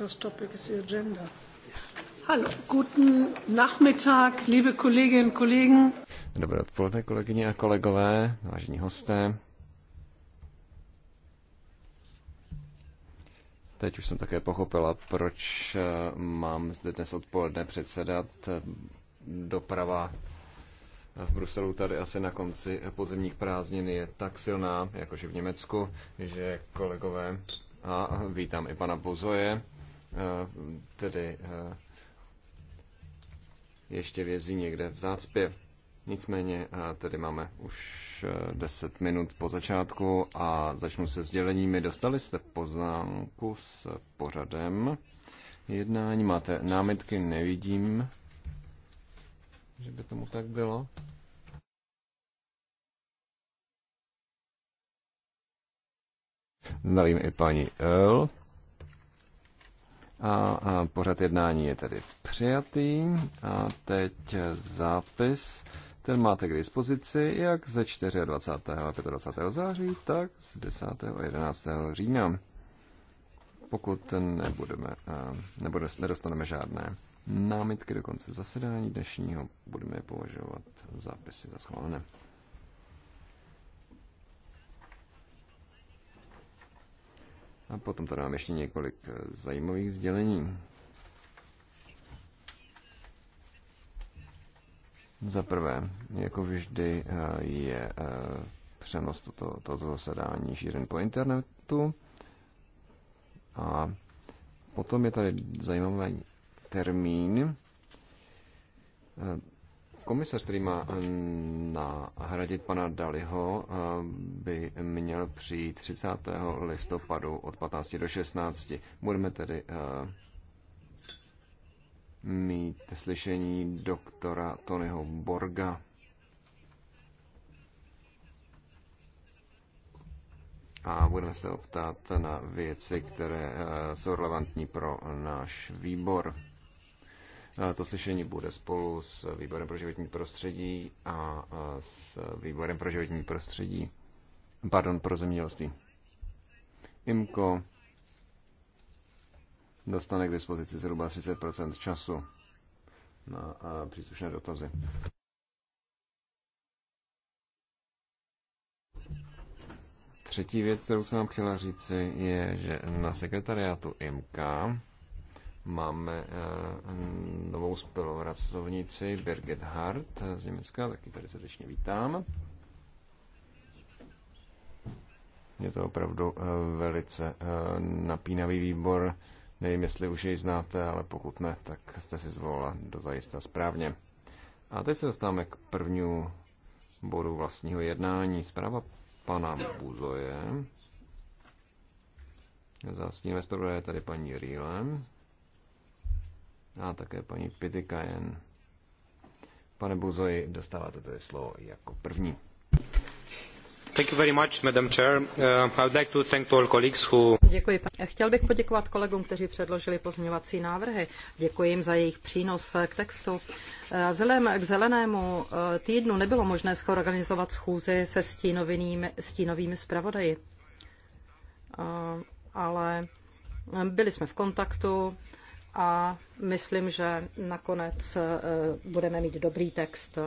first topic is the agenda. Hallo, guten Nachmittag, liebe Kolleginnen und Kollegen. Dobré odpoledne, kolegyně a kolegové, vážení hosté. Teď už jsem také pochopila, proč eh, mám zde dnes odpoledne předsedat. Eh, doprava v Bruselu tady asi na konci podzemních prázdnin je tak silná, jakože v Německu, že kolegové a vítám i pana Bozoje, Eh, tedy eh, ještě vězí někde v zácpě. Nicméně eh, tady máme už 10 minut po začátku a začnu se sděleními. Dostali jste poznámku s pořadem jednání. Máte námitky? Nevidím, že by tomu tak bylo. Zdravím i paní Earl. A, a pořad jednání je tedy přijatý. A teď zápis. Ten máte k dispozici jak ze 24. a 25. září, tak z 10. a 11. října. Pokud nebudeme, nebo nedostaneme žádné námitky do konce zasedání dnešního, budeme je považovat zápisy za schválené. A potom tady mám ještě několik eh, zajímavých sdělení. Za prvé, jako vždy, eh, je eh, přenos toto, toto zasedání šířen po internetu. A potom je tady zajímavý termín Komisař, který má eh, nahradit pana Daliho, eh, by měl přijít 30. listopadu od 15 do 16. Budeme tedy eh, mít slyšení doktora Tonyho Borga. A budeme se optat na věci, které jsou relevantní pro náš výbor. To slyšení bude spolu s výborem pro životní prostředí a s výborem pro životní prostředí, pardon, pro zemědělství. IMKO dostane k dispozici zhruba 30% času na příslušné dotazy. Třetí věc, kterou jsem vám chtěla říci, je, že na sekretariátu IMKA Máme eh, novou spolupracovnici Birgit Hart z Německa, taky tady srdečně vítám. Je to opravdu eh, velice eh, napínavý výbor. Nevím, jestli už jej znáte, ale pokud ne, tak jste si zvolila zajista správně. A teď se dostáváme k prvnímu bodu vlastního jednání. Zpráva pana Buzoje. Zásníme zpravodaje tady paní Rýlem a také paní Pitikajen. Pane Buzoji, dostáváte tedy slovo jako první. Thank you very much, Chair. Uh, I would like to thank all colleagues who... Děkuji. Chtěl bych poděkovat kolegům, kteří předložili pozměňovací návrhy. Děkuji jim za jejich přínos eh, k textu. Vzhledem eh, k zelenému eh, týdnu nebylo možné schorganizovat schůzi se stínovými, stínovými zpravodaji. Ale byli jsme v kontaktu, a myslím, že nakonec eh, budeme mít dobrý text.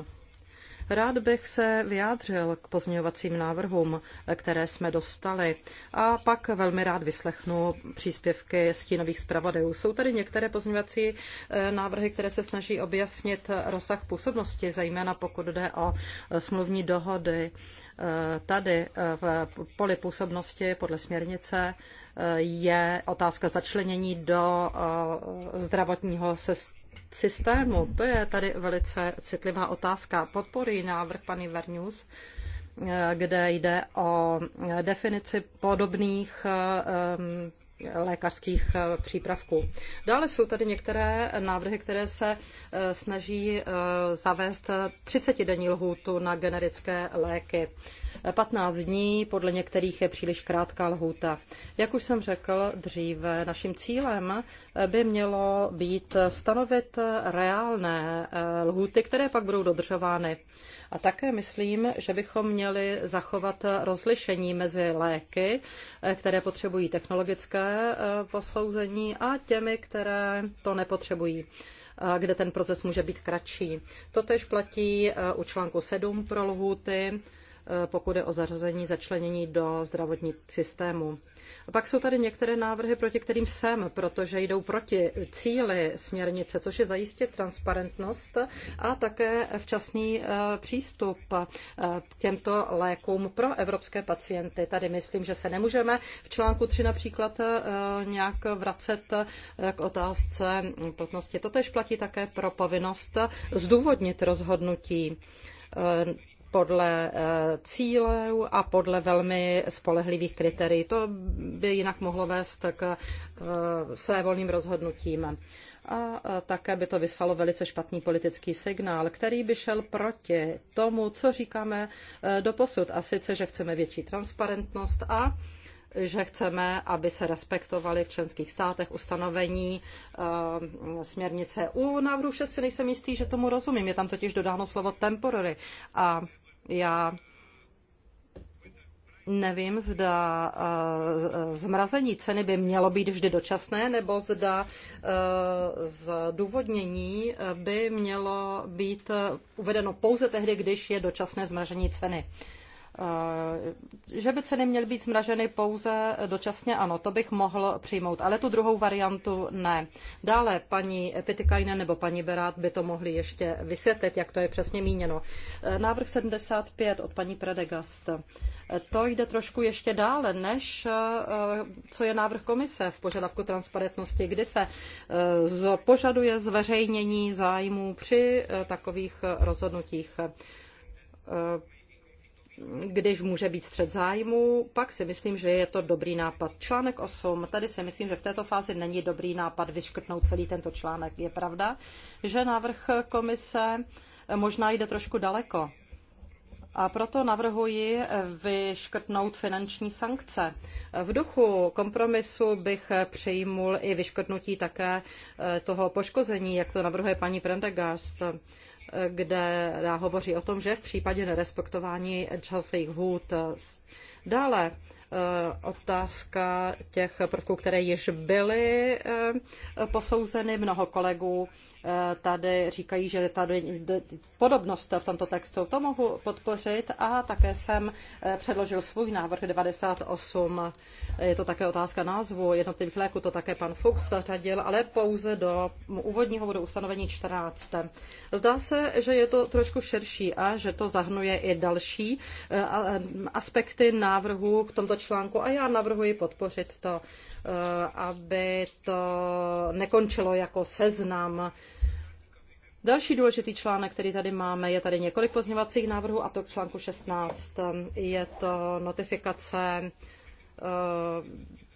Rád bych se vyjádřil k pozměňovacím návrhům, eh, které jsme dostali a pak velmi rád vyslechnu příspěvky stínových zpravodajů. Jsou tady některé pozměňovací eh, návrhy, které se snaží objasnit rozsah působnosti, zejména pokud jde o smluvní dohody Eh, tady eh, v eh, poli působnosti podle směrnice je otázka začlenění do zdravotního systému. To je tady velice citlivá otázka. Podporuji návrh paní Vernius, kde jde o definici podobných lékařských eh, přípravků. Dále jsou tady některé návrhy, které se eh, snaží eh, zavést 30-denní lhůtu na generické léky. 15 dní podle některých je příliš krátká lhůta. Jak už jsem řekl dříve, naším cílem by mělo být stanovit reálné lhůty, které pak budou dodržovány. A také myslím, že bychom měli zachovat rozlišení mezi léky, které potřebují technologické e, posouzení a těmi, které to nepotřebují e, kde ten proces může být kratší. Totež platí e, u článku 7 pro lhuty, pokud je o zařazení začlenění do zdravotní systému. Pak jsou tady některé návrhy, proti kterým jsem, protože jdou proti cíli směrnice, což je zajistit transparentnost a také včasný eh, přístup eh, k těmto lékům pro evropské pacienty. Tady myslím, že se nemůžeme v článku 3 například eh, nějak vracet k otázce platnosti. Totež platí také pro povinnost zdůvodnit rozhodnutí podle eh, cílů a podle velmi spolehlivých kritérií. To by jinak mohlo vést k eh, svévolným rozhodnutím. A eh, také by to vyslalo velice špatný politický signál, který by šel proti tomu, co říkáme do posud. A sice, že chceme větší transparentnost a že chceme, aby se respektovaly v členských státech ustanovení e, směrnice. U návrhu 6 nejsem jistý, že tomu rozumím. Je tam totiž dodáno slovo temporary. A já Nevím, zda eh, zmrazení ceny by mělo být vždy dočasné, nebo zda eh, zdůvodnění eh, by mělo být uvedeno pouze tehdy, když je dočasné zmrazení ceny. Eh, že by ceny měly být zmraženy pouze dočasně, ano, to bych mohl přijmout, ale tu druhou variantu ne. Dále paní Pitikajne nebo paní Berát by to mohli ještě vysvětlit, jak to je přesně míněno. Eh, návrh 75 od paní Predegast. Eh, to jde trošku ještě dále, než co je návrh komise v požadavku transparentnosti, kdy se požaduje zveřejnění zájmů při takových rozhodnutích když může být střed zájmu, pak si myslím, že je to dobrý nápad. Článek 8, tady si myslím, že v této fázi není dobrý nápad vyškrtnout celý tento článek. Je pravda, že návrh komise možná jde trošku daleko. A proto navrhuji vyškrtnout finanční sankce. V duchu kompromisu bych přijmul i vyškrtnutí také toho poškození, jak to navrhuje paní Prendegast kde hovoří o tom, že v případě nerespektování časových hůd dále eh, otázka těch prvků, které již byly eh, posouzeny. Mnoho kolegů Eh, tady říkají, že je tady podobnost v tomto textu. To mohu podpořit a také jsem eh, předložil svůj návrh 98. Je to také otázka názvu jednotlivých léků, to také pan Fuchs zařadil, ale pouze do úvodního bodu ustanovení 14. Zdá se, že je to trošku širší a že to zahnuje i další eh, aspekty návrhu v tomto článku a já navrhuji podpořit to, aby to nekončilo jako seznam Další důležitý článek, který tady máme, je tady několik pozměňovacích návrhů a to k článku 16. Je to notifikace eh,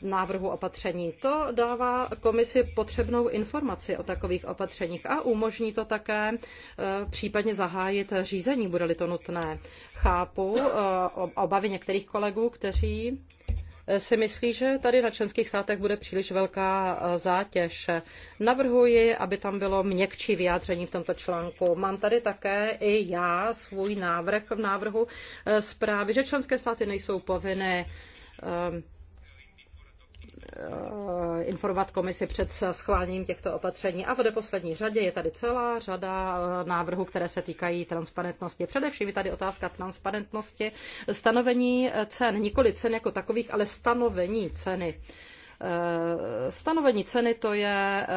návrhu opatření. To dává komisi potřebnou informaci o takových opatřeních a umožní to také eh, případně zahájit řízení, bude-li to nutné. Chápu eh, obavy některých kolegů, kteří si myslí, že tady na členských státech bude příliš velká eh, zátěž. Navrhuji, aby tam bylo měkčí vyjádření v tomto článku. Mám tady také i já svůj návrh v návrhu eh, zprávy, že členské státy nejsou povinné eh, Eh, informovat komisi před schválením těchto opatření. A v neposlední řadě je tady celá řada eh, návrhů, které se týkají transparentnosti. Především je tady otázka transparentnosti, stanovení eh, cen, nikoli cen jako takových, ale stanovení ceny. Stanovení ceny to je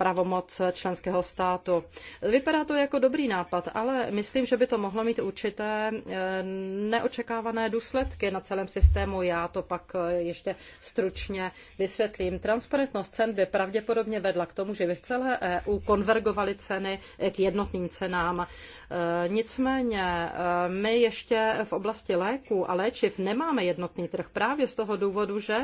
pravomoc členského státu. Vypadá to jako dobrý nápad, ale myslím, že by to mohlo mít určité eh, neočekávané důsledky na celém systému. Já to pak eh, ještě stručně vysvětlím. Transparentnost cen by pravděpodobně vedla k tomu, že by v celé EU konvergovaly ceny k jednotným cenám. Eh, nicméně my ještě v oblasti léků a léčiv nemáme jednotný trh právě z toho důvodu, že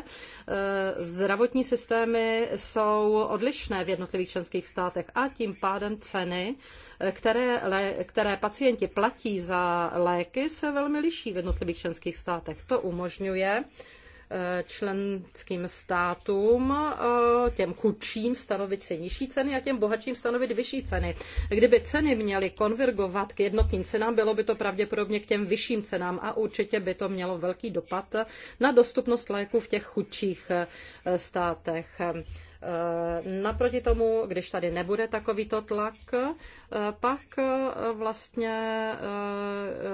zdravotní systémy jsou odlišné v jednotlivých jednotlivých členských státech a tím pádem ceny, které, které pacienti platí za léky, se velmi liší v jednotlivých členských státech. To umožňuje eh, členským státům, eh, těm chudším stanovit si nižší ceny a těm bohatším stanovit vyšší ceny. Kdyby ceny měly konvergovat k jednotným cenám, bylo by to pravděpodobně k těm vyšším cenám a určitě by to mělo velký dopad na dostupnost léků v těch chudších eh, státech. Eh, naproti tomu, když tady nebude takovýto tlak, eh, pak eh, vlastně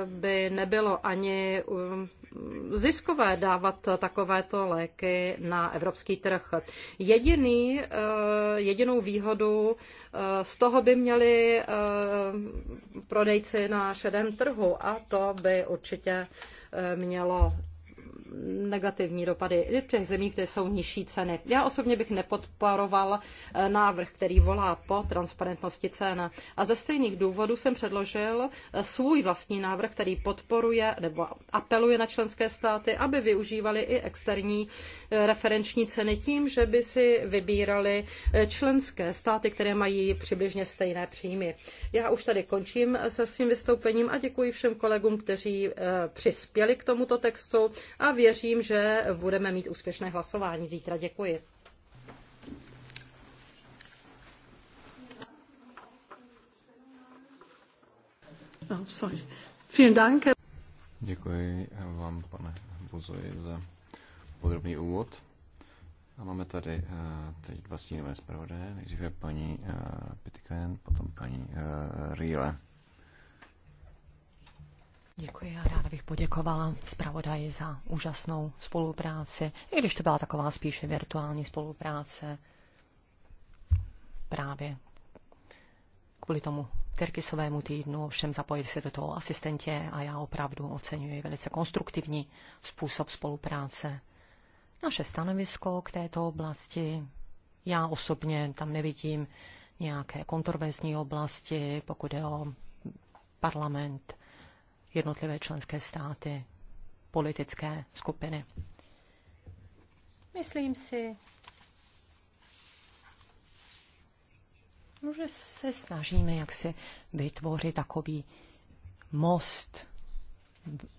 by nebylo ani ziskové dávat takovéto léky na evropský trh. Jediný, jedinou výhodu z toho by měli prodejci na šedém trhu a to by určitě mělo negativní dopady i v těch zemích, kde jsou nižší ceny. Já osobně bych nepodporoval eh, návrh, který volá po transparentnosti cen. A ze stejných důvodů jsem předložil eh, svůj vlastní návrh, který podporuje nebo apeluje na členské státy, aby využívali i externí eh, referenční ceny tím, že by si vybírali členské státy, které mají přibližně stejné příjmy. Já už tady končím se svým vystoupením a děkuji všem kolegům, kteří přispěli k tomuto textu a věřím, že budeme mít úspěšné hlasování zítra. Děkuji. Oh, děkuji vám, pane Buzoji, za podrobný úvod. A máme tady uh, teď dva stínové zpravodaje. Nejdříve paní uh, Pitikainen, potom paní uh, eh, Rýle. Děkuji a ráda bych poděkovala zpravodaji za úžasnou spolupráci, i když to byla taková spíše virtuální spolupráce právě kvůli tomu Terkisovému týdnu, všem zapojili se do toho asistentě a já opravdu oceňuji velice konstruktivní způsob spolupráce. Naše stanovisko k této oblasti, já osobně tam nevidím nějaké kontroverzní oblasti, pokud je o parlament jednotlivé členské státy, politické skupiny. Myslím si, no, že se snažíme jaksi vytvořit takový most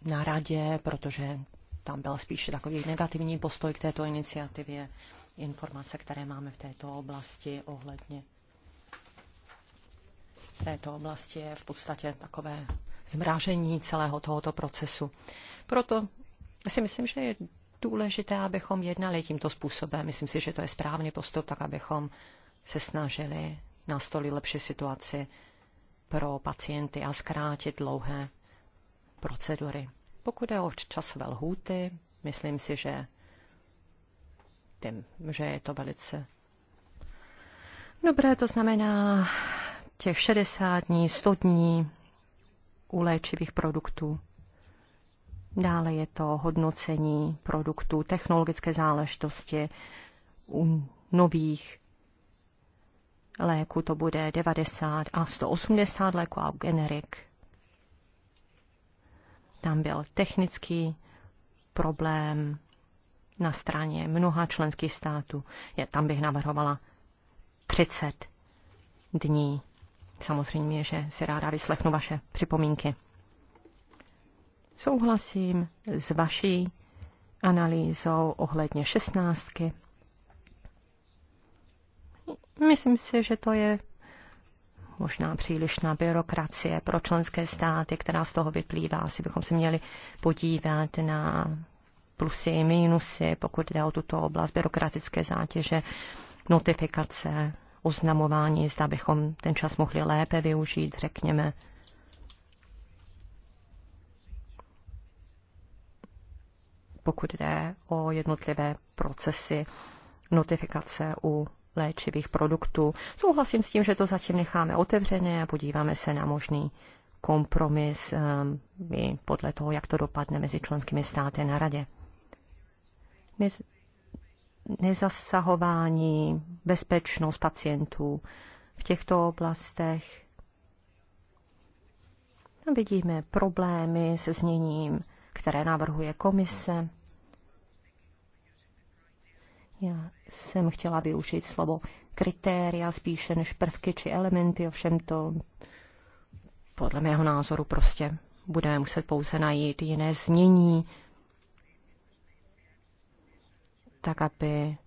na radě, protože tam byl spíše takový negativní postoj k této iniciativě, informace, které máme v této oblasti ohledně této oblasti je v podstatě takové zmražení celého tohoto procesu. Proto si myslím, že je důležité, abychom jednali tímto způsobem. Myslím si, že to je správný postup, tak abychom se snažili nastolit lepší situaci pro pacienty a zkrátit dlouhé procedury. Pokud je o časové lhůty, myslím si, že, tím, že je to velice dobré. To znamená těch 60 dní, 100 dní, u léčivých produktů. Dále je to hodnocení produktů, technologické záležitosti u nových léku to bude 90 a 180 léku a generik. Tam byl technický problém na straně mnoha členských států. Je, tam bych navrhovala 30 dní Samozřejmě, že si ráda vyslechnu vaše připomínky. Souhlasím s vaší analýzou ohledně šestnáctky. Myslím si, že to je možná přílišná byrokracie pro členské státy, která z toho vyplývá. Asi bychom se měli podívat na plusy i minusy, pokud jde o tuto oblast byrokratické zátěže, notifikace oznamování, zda bychom ten čas mohli lépe využít, řekněme. Pokud jde o jednotlivé procesy notifikace u léčivých produktů. Souhlasím s tím, že to zatím necháme otevřené a podíváme se na možný kompromis ehm, i podle toho, jak to dopadne mezi členskými státy na radě nezasahování, bezpečnost pacientů v těchto oblastech. Tam vidíme problémy se zněním, které navrhuje komise. Já jsem chtěla využít slovo kritéria spíše než prvky či elementy, ovšem to podle mého názoru prostě budeme muset pouze najít jiné znění tak aby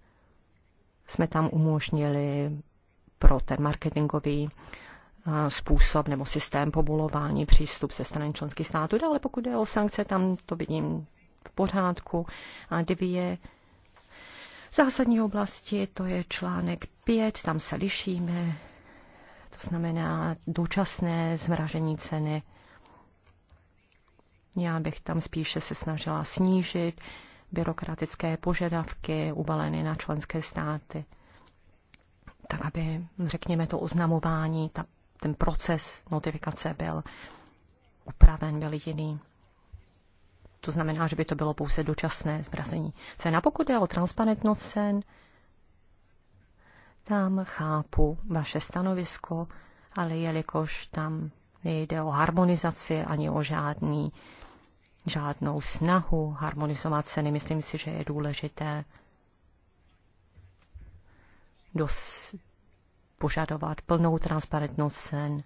jsme tam umožnili pro ten marketingový eh, způsob nebo systém povolování přístup ze strany členských států. Ale pokud jde o sankce, tam to vidím v pořádku. A dvě zásadní oblasti, to je článek 5, tam se lišíme, to znamená dočasné zmražení ceny. Já bych tam spíše se snažila snížit byrokratické požadavky uvaleny na členské státy. Tak, aby, řekněme, to oznamování, ta, ten proces notifikace byl upraven, byl jiný. To znamená, že by to bylo pouze dočasné zmrazení cen. A pokud je o transparentnost cen, tam chápu vaše stanovisko, ale jelikož tam nejde o harmonizaci ani o žádný žádnou snahu harmonizovat ceny. Myslím si, že je důležité dos- požadovat plnou transparentnost cen.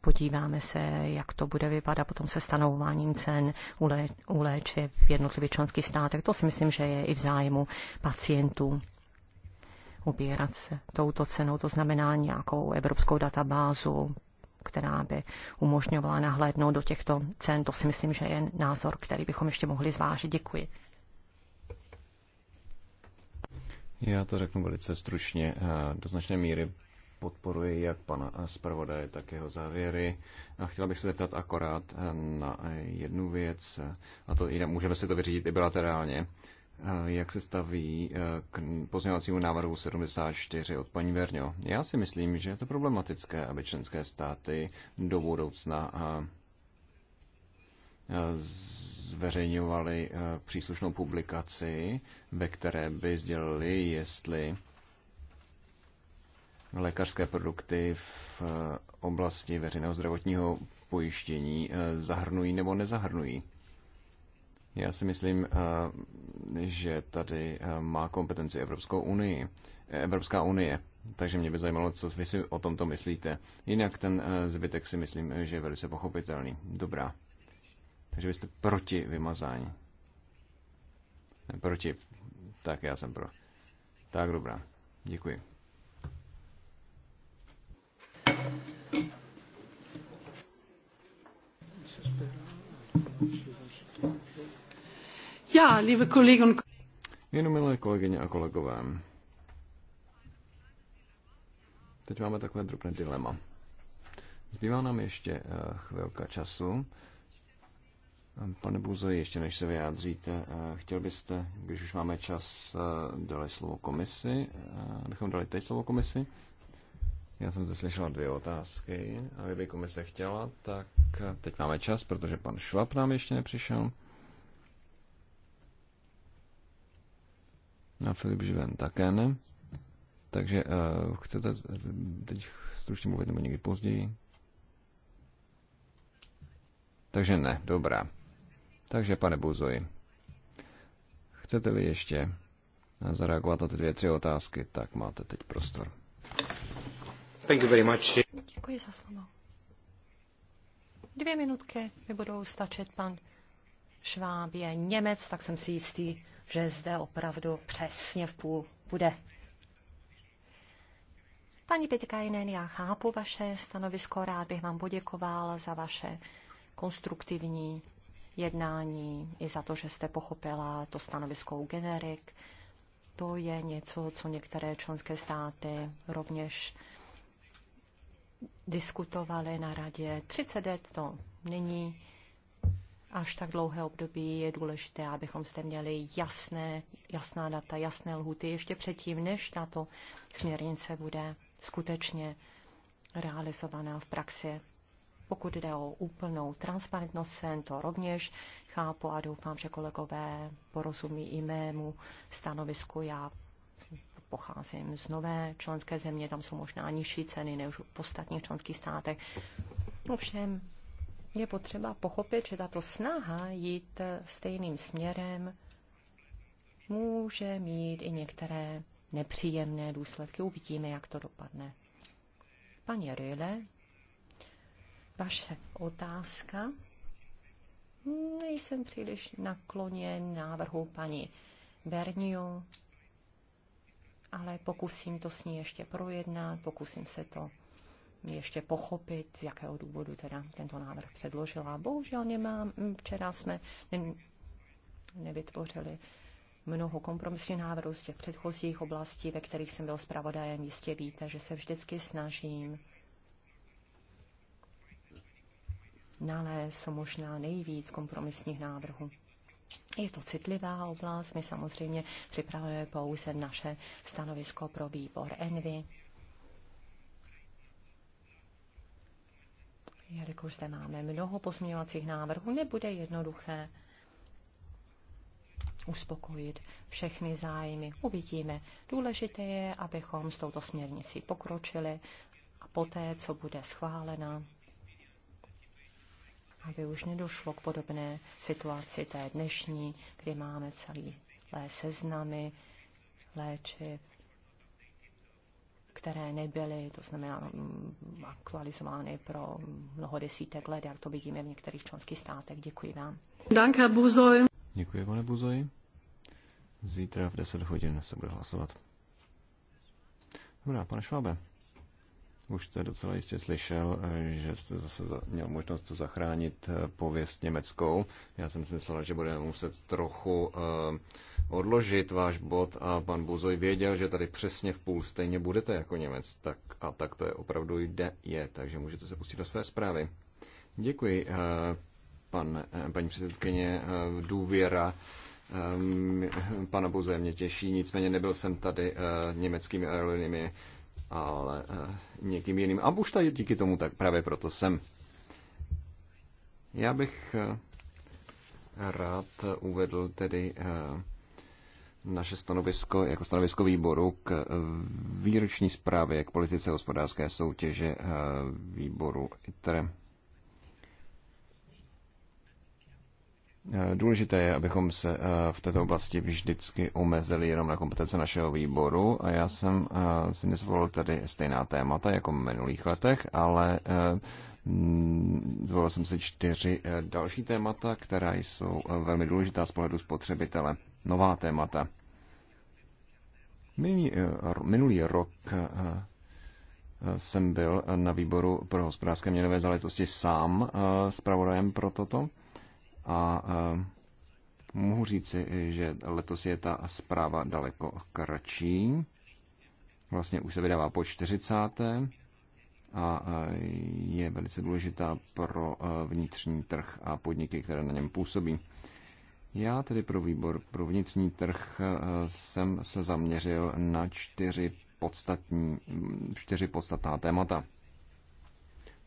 Podíváme se, jak to bude vypadat potom se stanovováním cen u, lé- u léčiv v jednotlivých členských státech. To si myslím, že je i v zájmu pacientů ubírat se touto cenou, to znamená nějakou evropskou databázu která by umožňovala nahlédnout do těchto cen. To si myslím, že je názor, který bychom ještě mohli zvážit. Děkuji. Já to řeknu velice stručně. Eh, do značné míry podporuji jak pana zpravodaje, tak jeho závěry. A chtěla bych se zeptat akorát eh, na jednu věc, eh, a to můžeme si to vyřídit i bilaterálně. Eh, jak se staví eh, k pozměňovacímu návrhu 74 od paní Verňo. Já si myslím, že je to problematické, aby členské státy do budoucna eh, zveřejňovaly příslušnou publikaci, ve které by sdělili, jestli lékařské produkty v oblasti veřejného zdravotního pojištění zahrnují nebo nezahrnují. Já si myslím, eh, že tady eh, má kompetenci Evropskou unii, eh, Evropská unie, takže mě by zajímalo, co vy si o tomto myslíte. Jinak ten zbytek si myslím, že je velice pochopitelný. Dobrá. Takže vy jste proti vymazání. Ne, proti. Tak já jsem pro. Tak dobrá. Děkuji. Thank you. Ja, liebe Kolleginnen und Jenom milé kolegyně a kolegové. Teď máme takové drobné dilema. Zbývá nám ještě eh, chvilka času. Pane Buzo, ještě než se vyjádříte, eh, chtěl byste, když už máme čas, eh, dali slovo komisi, abychom dali teď slovo komisi. Já jsem zde slyšela dvě otázky a kdyby komise chtěla, tak teď máme čas, protože pan Švap nám ještě nepřišel. na Filip Živen také ne. Takže uh, chcete teď stručně mluvit nebo někdy později? Takže ne, dobrá. Takže pane Buzoji, chcete-li ještě zareagovat na ty dvě, tři otázky, tak máte teď prostor. Thank you very much. Děkuji za slovo. Dvě minutky mi budou stačit, pan Šváb je Němec, tak jsem si jistý, že zde opravdu přesně v půl bude. Paní Pitkajnen, já chápu vaše stanovisko, rád bych vám poděkoval za vaše konstruktivní jednání i za to, že jste pochopila to stanovisko u generik. To je něco, co některé členské státy rovněž diskutovaly na radě. 30 let to není až tak dlouhé období je důležité, abychom zde měli jasné, jasná data, jasné lhuty ještě předtím, než na to směrnice bude skutečně realizovaná v praxi. Pokud jde o úplnou transparentnost jsem to rovněž chápu a doufám, že kolegové porozumí i mému stanovisku. Já pocházím z nové členské země, tam jsou možná nižší ceny než v ostatních členských státech. Ovšem, je potřeba pochopit, že tato snaha jít stejným směrem může mít i některé nepříjemné důsledky. Uvidíme, jak to dopadne. Paní Ryle, vaše otázka. Nejsem příliš nakloněn návrhu paní Berniu, ale pokusím to s ní ještě projednat, pokusím se to ještě pochopit, z jakého důvodu teda tento návrh předložila. Bohužel nemám, včera jsme ne, nevytvořili mnoho kompromisních návrhů z těch předchozích oblastí, ve kterých jsem byl zpravodajem. Jistě víte, že se vždycky snažím nalézt možná nejvíc kompromisních návrhů. Je to citlivá oblast, my samozřejmě připravujeme pouze naše stanovisko pro výbor Envy. jelikož zde máme mnoho pozměňovacích návrhů, nebude jednoduché uspokojit všechny zájmy. Uvidíme. Důležité je, abychom s touto směrnicí pokročili a poté, co bude schválena, aby už nedošlo k podobné situaci té dnešní, kdy máme celý seznamy léčiv které nebyly, to znamená mm, aktualizovány pro mnoho desítek let, jak to vidíme v některých členských státech. Děkuji vám. Danke, Buzoj. Děkuji, pane Buzoj. Zítra v 10 hodin se bude hlasovat. Dobrá, pane Švábe. Už jste docela jistě slyšel, eh, že jste zase měl možnost zachránit eh, pověst německou. Já jsem si myslel, že budeme muset trochu eh, odložit váš bod a pan Buzoj věděl, že tady přesně v půl stejně budete jako Němec. Tak a tak to je opravdu jde, je, takže můžete se pustit do své zprávy. Děkuji, pan, paní předsedkyně, důvěra ehm, pana Buze mě těší, nicméně nebyl jsem tady německými aerolinami ale eh, někým jiným. A už tady díky tomu tak právě proto jsem. Já bych eh, rád uvedl tedy eh, naše stanovisko jako stanovisko výboru k výroční zprávě k politice hospodářské soutěže výboru ITRE Eh, důležité je, abychom se eh, v této oblasti vždycky omezili jenom na kompetence našeho výboru a já jsem eh, si nezvolil tady stejná témata jako v minulých letech, ale mm, zvolil jsem si čtyři další témata, která jsou velmi důležitá z pohledu spotřebitele. Nová témata. Minulý, minulý rok jsem byl na výboru pro hospodářské měnové záležitosti sám s pro toto. A eh, mohu říci, že letos je ta zpráva daleko kratší. Vlastně už se vydává po 40. a eh, je velice důležitá pro eh, vnitřní trh a podniky, které na něm působí. Já tedy pro výbor pro vnitřní trh jsem se zaměřil na čtyři, podstatní, čtyři podstatná témata.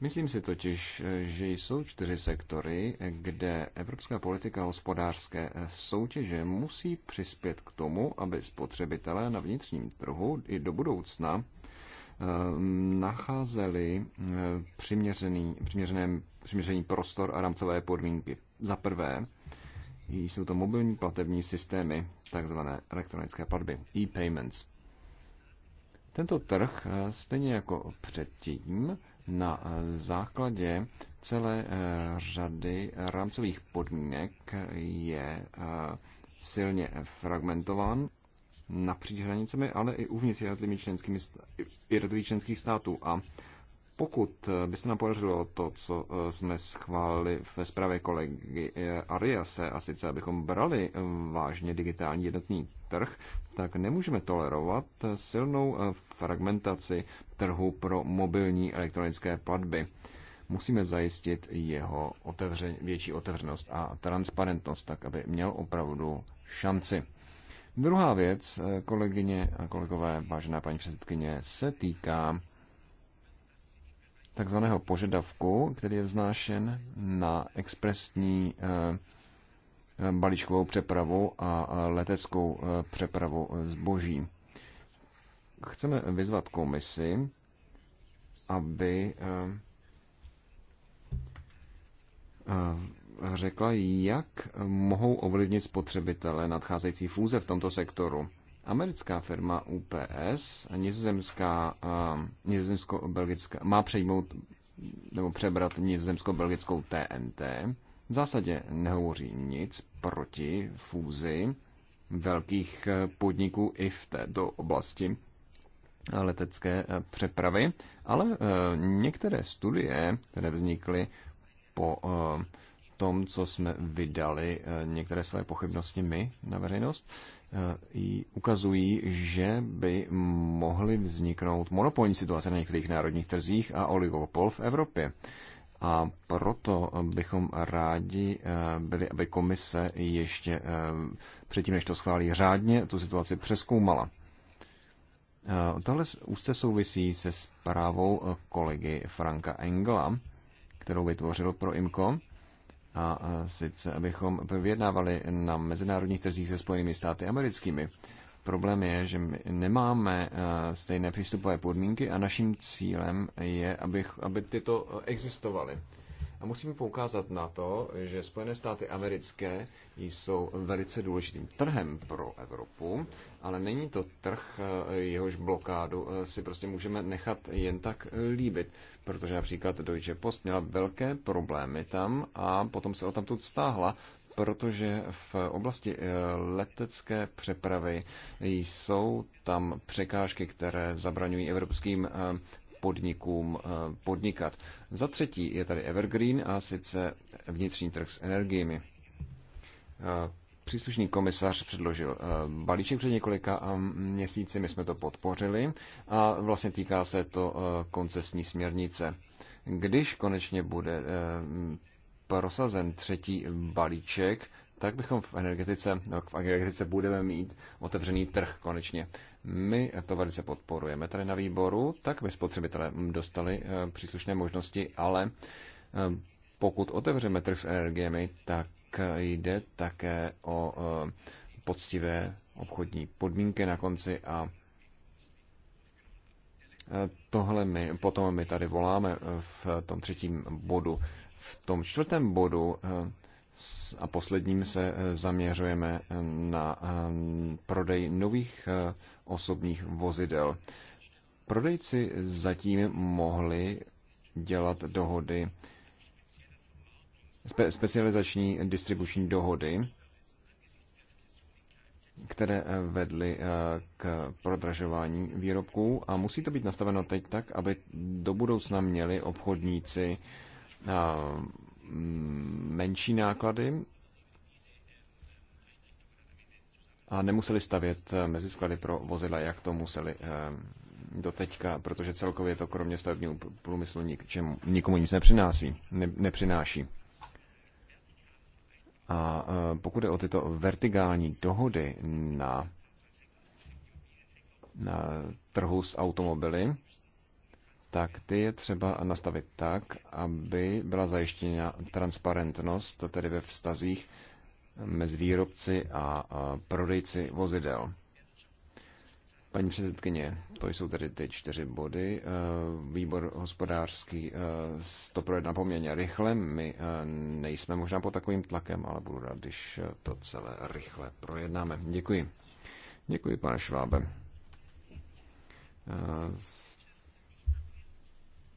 Myslím si totiž, že jsou čtyři sektory, kde evropská politika hospodářské soutěže musí přispět k tomu, aby spotřebitelé na vnitřním trhu i do budoucna ehm, nacházeli eh, přiměřený, přiměřený, přiměřený prostor a rámcové podmínky. Za prvé, jsou to mobilní platební systémy, takzvané elektronické platby, e-payments. Tento trh, eh, stejně jako předtím, na základě celé eh, řady rámcových podmínek je eh, silně fragmentován napříč hranicemi, ale i uvnitř jednotlivých členských států. A pokud eh, by se nám podařilo to, co eh, jsme schválili ve zprávě kolegy eh, Ariase, a sice abychom brali vážně digitální jednotný trh, tak nemůžeme tolerovat silnou fragmentaci trhu pro mobilní elektronické platby. Musíme zajistit jeho otevře, větší otevřenost a transparentnost, tak aby měl opravdu šanci. Druhá věc, kolegyně a kolegové, vážená paní předsedkyně, se týká takzvaného požadavku, který je vznášen na expresní eh, eh, balíčkovou přepravu a eh, leteckou přepravu zboží. Chceme vyzvat komisi, aby řekla, jak mohou ovlivnit spotřebitele nadcházející fůze v tomto sektoru. Americká firma UPS a nizozemská, nizozemsko-belgická, má přejmout nebo přebrat nizozemsko-belgickou TNT. V zásadě nehovoří nic proti fúzi velkých e, podniků i v této oblasti letecké e, přepravy, ale e, některé studie, které vznikly po tom, co jsme vydali některé své pochybnosti my na veřejnost, Eh, ukazují, že by mohly vzniknout monopolní situace na některých národních trzích a oligopol v Evropě. A proto bychom rádi eh, byli, aby komise ještě eh, předtím, než to schválí řádně, tu situaci přeskoumala. Tohle úzce souvisí se zprávou kolegy Franka Engla, kterou vytvořil pro IMCO a sice abychom vyjednávali na mezinárodních trzích se Spojenými státy americkými. Problém je, že my nemáme e, stejné přístupové podmínky a naším cílem je, aby, aby tyto e, existovaly. A musíme poukázat na to, že Spojené státy americké jsou velice důležitým trhem pro Evropu, ale není to trh, eh, jehož blokádu eh, si prostě můžeme nechat jen tak líbit, protože například Deutsche Post měla velké problémy tam a potom se o tam tu stáhla, protože v oblasti eh, letecké přepravy jsou tam překážky, které zabraňují evropským podnikům eh, podnikat. Za třetí je tady Evergreen a sice vnitřní trh s energiemi. Eh, příslušný komisař předložil eh, balíček před několika měsíci, my jsme to podpořili a vlastně týká se to koncesní směrnice. Když konečně bude prosazen třetí balíček, tak bychom v energetice, no, v energetice budeme mít otevřený trh konečně. My to velice podporujeme tady na výboru, tak by spotřebitelé dostali eh, příslušné možnosti, ale eh, pokud otevřeme trh s energiemi, tak eh, jde také o poctivé obchodní podmínky na konci a tohle my potom my tady voláme v tom třetím bodu. V tom čtvrtém bodu a posledním se zaměřujeme na prodej nových osobních vozidel. Prodejci zatím mohli dělat dohody, spe, specializační distribuční dohody, které vedly eh, k prodražování výrobků a musí to být nastaveno teď tak, aby do budoucna měli obchodníci eh, menší náklady a nemuseli stavět eh, mezi sklady pro vozidla, jak to museli eh, doteďka, protože celkově to kromě stavebního průmyslu ničem, nikomu nic nepřináší. Ne, nepřináší. A eh, pokud je o tyto vertikální dohody na, na trhu s automobily, tak ty je třeba nastavit tak, aby byla zajištěna transparentnost, tedy ve vztazích mezi výrobci a prodejci vozidel. Paní předsedkyně, to jsou tedy ty čtyři body. E, výbor hospodářský e, to projedná poměrně rychle. My e, nejsme možná pod takovým tlakem, ale budu rád, když to celé rychle projednáme. Děkuji. Děkuji, pane Švábe.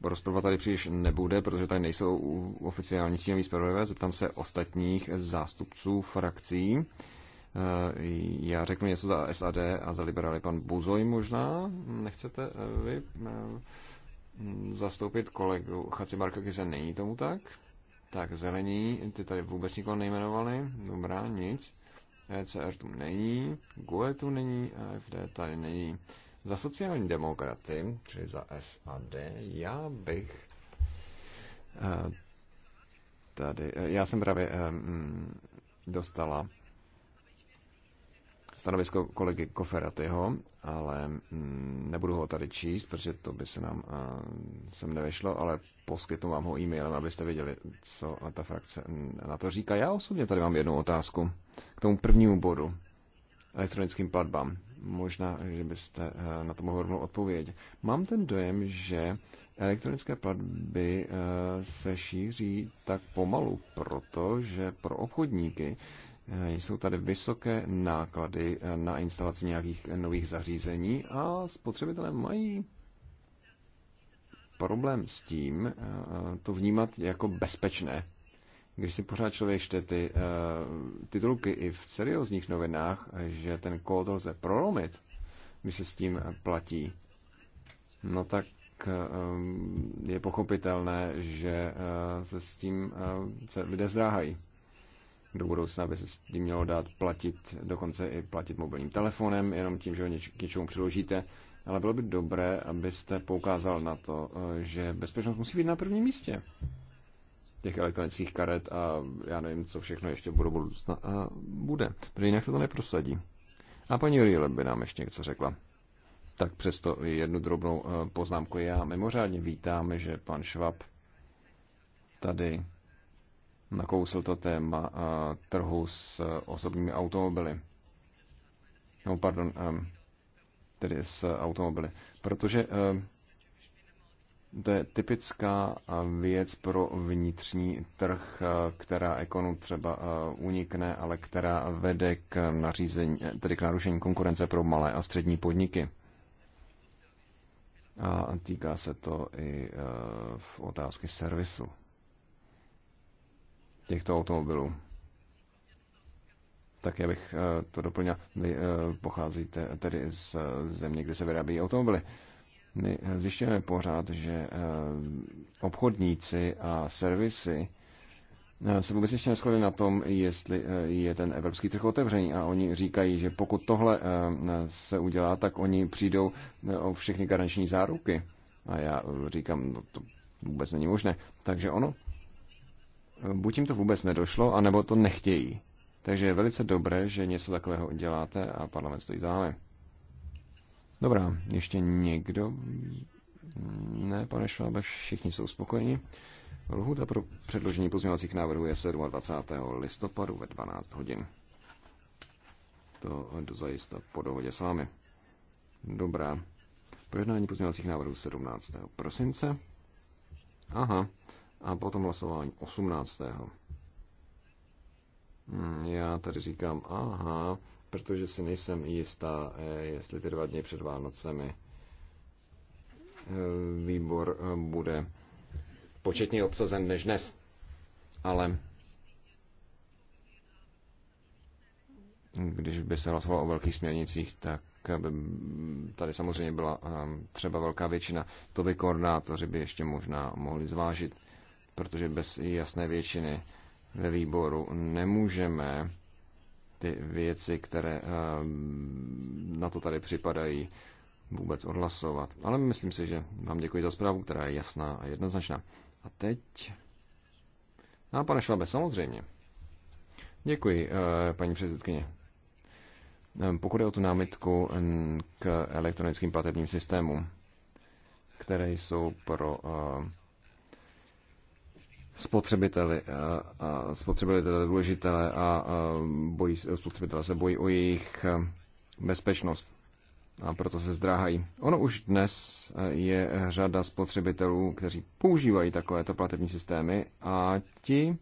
Rozprava tady příliš nebude, protože tady nejsou oficiální stínoví zpravodajové. Zeptám se ostatních zástupců frakcí. Eh, já řeknu něco za SAD a za liberály. Pan Buzoj možná, nechcete eh, vy eh, zastoupit kolegu Marka, když není tomu tak? Tak zelení, ty tady vůbec nikoho nejmenovali, dobrá, nic. ECR tu není, GUE tu není AFD tady není. Za sociální demokraty, čili za SAD, já bych eh, tady, eh, já jsem právě eh, mm, dostala stanovisko kolegy Koferatyho, ale mm, nebudu ho tady číst, protože to by se nám sem nevešlo, ale poskytnu vám ho e-mailem, abyste věděli, co ta frakce na to říká. Já osobně tady mám jednu otázku k tomu prvnímu bodu, elektronickým platbám. Možná, že byste eh, na to mohl rovnou odpovědět. Mám ten dojem, že elektronické platby eh, se šíří tak pomalu, protože pro obchodníky eh, jsou tady vysoké náklady na instalaci nějakých nových zařízení a spotřebitelé mají problém s tím to vnímat jako bezpečné. Když si pořád člověk čte ty uh, titulky i v seriózních novinách, že ten kód lze prolomit, když se s tím platí, no tak eh, je pochopitelné, že uh, se s tím uh, se lidé zdráhají. Do budoucna by se s tím mělo dát platit, dokonce i platit mobilním telefonem, jenom tím, že ho něč, k něčemu přiložíte. Ale bylo by dobré, abyste poukázal na to, že bezpečnost musí být na prvním místě těch elektronických karet a já nevím, co všechno ještě budou budoucna a bude. Protože jinak se to neprosadí. A paní Riele by nám ještě něco řekla. Tak přesto jednu drobnou eh, poznámku. Já mimořádně vítám, že pan Švab tady nakousl to téma eh, trhu s eh, osobními automobily. No, pardon, tedy s automobily. Protože to je typická věc pro vnitřní trh, která ekonu třeba eh, unikne, ale která vede k, nařízení, tedy k narušení konkurence pro malé a střední podniky. A týká se to i eh, v otázky servisu těchto automobilů. Tak já bych eh, to doplnil. Vy pocházíte tedy z země, kde se vyrábí automobily. My eh, zjišťujeme pořád, že eh, obchodníci a servisy eh, se vůbec ještě neschodili na tom, jestli je ten evropský trh otevřený. A oni říkají, že pokud tohle se udělá, tak oni přijdou o všechny garanční záruky. A já říkám, no to vůbec není možné. Takže ono, buď jim to vůbec nedošlo, anebo to nechtějí. Takže je velice dobré, že něco takového děláte a parlament stojí za námi. Dobrá, ještě někdo? Ne, pane Švábe, všichni jsou spokojeni. Lhuta pro předložení pozměňovacích návrhů je 27. listopadu ve 12 hodin. To dozajista po dohodě s vámi. Dobrá. Projednání pozměňovacích návrhů 17. prosince. Aha. A potom hlasování 18. Hmm, já tady říkám, aha, protože si nejsem jistá, eh, jestli ty dva dny před Vánocemi eh, výbor eh, bude početně obsazen než dnes. Ale když by se hlasovalo o velkých směrnicích, tak by tady samozřejmě byla třeba velká většina. To by koordinátoři by ještě možná mohli zvážit, protože bez jasné většiny ve výboru nemůžeme ty věci, které eh, na to tady připadají, vůbec odhlasovat. Ale myslím si, že vám děkuji za zprávu, která je jasná a jednoznačná. A teď... A no, pane Švabe, samozřejmě. Děkuji, eh, paní předsedkyně. Ehm, pokud je o tu námitku k elektronickým platebním systémům, které jsou pro uh, spotřebiteli. A spotřebitele důležité a bojí, spotřebitele se bojí o jejich bezpečnost a proto se zdráhají. Ono už dnes je řada spotřebitelů, kteří používají takovéto platební systémy a ti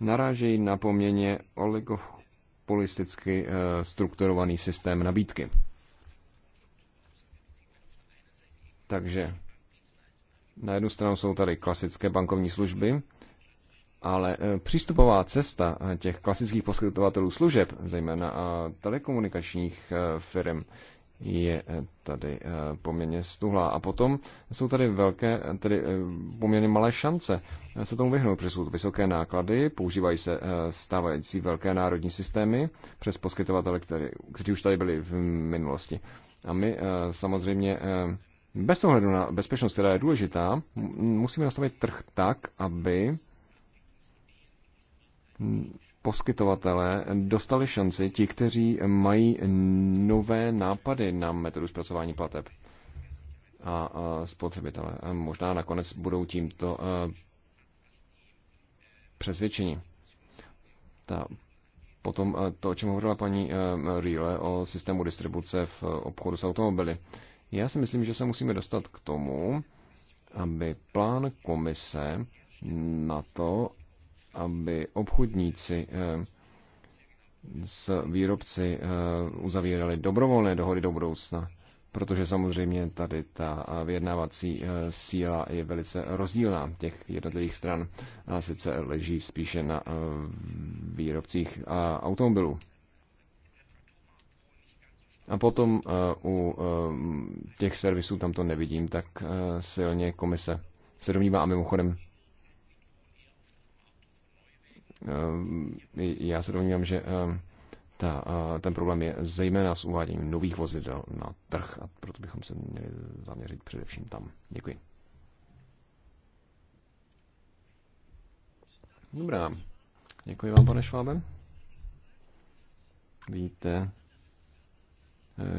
narážejí na poměně oligopolisticky e, strukturovaný systém nabídky. Takže na jednu stranu jsou tady klasické bankovní služby, ale e, přístupová cesta e, těch klasických poskytovatelů služeb, zejména e, telekomunikačních firm, je tady poměrně stuhlá. A potom jsou tady velké, tedy poměrně malé šance se tomu vyhnout, protože jsou to vysoké náklady, používají se stávající velké národní systémy přes poskytovatele, kteří už tady byli v minulosti. A my samozřejmě bez ohledu na bezpečnost, která je důležitá, musíme nastavit trh tak, aby poskytovatelé dostali šanci ti, kteří mají nové nápady na metodu zpracování plateb a spotřebitele. Možná nakonec budou tímto přesvědčení. Ta, potom to, o čem hovořila paní Rýle o systému distribuce v obchodu s automobily. Já si myslím, že se musíme dostat k tomu, aby plán komise na to, aby obchodníci eh, s výrobci eh, uzavírali dobrovolné dohody do budoucna, protože samozřejmě tady ta eh, vyjednávací síla je velice rozdílná těch jednotlivých stran a sice leží spíše na výrobcích automobilů. A potom eh, u eh, těch servisů tam to nevidím tak eh, silně komise se domnívá a mimochodem já se domnívám, že ta, ten problém je zejména s uváděním nových vozidel na trh a proto bychom se měli zaměřit především tam. Děkuji. Dobrá. Děkuji vám, pane Švábe. Víte,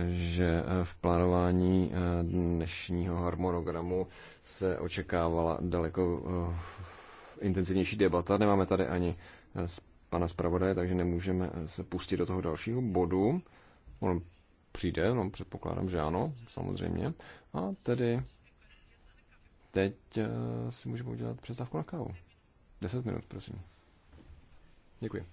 že eh, v plánování eh, dnešního harmonogramu se očekávala daleko eh, intenzivnější debata. Nemáme tady ani pana zpravodaje, takže nemůžeme se pustit do toho dalšího bodu. On přijde, no předpokládám, že ano, samozřejmě. A tedy teď si můžeme udělat přestávku na kávu. 10 minut, prosím. Děkuji.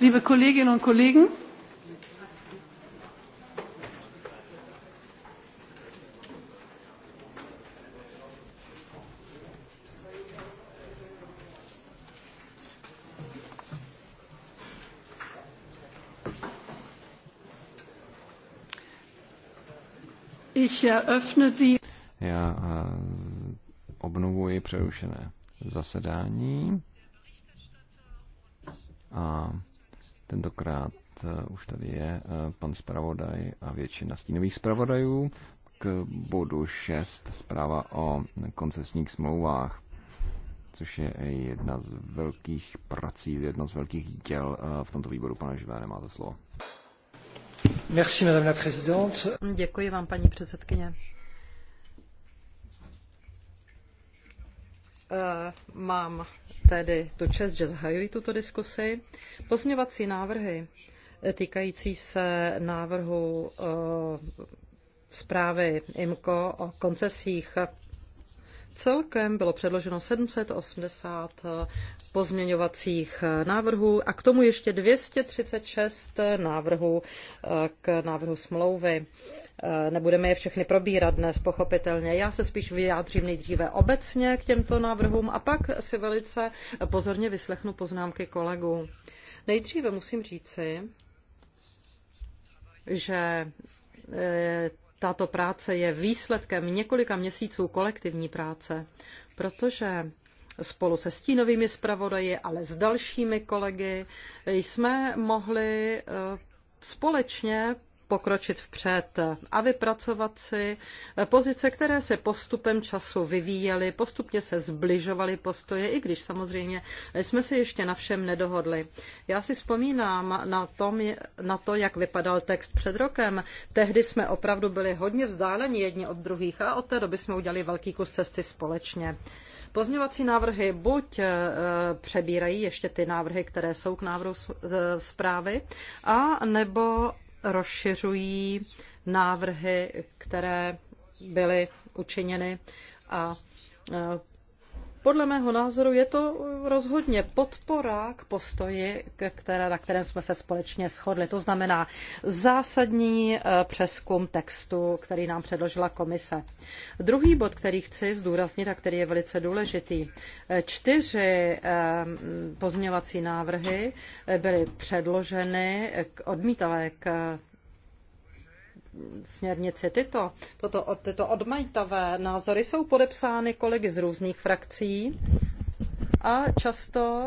liebe kolleginnen und kollegen ich eröffne die Já eh, obnovuji přerušené zasedání. mnohokrát. Eh, už tady je eh, pan zpravodaj a většina stínových zpravodajů k bodu 6, zpráva o koncesních smlouvách, což je jedna z velkých prací, jedno z velkých děl eh, v tomto výboru. Pane Živé, nemáte slovo. Merci, madame la présidente. Děkuji vám, paní předsedkyně. Mám tedy tu čest, že zahajují tuto diskusi. Pozměvací návrhy týkající se návrhu eh, zprávy IMCO o koncesích Celkem bylo předloženo 780 eh, pozměňovacích eh, návrhů a k tomu ještě 236 eh, návrhů k návrhu smlouvy. Nebudeme je všechny probírat dnes, pochopitelně. Já se spíš vyjádřím nejdříve obecně k těmto návrhům a pak si velice pozorně vyslechnu poznámky kolegů. Nejdříve musím říci, že tato práce je výsledkem několika měsíců kolektivní práce, protože spolu se stínovými zpravodaji, ale s dalšími kolegy jsme mohli eh, společně pokročit vpřed a vypracovat si pozice, které se postupem času vyvíjely, postupně se zbližovaly postoje, i když samozřejmě jsme se ještě na všem nedohodli. Já si vzpomínám na, tom, na to, jak vypadal text před rokem. Tehdy jsme opravdu byli hodně vzdáleni jedni od druhých a od té doby jsme udělali velký kus cesty společně. Pozměňovací návrhy buď eh, přebírají ještě ty návrhy, které jsou k návrhu eh, zprávy, a nebo rozšiřují návrhy, které byly učiněny a e, podle mého názoru je to uh, rozhodně podpora k postoji, které, na kterém jsme se společně shodli. To znamená zásadní eh, přeskum textu, který nám předložila komise. Druhý bod, který chci zdůraznit a který je velice důležitý. Eh, čtyři ehm, pozměňovací návrhy eh, byly předloženy k odmítavé k směrnici. Tyto, toto, tyto odmajtavé názory jsou podepsány kolegy z různých frakcí a často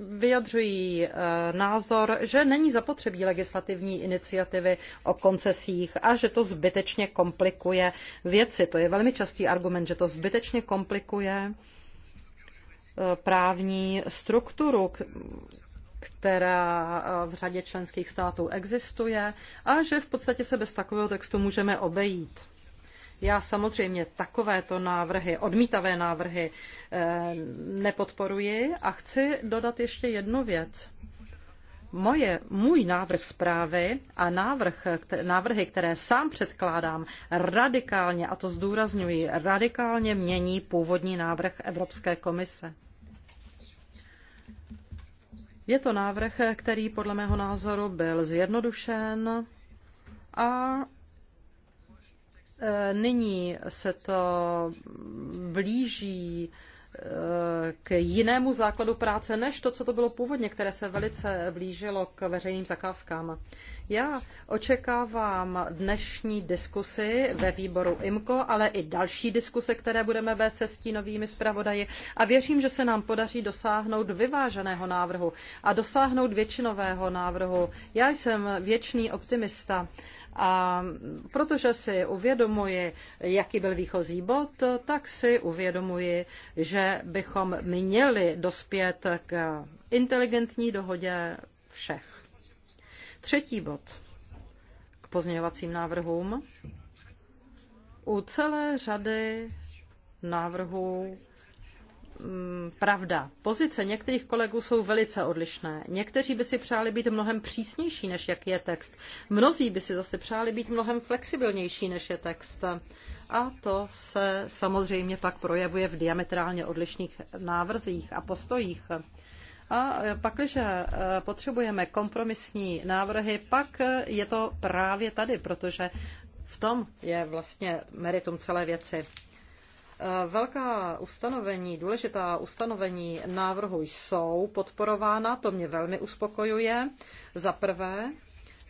vyjadřují eh, názor, že není zapotřebí legislativní iniciativy o koncesích a že to zbytečně komplikuje věci. To je velmi častý argument, že to zbytečně komplikuje eh, právní strukturu, která eh, v řadě členských států existuje a že v podstatě se bez takového textu můžeme obejít. Já samozřejmě takovéto návrhy, odmítavé návrhy eh, nepodporuji a chci dodat ještě jednu věc. Moje, můj návrh zprávy a návrh, návrhy, které sám předkládám, radikálně, a to zdůrazňuji, radikálně mění původní návrh Evropské komise. Je to návrh, který podle mého názoru byl zjednodušen a e, nyní se to blíží k jinému základu práce než to, co to bylo původně, které se velice blížilo k veřejným zakázkám. Já očekávám dnešní diskusy ve výboru IMCO, ale i další diskuse, které budeme vést se stínovými zpravodaji a věřím, že se nám podaří dosáhnout vyváženého návrhu a dosáhnout většinového návrhu. Já jsem věčný optimista a protože si uvědomuji, jaký byl výchozí bod, tak si uvědomuji, že bychom měli dospět k inteligentní dohodě všech. Třetí bod k pozměňovacím návrhům. U celé řady návrhů Mm, pravda. Pozice některých kolegů jsou velice odlišné. Někteří by si přáli být mnohem přísnější, než jak je text. Mnozí by si zase přáli být mnohem flexibilnější, než je text. A to se samozřejmě pak projevuje v diametrálně odlišných návrzích a postojích. A pakliže eh, potřebujeme kompromisní návrhy, pak eh, je to právě tady, protože v tom je vlastně meritum celé věci. Eh, velká ustanovení, důležitá ustanovení návrhu jsou podporována, to mě velmi uspokojuje. Za prvé,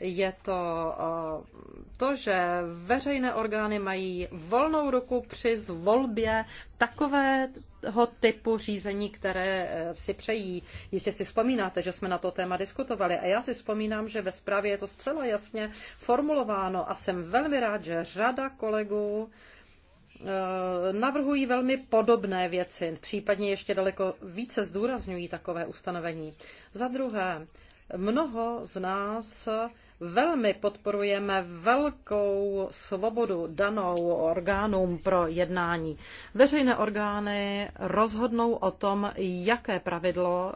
je to eh, to, že veřejné orgány mají volnou ruku při zvolbě takového typu řízení, které eh, si přejí. Jistě si vzpomínáte, že jsme na to téma diskutovali a já si vzpomínám, že ve zprávě je to zcela jasně formulováno a jsem velmi rád, že řada kolegů Eh, navrhují velmi podobné věci, případně ještě daleko více zdůrazňují takové ustanovení. Za druhé, mnoho z nás velmi podporujeme velkou svobodu danou orgánům pro jednání. Veřejné orgány rozhodnou o tom, jaké pravidlo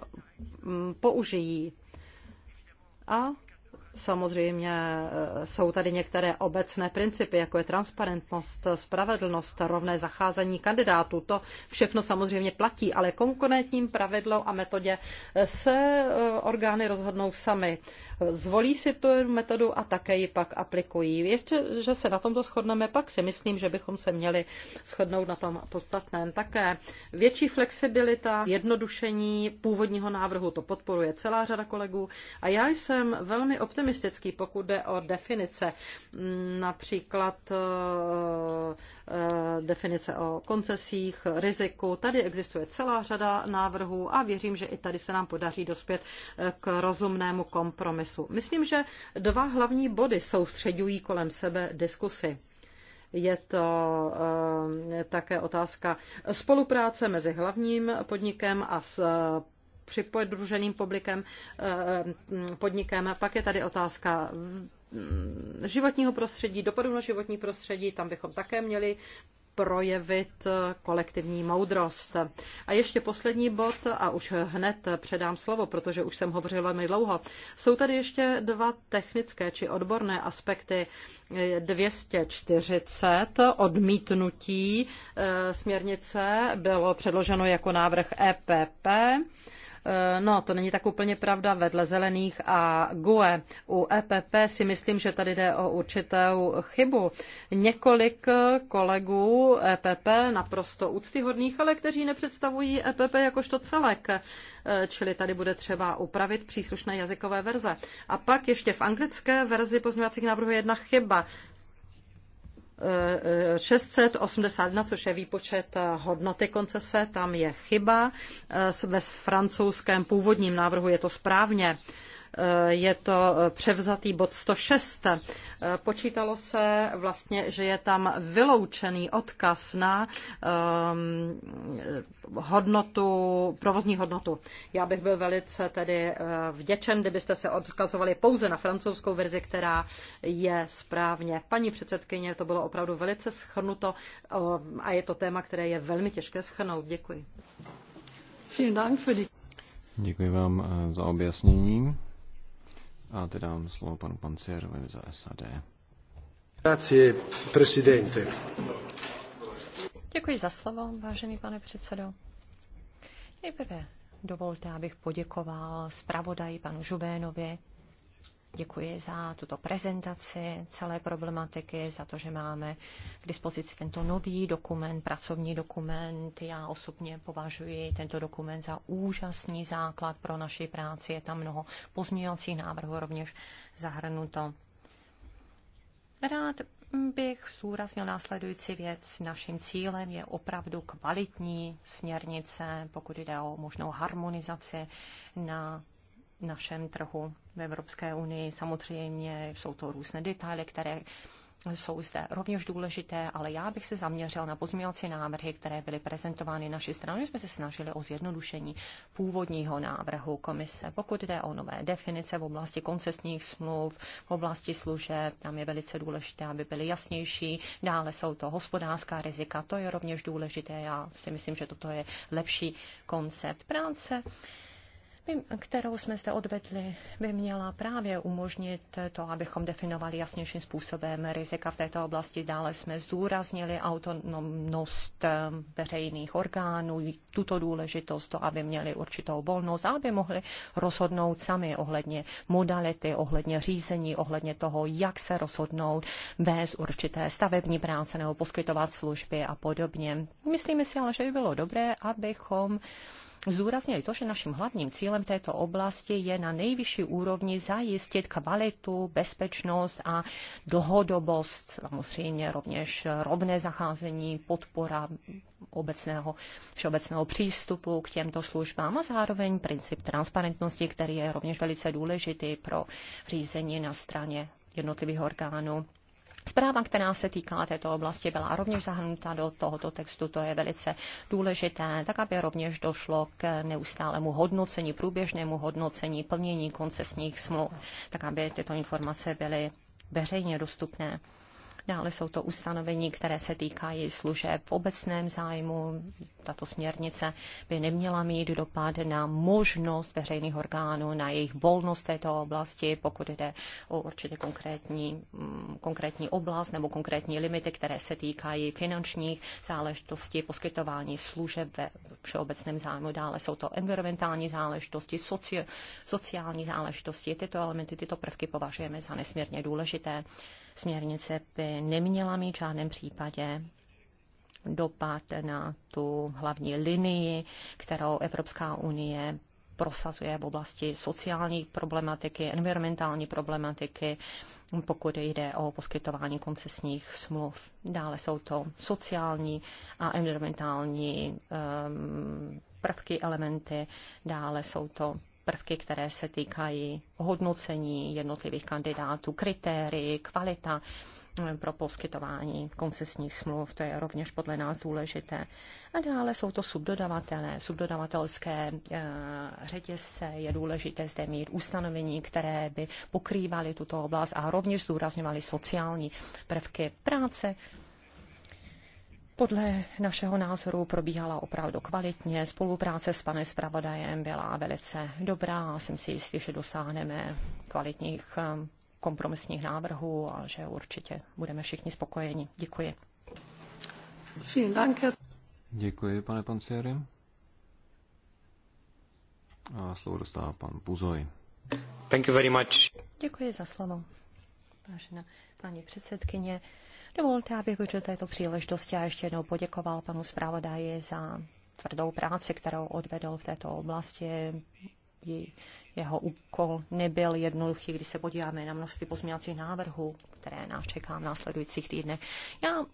hm, použijí. A Samozřejmě eh, jsou tady některé obecné principy, jako je transparentnost, spravedlnost, rovné zacházení kandidátů. To všechno samozřejmě platí, ale konkrétním pravidlo a metodě se eh, orgány rozhodnou sami zvolí si tu metodu a také ji pak aplikují. Ještě, že se na tomto shodneme, pak si myslím, že bychom se měli shodnout na tom podstatném také. Větší flexibilita, jednodušení původního návrhu, to podporuje celá řada kolegů a já jsem velmi optimistický, pokud jde o definice, mm, například eh, eh, definice o koncesích, riziku. Tady existuje celá řada návrhů a věřím, že i tady se nám podaří dospět eh, k rozumnému kompromisu kompromisu. Myslím, že dva hlavní body soustředují kolem sebe diskusy. Je to eh, také otázka spolupráce mezi hlavním podnikem a s eh, připodruženým publikem, eh, mm, podnikem. Pak je tady otázka mm, životního prostředí, dopadu na životní prostředí, tam bychom také měli projevit kolektivní moudrost. A ještě poslední bod, a už hned předám slovo, protože už jsem hovořila velmi dlouho. Jsou tady ještě dva technické či odborné aspekty. 240 odmítnutí e, směrnice bylo předloženo jako návrh EPP. Eh, no, to není tak úplně pravda vedle zelených a GUE. U EPP e si myslím, že tady jde o určitou chybu. Několik eh, kolegů EPP, naprosto úctyhodných, ale kteří nepředstavují EPP jakožto celek, eh, čili tady bude třeba upravit příslušné jazykové verze. A pak ještě v anglické verzi pozměňovacích návrhů je jedna chyba. 681, což je výpočet hodnoty koncese, tam je chyba. Ve francouzském původním návrhu je to správně. Eh, je to eh, převzatý bod 106. Eh, počítalo se vlastně, že je tam vyloučený odkaz na ehm, hodnotu, provozní hodnotu. Já bych byl velice tedy vděčen, kdybyste se odkazovali pouze na francouzskou verzi, která je správně. Paní předsedkyně, to bylo opravdu velice schrnuto a je to téma, které je velmi těžké schrnout. Děkuji. Děkuji vám za objasnění. A teď dám slovo panu Pancierovi za SAD. Grazie, presidente. Děkuji za slovo, vážený pane předsedo. Nejprve dovolte, abych poděkoval zpravodaji panu Žubénovi Děkuji za tuto prezentaci celé problematiky, za to, že máme k dispozici tento nový dokument, pracovní dokument. Já osobně považuji tento dokument za úžasný základ pro naši práci. Je tam mnoho pozměňovacích návrhů rovněž zahrnuto. Rád bych zúraznil následující věc. Naším cílem je opravdu kvalitní směrnice, pokud jde o možnou harmonizaci na našem trhu v Evropské unii. Samozřejmě jsou to různé detaily, které jsou zde rovněž důležité, ale já bych se zaměřil na pozměňovací návrhy, které byly prezentovány naší stranou. jsme se snažili o zjednodušení původního návrhu komise. Pokud jde o nové definice v oblasti koncesních smluv, v oblasti služeb, tam je velice důležité, aby byly jasnější. Dále jsou to hospodářská rizika, to je rovněž důležité. Já si myslím, že toto je lepší koncept práce kterou jsme zde odvedli, by měla právě umožnit to, abychom definovali jasnějším způsobem rizika v této oblasti. Dále jsme zdůraznili autonomnost ehm, veřejných orgánů, tuto důležitost, to, aby měli určitou volnost, aby mohli rozhodnout sami ohledně modality, ohledně řízení, ohledně toho, jak se rozhodnout, bez určité stavební práce nebo poskytovat služby a podobně. Myslíme si ale, že by bylo dobré, abychom zdůraznili to, že naším hlavním cílem této oblasti je na nejvyšší úrovni zajistit kvalitu, bezpečnost a dlhodobost, samozřejmě rovněž rovné zacházení, podpora obecného, všeobecného přístupu k těmto službám a zároveň princip transparentnosti, který je rovněž velice důležitý pro řízení na straně jednotlivých orgánů. Zpráva, která se týká této oblasti, byla rovněž zahrnuta do tohoto textu. To je velice důležité, tak aby rovněž došlo k neustálému hodnocení, průběžnému hodnocení plnění koncesních smluv, tak aby tyto informace byly veřejně dostupné. Dále jsou to ustanovení, které se týkají služeb v obecném zájmu. Tato směrnice by neměla mít dopad na možnost veřejných orgánů, na jejich volnost této oblasti, pokud jde o určitě konkrétní, mm, konkrétní oblast nebo konkrétní limity, které se týkají finančních záležitostí, poskytování služeb ve všeobecném zájmu. Dále jsou to environmentální záležitosti, soci, sociální záležitosti. Tyto elementy, tyto prvky považujeme za nesmírně důležité směrnice by neměla mít v žádném případě dopad na tu hlavní linii, kterou Evropská unie prosazuje v oblasti sociální problematiky, environmentální problematiky, pokud jde o poskytování koncesních smluv. Dále jsou to sociální a environmentální um, prvky, elementy, dále jsou to prvky, které se týkají hodnocení jednotlivých kandidátů, kritérií, kvalita eh, pro poskytování koncesních smluv, to je rovněž podle nás důležité. A dále jsou to subdodavatelé, subdodavatelské eh, řetězce, je důležité zde mít ustanovení, které by pokrývaly tuto oblast a rovněž zdůrazňovaly sociální prvky práce podle našeho názoru probíhala opravdu kvalitně. Spolupráce s panem zpravodajem byla velice dobrá a jsem si jistý, že dosáhneme kvalitních eh, kompromisních návrhů a že určitě budeme všichni spokojeni. Děkuji. Děkuji, pane Pancieri. A slovo dostává pan Buzoj. Thank you very much. Děkuji za slovo, vážená paní předsedkyně. Dovolte, abych využil této příležitosti a ještě jednou poděkoval panu zpravodaji za tvrdou práci, kterou odvedl v této oblasti. Jeho úkol nebyl jednoduchý, když se podíváme na množství pozměňovacích návrhů, které nás čeká v následujících týdnech. Já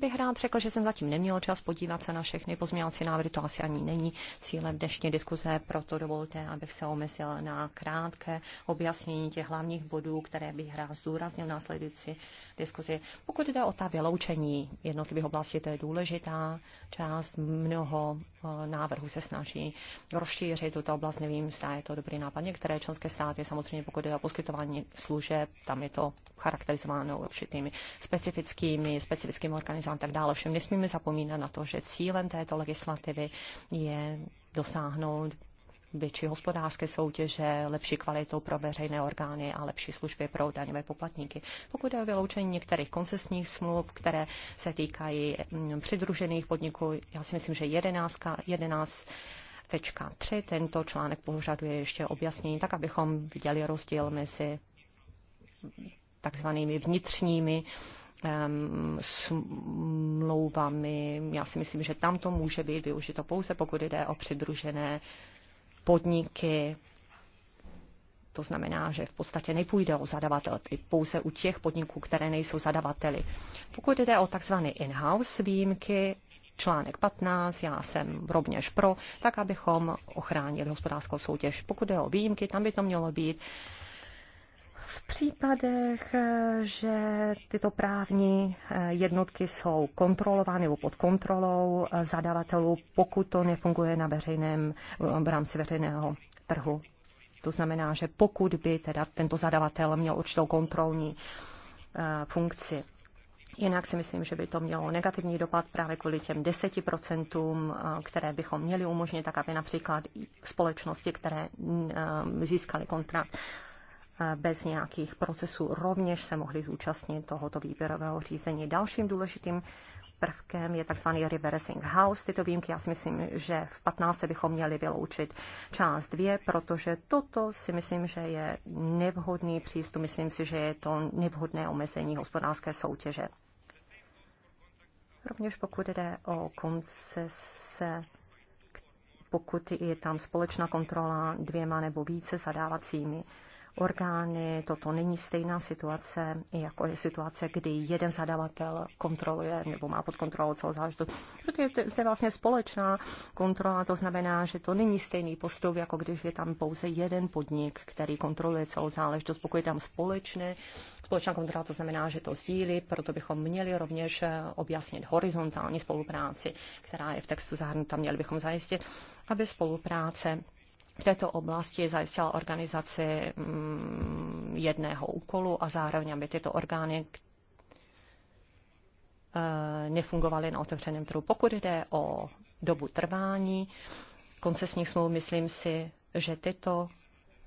bych rád řekl, že jsem zatím neměl čas podívat se na všechny pozměňovací návrhy, to asi ani není cílem dnešní diskuze, proto dovolte, abych se omezil na krátké objasnění těch hlavních bodů, které bych rád zdůraznil v následující diskuzi. Pokud jde o ta vyloučení jednotlivých oblastí, to je důležitá část. Mnoho eh, návrhů se snaží rozšířit tuto oblast. Nevím, zda je to dobrý nápad. Některé členské státy, samozřejmě pokud jde o poskytování služeb, tam je to charakter specializováno určitými specifickými, specifickým organizovaným a tak dále. Všem nesmíme zapomínat na to, že cílem této legislativy je dosáhnout větší hospodářské soutěže, lepší kvalitu pro veřejné orgány a lepší služby pro daňové poplatníky. Pokud je o vyloučení některých koncesních smluv, které se týkají mm, přidružených podniků, já si myslím, že 11, 11 3. Tento článek požaduje ještě objasnění, tak abychom viděli rozdíl mezi takzvanými vnitřními smlouvami. Já si myslím, že tam to může být využito pouze, pokud jde o přidružené podniky. To znamená, že v podstatě nepůjde o zadavatel, pouze u těch podniků, které nejsou zadavateli. Pokud jde o takzvané in-house výjimky, článek 15, já jsem rovněž pro, tak abychom ochránili hospodářskou soutěž. Pokud jde o výjimky, tam by to mělo být v případech, eh, že tyto právní eh, jednotky jsou kontrolovány nebo pod kontrolou eh, zadavatelů, pokud to nefunguje na veřejném, v rámci veřejného trhu. To znamená, že pokud by teda tento zadavatel měl určitou kontrolní funkci. Jinak si myslím, že by to mělo negativní dopad právě kvůli těm 10%, které bychom měli umožnit, tak aby například společnosti, které získaly kontrakt bez nějakých procesů rovněž se mohli zúčastnit tohoto výběrového řízení. Dalším důležitým prvkem je tzv. reversing house. Tyto výjimky, já si myslím, že v 15 bychom měli vyloučit část 2, protože toto si myslím, že je nevhodný přístup. Myslím si, že je to nevhodné omezení hospodářské soutěže. Rovněž pokud jde o koncese, pokud je tam společná kontrola dvěma nebo více zadávacími orgány. Toto není stejná situace, jako je situace, kdy jeden zadavatel kontroluje nebo má pod kontrolou celou záležitost. To je zde vlastně společná kontrola, to znamená, že to není stejný postup, jako když je tam pouze jeden podnik, který kontroluje celou záležitost. Pokud je tam společné, společná kontrola, to znamená, že to sdílí, proto bychom měli rovněž eh, objasnit horizontální spolupráci, která je v textu zahrnuta. Měli bychom zajistit, aby spolupráce v této oblasti zajistila organizaci mm, jedného úkolu a zároveň, aby tyto orgány eh, nefungovaly na otevřeném trhu. Pokud jde o dobu trvání koncesních smluv, myslím si, že tyto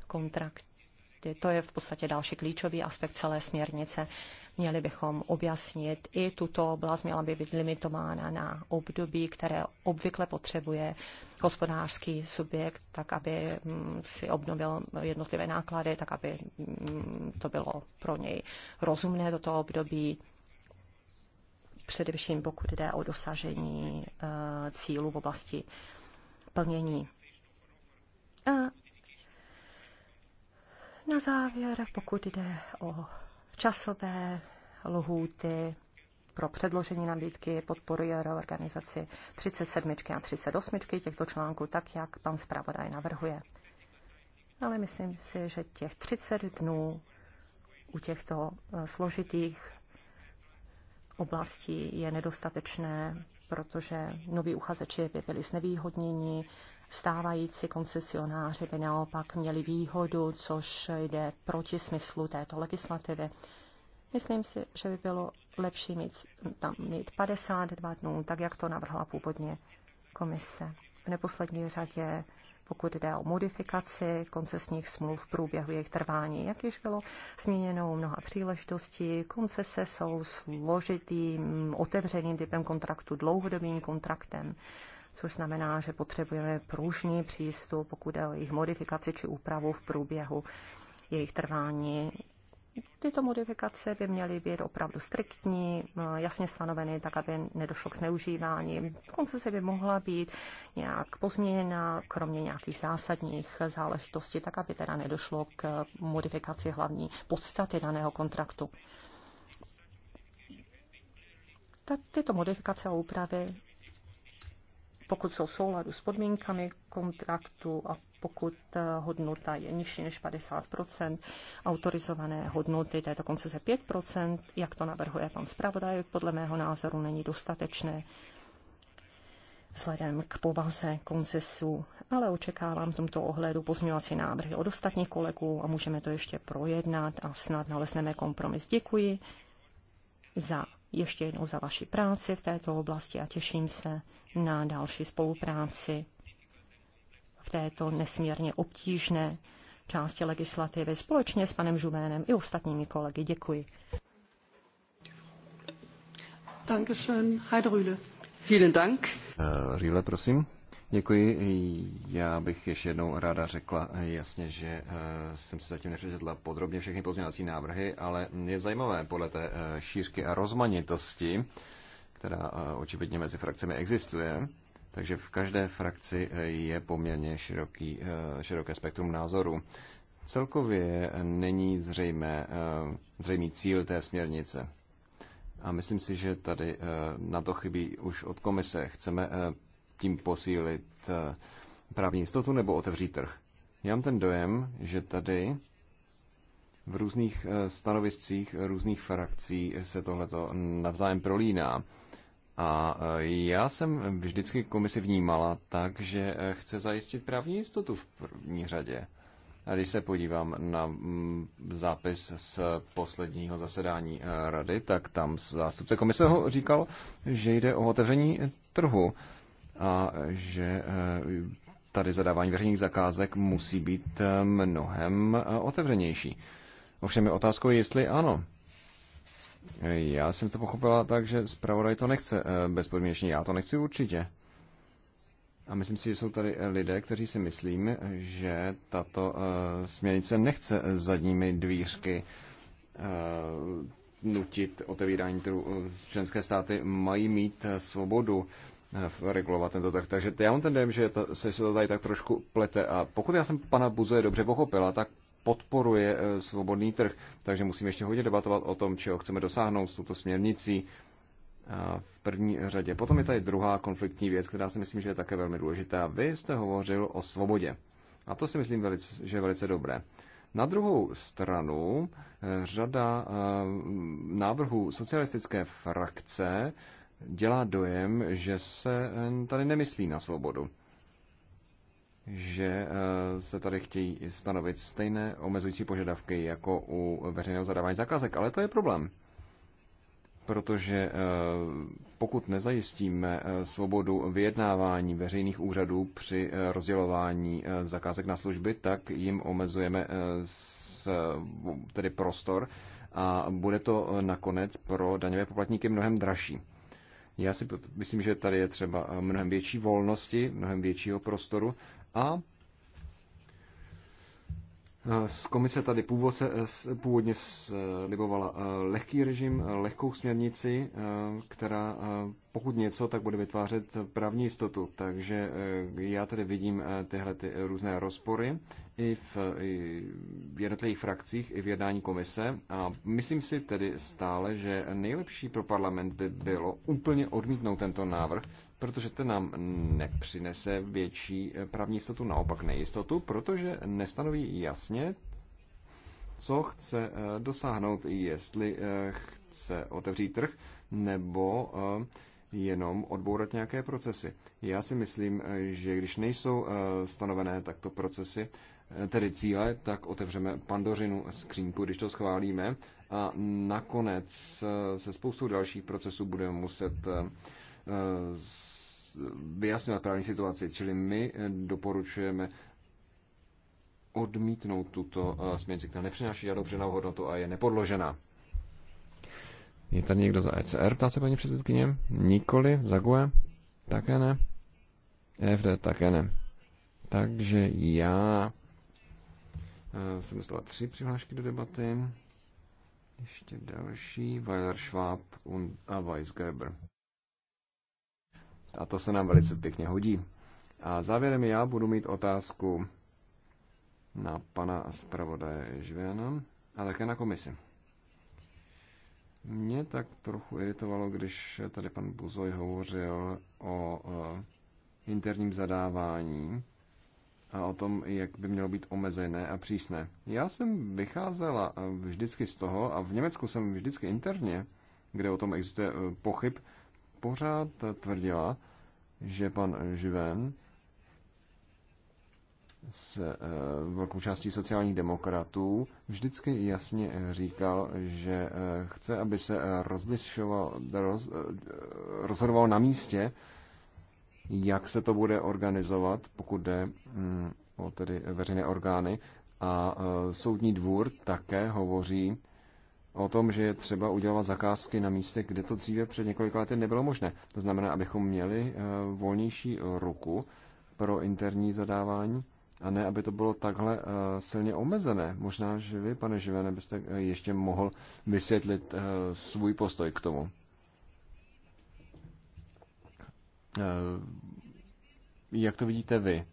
kontrakty, to je v podstatě další klíčový aspekt celé směrnice. Měli bychom objasnit i tuto oblast, měla by být limitována na období, které obvykle potřebuje hospodářský subjekt, tak aby mm, si obnovil jednotlivé náklady, tak aby mm, to bylo pro něj rozumné do toho období především pokud jde o dosažení eh, cílů v oblasti plnění. A na závěr, pokud jde o časové lhůty pro předložení nabídky podporuje organizaci 37 a 38 těchto článků tak, jak pan zpravodaj navrhuje. Ale myslím si, že těch 30 dnů u těchto eh, složitých oblastí je nedostatečné, protože noví uchazeči by byli znevýhodněni stávající koncesionáři by naopak měli výhodu, což jde proti smyslu této legislativy. Myslím si, že by bylo lepší mít, tam mít 52 dnů, tak jak to navrhla původně komise. V neposlední řadě, pokud jde o modifikaci koncesních smluv v průběhu jejich trvání, jak již bylo zmíněno mnoha příležitostí, koncese jsou složitým, otevřeným typem kontraktu, dlouhodobým kontraktem což znamená, že potřebujeme pružný přístup, pokud je o jejich modifikaci či úpravu v průběhu jejich trvání. Tyto modifikace by měly být opravdu striktní, jasně stanoveny, tak aby nedošlo k zneužívání. Koncese by mohla být nějak pozměněna, kromě nějakých zásadních záležitostí, tak aby teda nedošlo k modifikaci hlavní podstaty daného kontraktu. Tak tyto modifikace a úpravy pokud jsou v souladu s podmínkami kontraktu a pokud eh, hodnota je nižší než 50 autorizované hodnoty této koncese 5 jak to navrhuje pan zpravodaj, podle mého názoru není dostatečné vzhledem k povaze koncesu, ale očekávám v tomto ohledu pozměňovací návrhy od ostatních kolegů a můžeme to ještě projednat a snad nalezneme kompromis. Děkuji za ještě jednou za vaši práci v této oblasti a těším se na další spolupráci v této nesmírně obtížné části legislativy společně s panem Žuménem i ostatními kolegy. Děkuji. Dankeschön. Heide Rühle. Vielen Dank. Eh, Rühle, prosím. Děkuji. Já bych ještě jednou ráda řekla jasně, že eh, jsem si zatím nepřečetla podrobně všechny pozměňovací návrhy, ale je zajímavé podle té eh, šířky a rozmanitosti, která eh, očividně mezi frakcemi existuje. Takže v každé frakci eh, je poměrně široký, eh, široké spektrum názorů. Celkově není zřejmé, zřejmý cíl té směrnice. A myslím si, že tady na to chybí už od komise. Chceme tím posílit právní jistotu nebo otevřít trh. Já mám ten dojem, že tady v různých stanoviscích různých frakcí se tohleto navzájem prolíná. A e, já jsem vždycky komisi vnímala tak, že e, chce zajistit právní jistotu v první řadě. A když se podívám na mm, zápis z posledního zasedání e, rady, tak tam zástupce komise ho říkal, že jde o otevření trhu a že tady zadávání veřejných zakázek musí být mnohem otevřenější. Ovšem je otázkou, jestli ano. Já jsem to pochopila tak, že zpravodaj to nechce eh, bezpodmínečně. Já to nechci určitě. A myslím si, že jsou tady eh, lidé, kteří si myslím, že tato eh, směrnice nechce zadními dvířky nutit otevírání trhu. Členské státy mají mít svobodu regulovat tento trh. Takže já mám ten dojem, že to, se, se to tady tak trošku plete. A pokud já jsem pana Buzoje dobře pochopila, tak podporuje eh, svobodný trh. Takže musíme ještě hodně debatovat o tom, čeho chceme dosáhnout s tuto směrnicí eh, v první řadě. Potom je tady druhá konfliktní věc, která si myslím, že je také velmi důležitá. Vy jste hovořil o svobodě. A to si myslím, velice, že je velice dobré. Na druhou stranu eh, řada návrhů socialistické frakce dělá dojem, že se tady nemyslí na svobodu že eh, se tady chtějí stanovit stejné omezující požadavky jako u veřejného zadávání zakázek, ale to je problém. Protože eh, pokud nezajistíme eh, svobodu vyjednávání veřejných úřadů při rozdělování zakázek na služby, tak jim omezujeme tedy prostor a bude to nakonec pro daňové poplatníky mnohem dražší. Já si myslím, že tady je třeba mnohem větší volnosti, mnohem většího prostoru a z komise tady původce, původně slibovala e, lehký režim, e, lehkou směrnici, e, která pokud něco, tak bude vytvářet právní jistotu. Takže já tady vidím tyhle ty různé rozpory i v jednotlivých frakcích, i v jednání komise. A myslím si tedy stále, že nejlepší pro parlament by bylo úplně odmítnout tento návrh, protože ten nám nepřinese větší eh, právní jistotu, naopak nejistotu, protože nestanoví jasně, co chce eh, dosáhnout, jestli eh, chce otevřít trh nebo jenom odbourat nějaké procesy. Já si myslím, že když nejsou stanovené takto procesy, tedy cíle, tak otevřeme pandořinu skřínku, když to schválíme a nakonec se spoustou dalších procesů budeme muset Eh, vyjasňovat právní situaci. Čili my eh, doporučujeme odmítnout tuto eh, směrnici, která nepřináší žádnou přidanou hodnotu a je nepodložená. Je tady někdo za ECR, ptá se paní předsedkyně? Nikoli, za GUE? Také ne. EFD také ne. Takže já jsem dostala tři přihlášky do debaty. Ještě další. Weiler Schwab a Weisgerber. A to se nám velice pěkně hodí. A závěrem já budu mít otázku na pana zpravodaje Živěna a také na komisi. Mě tak trochu iritovalo, když tady pan Buzoj hovořil o interním zadávání a o tom, jak by mělo být omezené a přísné. Já jsem vycházela eh, vždycky z toho, a v Německu jsem vždycky interně, kde o tom existuje eh, pochyb, pořád tvrdila, že pan Živen s eh, velkou částí sociálních demokratů vždycky jasně eh, říkal, že eh, chce, aby se rozlišoval, roz, rozhodoval na místě, jak se to bude organizovat, pokud jde mm, o tedy veřejné orgány. A soudní dvůr také hovoří o tom, že je třeba udělat zakázky na místech, kde to dříve před několika lety nebylo možné. To znamená, abychom měli eh, volnější ruku pro interní zadávání a ne, aby to bylo takhle eh, silně omezené. Možná, že vy, pane Živene, byste eh, ještě mohl vysvětlit svůj postoj k tomu. Jak to vidíte vy?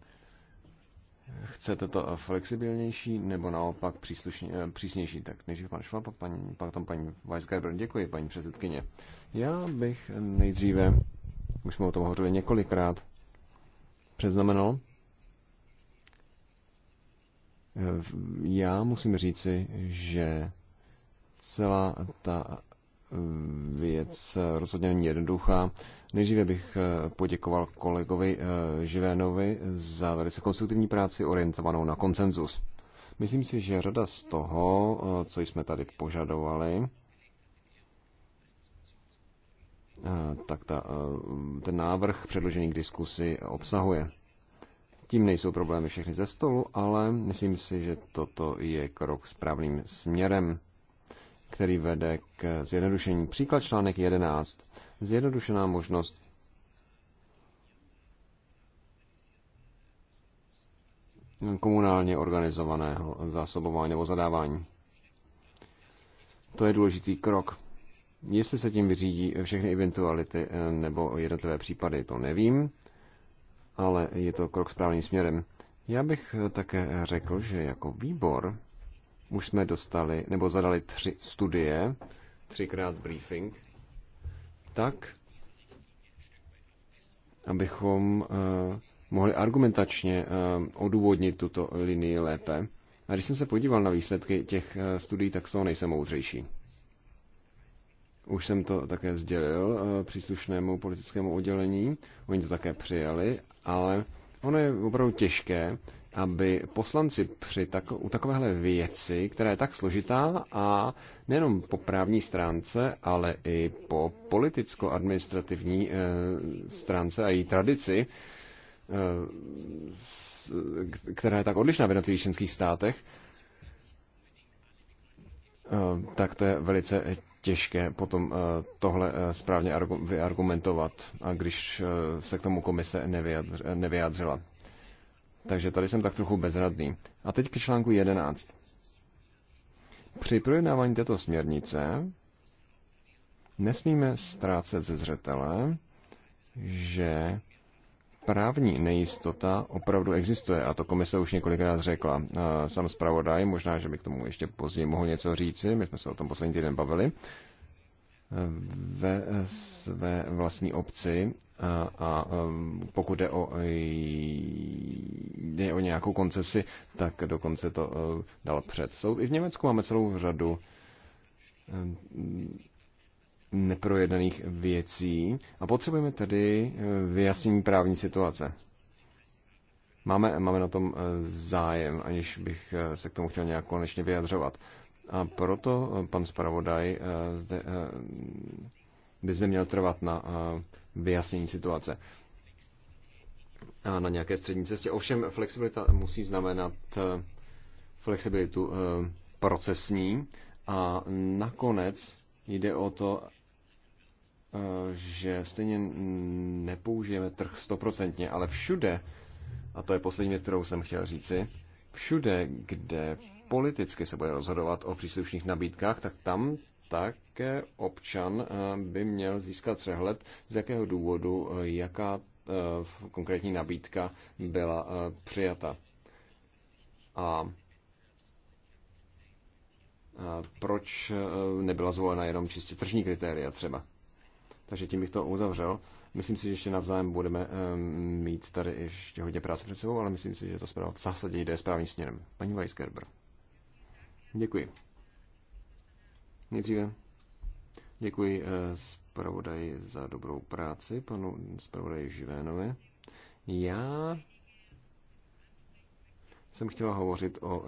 Chcete to flexibilnější nebo naopak příslušně, eh, přísnější? Tak nejdřív pan Švab, a paní, pak tam paní Weisgerber. Děkuji, paní předsedkyně. Já bych nejdříve, už jsme o tom hovořili několikrát, přeznamenal. Eh, já musím říci, že celá ta věc eh, rozhodně není jednoduchá. Nejdříve bych eh, poděkoval kolegovi eh, Živénovi za velice konstruktivní práci orientovanou na konsenzus. Myslím si, že řada z toho, co jsme tady požadovali, tak ta, ten návrh předložený k diskusi obsahuje. Tím nejsou problémy všechny ze stolu, ale myslím si, že toto je krok správným směrem který vede k zjednodušení. Příklad článek 11. Zjednodušená možnost komunálně organizovaného zásobování nebo zadávání. To je důležitý krok. Jestli se tím vyřídí všechny eventuality eh, nebo jednotlivé případy, to nevím, ale je to krok správným směrem. Já bych eh, také řekl, že jako výbor už jsme dostali, nebo zadali tři studie, třikrát briefing, tak, abychom eh, mohli argumentačně eh, odůvodnit tuto linii lépe. A když jsem se podíval na výsledky těch eh, studií, tak z toho nejsem moudřejší. Už jsem to také sdělil příslušnému politickému oddělení, oni to také přijali, ale ono je opravdu těžké aby poslanci při tako, u takovéhle věci, která je tak složitá a nejenom po právní stránce, ale i po politicko-administrativní e, stránce a její tradici, e, která je tak odlišná v jednotlivých členských státech, e, tak to je velice těžké potom tohle správně vyargumentovat, a když se k tomu komise nevyjádřila. Takže tady jsem tak trochu bezradný. A teď k článku 11. Při projednávání této směrnice nesmíme ztrácet ze zřetele, že právní nejistota opravdu existuje a to komise už několikrát řekla. Sam zpravodaj, možná, že by k tomu ještě později mohl něco říci, my jsme se o tom poslední týden bavili, ve své vlastní obci a, a um, pokud jde o, e, jde o nějakou koncesi, tak dokonce to e, dal před soud. I v Německu máme celou řadu e, neprojednaných věcí a potřebujeme tedy vyjasnění právní situace. Máme, máme na tom zájem, aniž bych se k tomu chtěl nějak konečně vyjadřovat. A proto eh, pan zpravodaj eh, zde, eh, by zde měl trvat na vyjasnění situace a na nějaké střední cestě. Ovšem flexibilita musí znamenat flexibilitu procesní a nakonec jde o to, že stejně nepoužijeme trh stoprocentně, ale všude, a to je poslední věc, kterou jsem chtěl říci, všude, kde politicky se bude rozhodovat o příslušných nabídkách, tak tam také občan eh, by měl získat přehled, z jakého důvodu, eh, jaká eh, konkrétní nabídka byla přijata. A proč nebyla zvolena jenom čistě tržní kritéria třeba. Takže tím bych to uzavřel. Myslím si, že ještě navzájem budeme mít tady ještě hodně práce před sebou, ale myslím si, že ta zpráva v zásadě jde správným směrem. Paní Weisgerber. Děkuji. Nejdříve děkuji eh, zpravodaji za dobrou práci, panu zpravodaji Živénovi. Já jsem chtěla hovořit o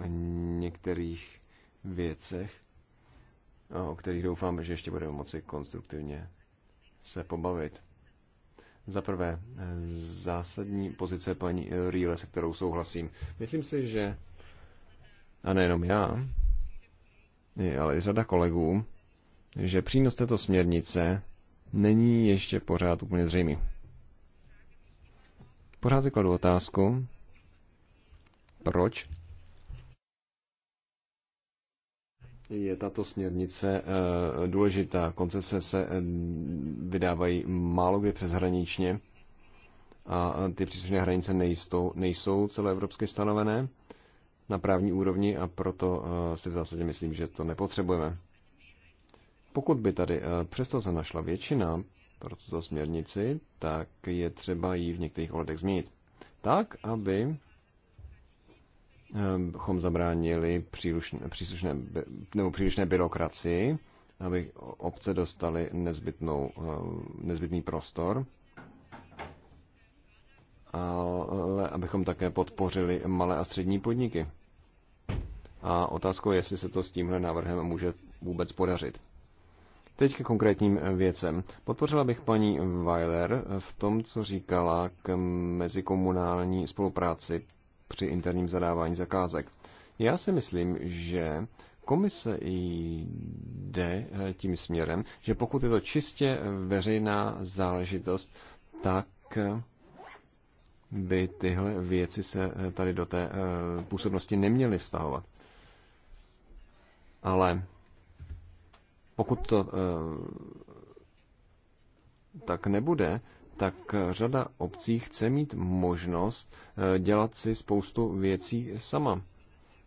některých věcech, o kterých doufám, že ještě budeme moci konstruktivně se pobavit. Za prvé, eh, zásadní pozice paní Rýle, se kterou souhlasím. Myslím si, že, a nejenom já, je ale i řada kolegů, že přínos této směrnice není ještě pořád úplně zřejmý. Pořád si kladu otázku, proč je tato směrnice eh, důležitá. Koncese se eh, vydávají málo kdy přeshraničně a eh, ty příslušné hranice nejsou, nejsou celoevropsky stanovené na právní úrovni a proto eh, si v zásadě myslím, že to nepotřebujeme. Pokud by tady eh, přesto se našla většina pro tuto směrnici, tak je třeba ji v některých ohledech změnit. Tak, aby bychom eh, zabránili přílišné, příslušné, nebo přílišné byrokracii, aby obce dostaly nezbytnou, nezbytný prostor, ale abychom také podpořili malé a střední podniky. A otázkou je, jestli se to s tímhle návrhem může vůbec podařit. Teď ke konkrétním věcem. Podpořila bych paní Weiler v tom, co říkala k mezikomunální spolupráci při interním zadávání zakázek. Já si myslím, že komise jde eh, tím směrem, že pokud je to čistě veřejná záležitost, tak eh, by tyhle věci se eh, tady do té působnosti neměly vztahovat. Ale pokud to eh, tak nebude, tak řada obcí chce mít možnost eh, dělat si spoustu věcí sama.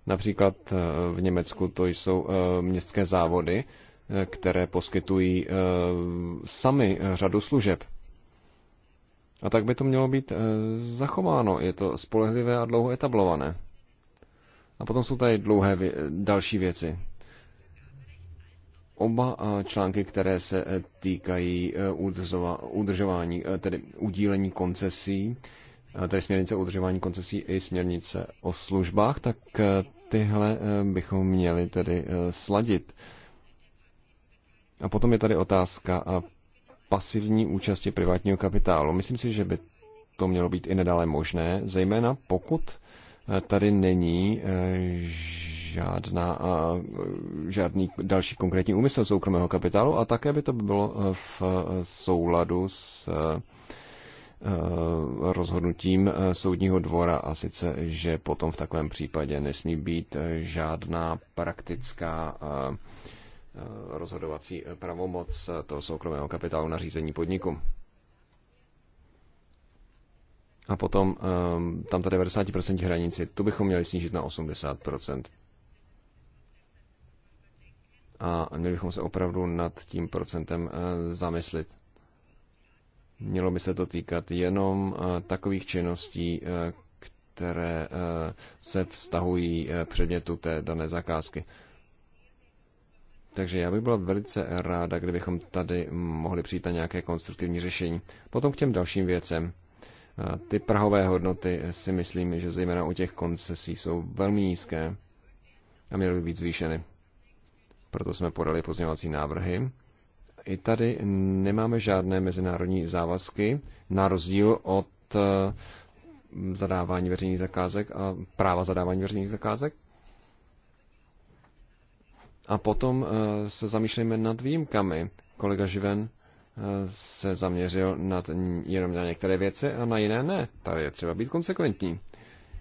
Například eh, v Německu to jsou městské závody, které poskytují sami řadu služeb. A tak by to mělo být zachováno. Je to spolehlivé a dlouho etablované. A potom jsou tady dlouhé vě- další věci. Oba články, které se e, týkají e, udržování, e, tedy udílení koncesí, tedy směrnice o udržování koncesí i směrnice o službách, tak tyhle bychom měli tedy sladit. A potom je tady otázka pasivní účasti privátního kapitálu. Myslím si, že by to mělo být i nadále možné, zejména pokud tady není eh, žádná, žádný další konkrétní úmysl soukromého kapitálu a také by to bylo eh, v souladu s eh, rozhodnutím soudního dvora a sice, že potom v takovém případě nesmí být žádná praktická rozhodovací pravomoc toho soukromého kapitálu na řízení podniku a potom ehm, tam ta 90% hranici, tu bychom měli snížit na 80%. A měli bychom se opravdu nad tím procentem eh, zamyslit. Mělo by se to týkat jenom eh, takových činností, eh, které se vztahují předmětu té dané zakázky. Takže já bych byla velice ráda, kdybychom tady mohli přijít na nějaké konstruktivní řešení. Potom k těm dalším věcem. Ty prahové hodnoty si myslím, že zejména u těch koncesí jsou velmi nízké a měly by být zvýšeny. Proto jsme podali pozměňovací návrhy. I tady nemáme žádné mezinárodní závazky, na rozdíl od eh, zadávání veřejných zakázek a práva zadávání veřejných zakázek. A potom eh, se zamýšlejme nad výjimkami. Kolega Živen se zaměřil na ten, jenom na některé věci a na jiné ne. Tady je třeba být konsekventní.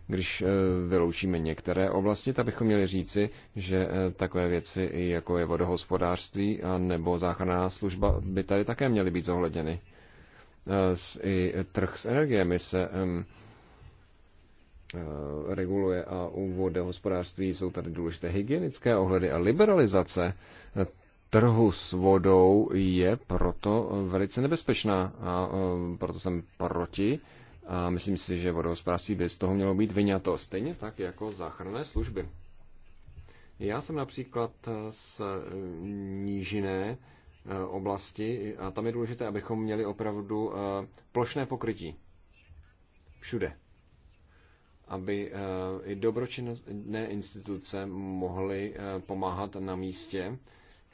Když eh, vyloučíme některé oblasti, tak bychom měli říci, že eh, takové věci, jako je vodohospodářství a nebo záchranná služba, by tady také měly být zohledněny. Eh, I trh s energiemi se reguluje a u vodohospodářství jsou tady důležité hygienické ohledy a liberalizace trhu s vodou je proto velice nebezpečná a proto jsem proti a myslím si, že vodohospodářství by z toho mělo být vyňato. Stejně tak jako záchranné služby. Já jsem například z nížiné e, oblasti a tam je důležité, abychom měli opravdu e, plošné pokrytí. Všude. Aby e, i dobročinné instituce mohly pomáhat na místě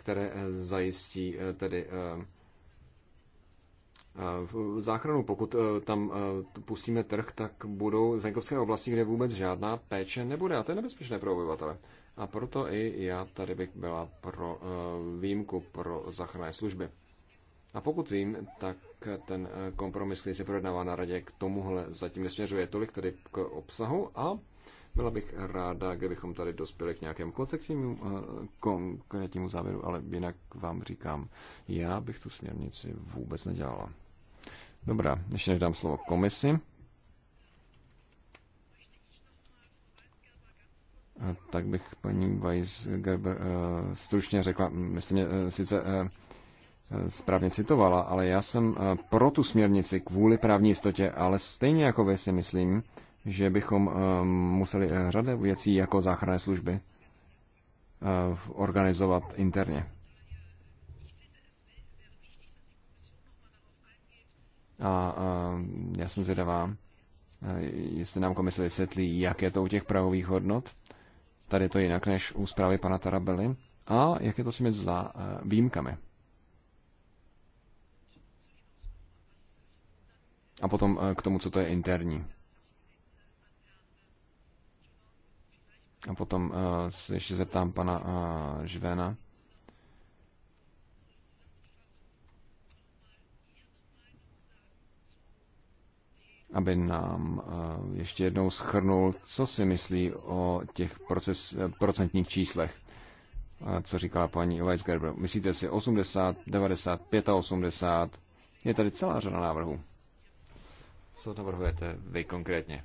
které eh, zajistí eh, tedy v eh, záchranu, pokud tam pustíme trh, tak budou venkovské oblasti, kde vůbec žádná péče nebude. A to je nebezpečné pro obyvatele. A proto i já tady bych byla pro výjimku pro záchranné služby. A pokud vím, tak ten kompromis, který se projednává na radě, k tomuhle zatím nesměřuje tolik tedy k obsahu a byla bych ráda, kdybychom tady dospěli k nějakému eh, konkrétnímu závěru, ale jinak vám říkám, já bych tu směrnici vůbec nedělala. Dobrá, ještě než dám slovo komisi. Tak bych paní Weisgerber eh, stručně řekla, myslím, hm, že eh, sice správně citovala, ale já jsem pro tu směrnici kvůli právní jistotě, ale stejně jako vy si myslím, že bychom eh, museli eh, řadu věcí jako záchranné služby eh, organizovat interně. A, já jsem zvědavá, jestli nám komise vysvětlí, jak je to u těch pravových hodnot. Tady je to jinak než u zprávy pana Tarabely. A jak je to s těmi za výjimkami. A potom k tomu, co to je interní. A potom eh, se ještě zeptám pana eh, Živena. aby nám eh, ještě jednou schrnul, co si myslí o těch proces, procentních číslech, co říkala paní Weisgerber. Myslíte si 80, 90, 85? Je tady celá řada návrhů. Co navrhujete vy konkrétně?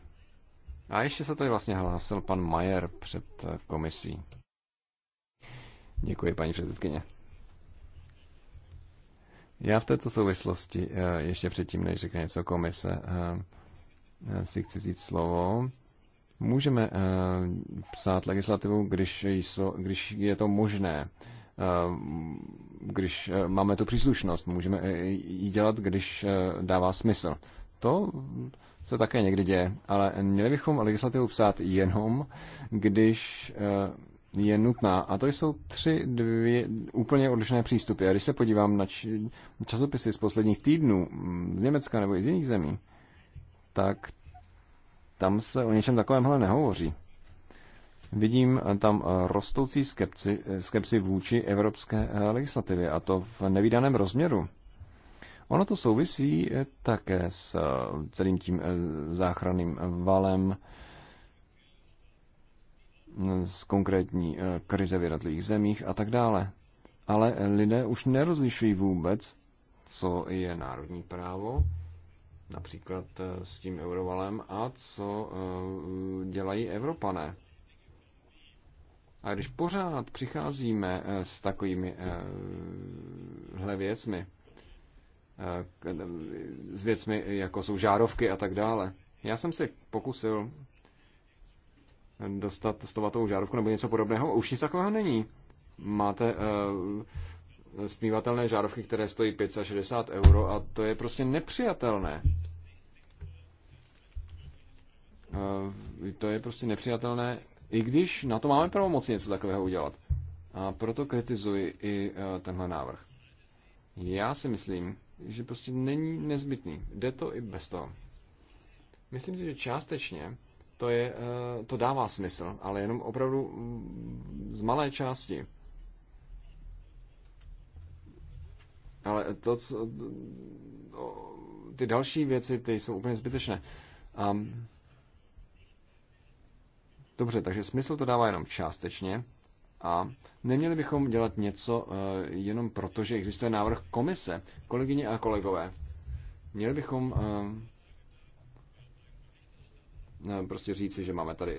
A ještě se tady vlastně hlásil pan Majer před eh, komisí. Děkuji, paní předsedkyně. Já v této souvislosti, eh, ještě předtím, než řekne něco komise, eh, si chci říct slovo. Můžeme psát legislativu, když, když je to možné když máme tu příslušnost, můžeme ji dělat, když dává smysl. To se také někdy děje, ale měli bychom legislativu psát jenom, když eh, je nutná. A to jsou tři dvě úplně odlišné přístupy. A když se podívám na časopisy z posledních týdnů mm, z Německa nebo i z jiných zemí, tak tam se o něčem takovémhle nehovoří. Vidím eh, tam eh, rostoucí skepci, skepsi vůči evropské legislativě a to v nevýdaném rozměru. Ono to souvisí eh, také s eh, celým tím eh, záchranným valem, z konkrétní krize v jednotlivých zemích a tak dále. Ale lidé už nerozlišují vůbec, co je národní právo, například s tím eurovalem, a co dělají Evropané. A když pořád přicházíme s takovými hle věcmi, Eh, s věcmi, jako jsou žárovky a tak dále. Já jsem si pokusil dostat stovatou žárovku nebo něco podobného už nic takového není. Máte uh, eh, smívatelné žárovky, které stojí 560 euro a to je prostě nepřijatelné. Uh, to je prostě nepřijatelné, i když na to máme pravomoci něco takového udělat. A proto kritizuji i uh, tenhle návrh. Já si myslím, že prostě není nezbytný. Jde to i bez toho. Myslím si, že částečně to, je, eh, to dává smysl, ale jenom opravdu mm, z malé části. Ale to, co, ty další věci, ty jsou úplně zbytečné. Um, dobře, takže smysl to dává jenom částečně. A neměli bychom dělat něco eh, jenom proto, že existuje návrh komise. Kolegyně a kolegové, měli bychom eh, eh, prostě říci, že máme tady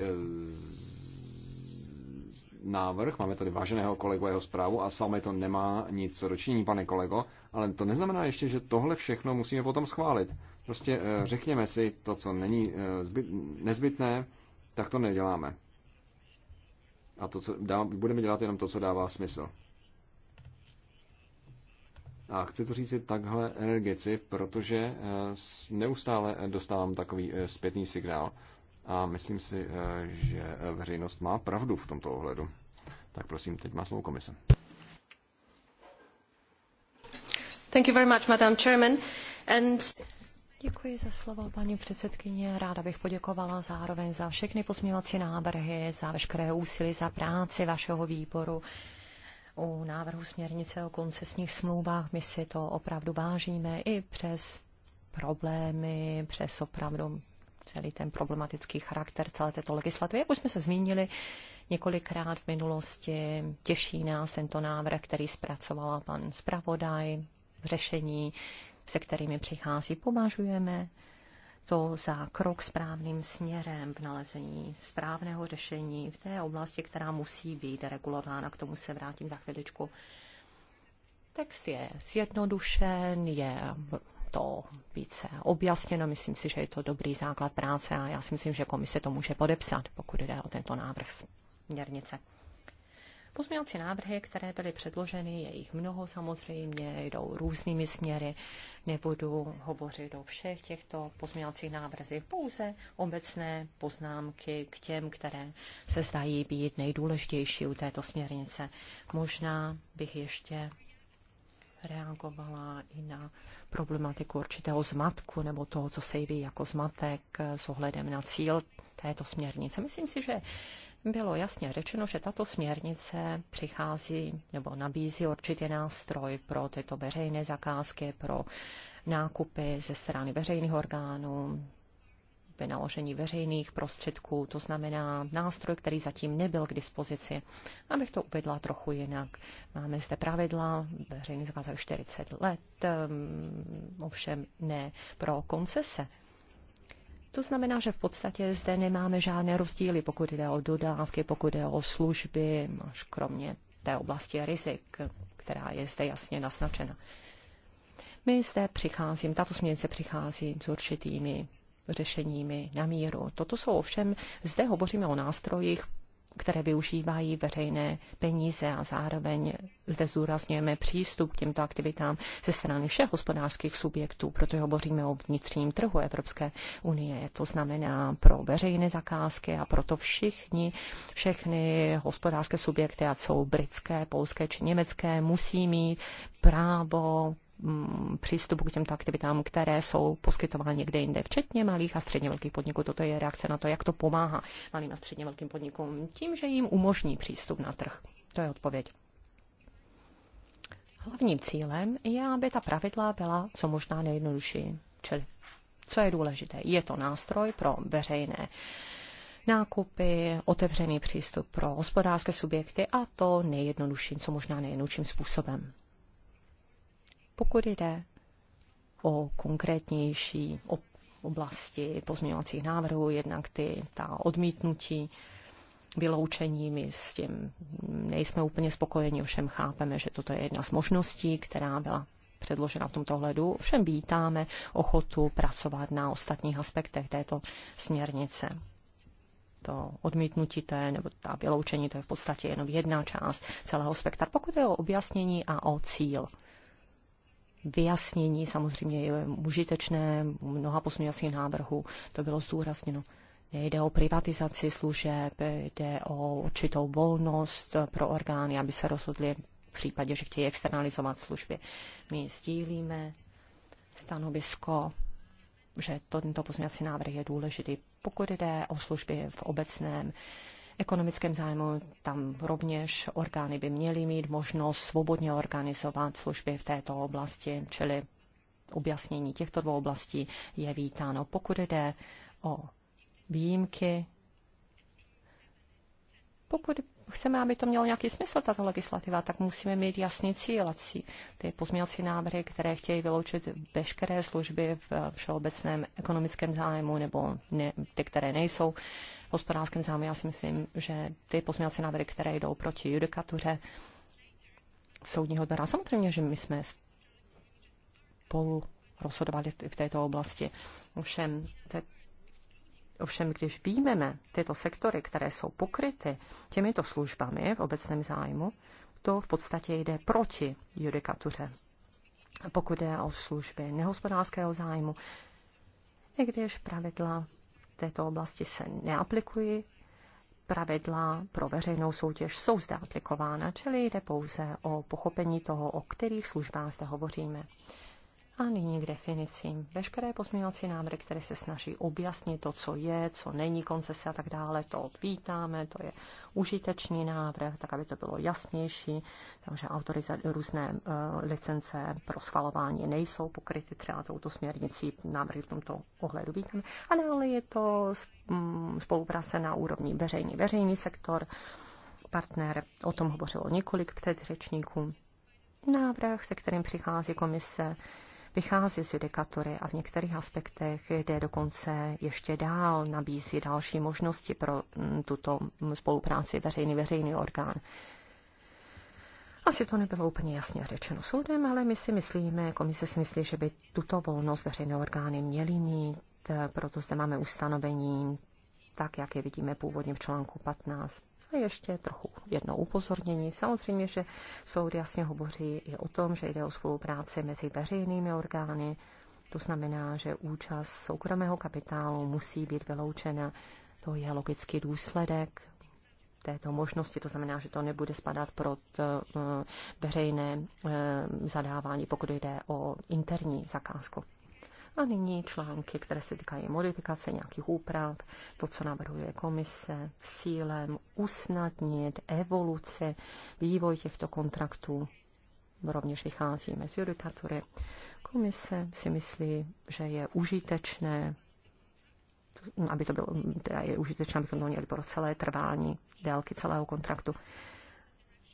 návrh, máme tady váženého kolegu jeho zprávu a s vámi to nemá nic dočinění, pane kolego, ale to neznamená ještě, že tohle všechno musíme potom schválit. Prostě řekněme si to, co není nezbytné, tak to neděláme. A to, co dá, budeme dělat jenom to, co dává smysl. A chci to říct takhle energici, protože eh, neustále dostávám takový eh, zpětný signál a myslím si, eh, že veřejnost má pravdu v tomto ohledu. Tak prosím, teď má slovo komise. Thank you very much, Madam Chairman. And... Děkuji za slovo, paní předsedkyně. Ráda bych poděkovala zároveň za všechny pozměňovací návrhy, za veškeré úsilí, za práci vašeho výboru u návrhu směrnice o koncesních smlouvách. My si to opravdu vážíme i přes problémy, přes opravdu celý ten problematický charakter celé této legislativy. Jak už jsme se zmínili několikrát v minulosti, těší nás tento návrh, který zpracovala pan zpravodaj, řešení se kterými přichází, považujeme to za krok správným směrem v nalezení správného řešení v té oblasti, která musí být regulována. K tomu se vrátím za chviličku. Text je zjednodušen, je to více objasněno. Myslím si, že je to dobrý základ práce a já si myslím, že komise to může podepsat, pokud jde o tento návrh směrnice. Pozměňovací návrhy, které byly předloženy, je jich mnoho samozřejmě, jdou různými směry. Nebudu hovořit o všech těchto pozměňovacích návrzích, pouze obecné poznámky k těm, které se zdají být nejdůležitější u této směrnice. Možná bych ještě reagovala i na problematiku určitého zmatku nebo toho, co se jeví jako zmatek s ohledem na cíl této směrnice. Myslím si, že bylo jasně řečeno, že tato směrnice přichází nebo nabízí určitý nástroj pro tyto veřejné zakázky, pro nákupy ze strany veřejných orgánů, vynaložení veřejných prostředků, to znamená nástroj, který zatím nebyl k dispozici. Abych to uvedla trochu jinak. Máme zde pravidla, veřejný zakázek 40 let, mm, ovšem ne pro koncese. To znamená, že v podstatě zde nemáme žádné rozdíly, pokud jde o dodávky, pokud jde o služby, až kromě té oblasti rizik, která je zde jasně naznačena. My zde přicházím, tato směrnice přichází s určitými řešeními na míru. Toto jsou ovšem, zde hovoříme o nástrojích které využívají veřejné peníze a zároveň zde zúrazněme přístup k těmto aktivitám ze strany všech hospodářských subjektů, protože hovoříme o vnitřním trhu Evropské unie. To znamená pro veřejné zakázky a proto všichni, všechny hospodářské subjekty, a jsou britské, polské či německé, musí mít právo Mm, přístupu k těmto aktivitám, které jsou poskytovány někde jinde, včetně malých a středně velkých podniků. Toto je reakce na to, jak to pomáhá malým a středně velkým podnikům tím, že jim umožní přístup na trh. To je odpověď. Hlavním cílem je, aby ta pravidla byla co možná nejjednodušší. Čili, co je důležité, je to nástroj pro veřejné nákupy, otevřený přístup pro hospodářské subjekty a to nejjednodušším, co možná nejjednodušším způsobem. Pokud jde o konkrétnější oblasti pozměňovacích návrhů, jednak ty, ta odmítnutí, vyloučení, my s tím nejsme úplně spokojeni, ovšem chápeme, že toto je jedna z možností, která byla předložena v tomto hledu. Ovšem vítáme ochotu pracovat na ostatních aspektech této směrnice. To odmítnutí té, nebo ta vyloučení, to je v podstatě jenom jedna část celého spektra, pokud je o objasnění a o cíl vyjasnění samozřejmě je užitečné, mnoha posměvacích návrhů to bylo zdůrazněno. Jde o privatizaci služeb, jde o určitou volnost pro orgány, aby se rozhodli v případě, že chtějí externalizovat služby. My sdílíme stanovisko, že to, tento pozměňovací návrh je důležitý. Pokud jde o služby v obecném ekonomickém zájmu. Tam rovněž orgány by měly mít možnost svobodně organizovat služby v této oblasti, čili objasnění těchto dvou oblastí je vítáno. Pokud jde o výjimky, pokud chceme, aby to mělo nějaký smysl, tato legislativa, tak musíme mít jasný cíl. Ty pozměňovací návrhy, které chtějí vyloučit veškeré služby v všeobecném ekonomickém zájmu nebo ne, ty, které nejsou hospodářském zájmu. Já si myslím, že ty pozměňovací návrhy, které jdou proti judikatuře soudního odbora, samozřejmě, že my jsme spolu rozhodovali v této oblasti. Ovšem, te, ovšem když výjmeme tyto sektory, které jsou pokryty těmito službami v obecném zájmu, to v podstatě jde proti judikatuře. Pokud jde o služby nehospodářského zájmu, i když pravidla této oblasti se neaplikují pravidla pro veřejnou soutěž jsou zde aplikována, čili jde pouze o pochopení toho, o kterých službách zde hovoříme. A nyní k definicím. Veškeré pozměňovací návrhy, které se snaží objasnit to, co je, co není koncese a tak dále, to vítáme, to je užitečný návrh, tak aby to bylo jasnější. Takže autoriza- různé uh, licence pro schvalování nejsou pokryty třeba touto směrnicí, návrhy v tomto ohledu vítáme. A dále je to mm, spolupráce na úrovni veřejný, veřejný sektor, partner, o tom hovořilo několik předřečníků. Návrh, se kterým přichází komise, vychází z judikatury a v některých aspektech jde dokonce ještě dál, nabízí další možnosti pro mm, tuto spolupráci veřejný-veřejný orgán. Asi to nebylo úplně jasně řečeno soudem, ale my si myslíme, komise si myslí, že by tuto volnost veřejné orgány měly mít, proto zde máme ustanovení tak, jak je vidíme původně v článku 15. A ještě trochu jedno upozornění. Samozřejmě, že soud jasně hovoří i o tom, že jde o spolupráci mezi veřejnými orgány. To znamená, že účast soukromého kapitálu musí být vyloučena. To je logický důsledek této možnosti, to znamená, že to nebude spadat pro eh, veřejné eh, zadávání, pokud jde o interní zakázku. A nyní články, které se týkají modifikace nějakých úprav, to, co navrhuje komise s cílem usnadnit evoluce vývoj těchto kontraktů. Rovněž vycházíme z judikatury. Komise si myslí, že je užitečné aby to bylo, teda je užitečné, abychom to měli pro celé trvání délky celého kontraktu.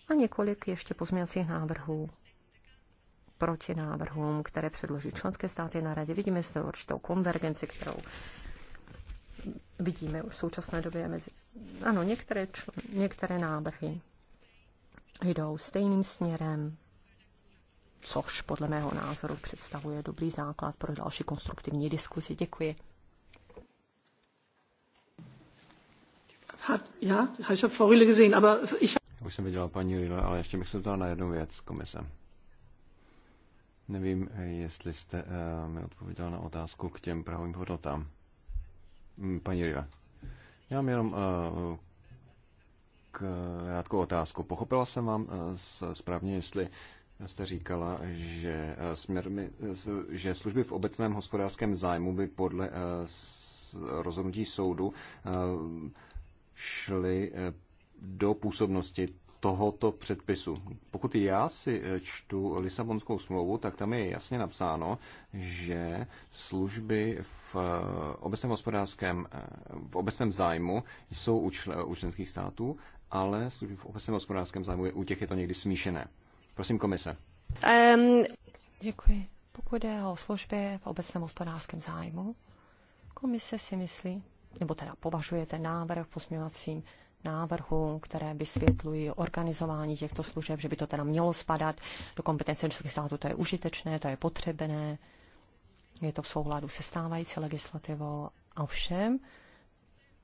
A několik ještě pozměňovacích návrhů proti návrhům, které předloží členské státy na radě. Vidíme zde určitou konvergenci, kterou vidíme v současné době mezi... Ano, některé, čl... některé návrhy jdou stejným směrem, což podle mého názoru představuje dobrý základ pro další konstruktivní diskuzi. Děkuji. Já, jsem Frau gesehen, aber ich... Už jsem viděla paní Rühle, ale ještě bych se ptala na jednu věc, komise. Nevím, jestli jste eh, mi odpověděl na otázku k těm prahovým hodnotám. Mm, paní Riva, já mám jenom eh, krátkou otázku. Pochopila jsem vám eh, správně, jestli jste říkala, že, směrmi, že služby v obecném hospodářském zájmu by podle rozhodnutí soudu šly do působnosti tohoto předpisu. Pokud já si eh, čtu Lisabonskou smlouvu, tak tam je jasně napsáno, že služby v eh, obecném hospodářském, eh, v obecném zájmu jsou u, čl- u členských států, ale služby v obecném hospodářském zájmu je, u těch je to někdy smíšené. Prosím komise. Um, děkuji. Pokud jde o služby v obecném hospodářském zájmu, komise si myslí, nebo teda považuje ten návrh v posměvacím návrhů, které vysvětlují organizování těchto služeb, že by to teda mělo spadat do kompetence českých států. To je užitečné, to je potřebné, je to v souladu se stávající legislativou. a všem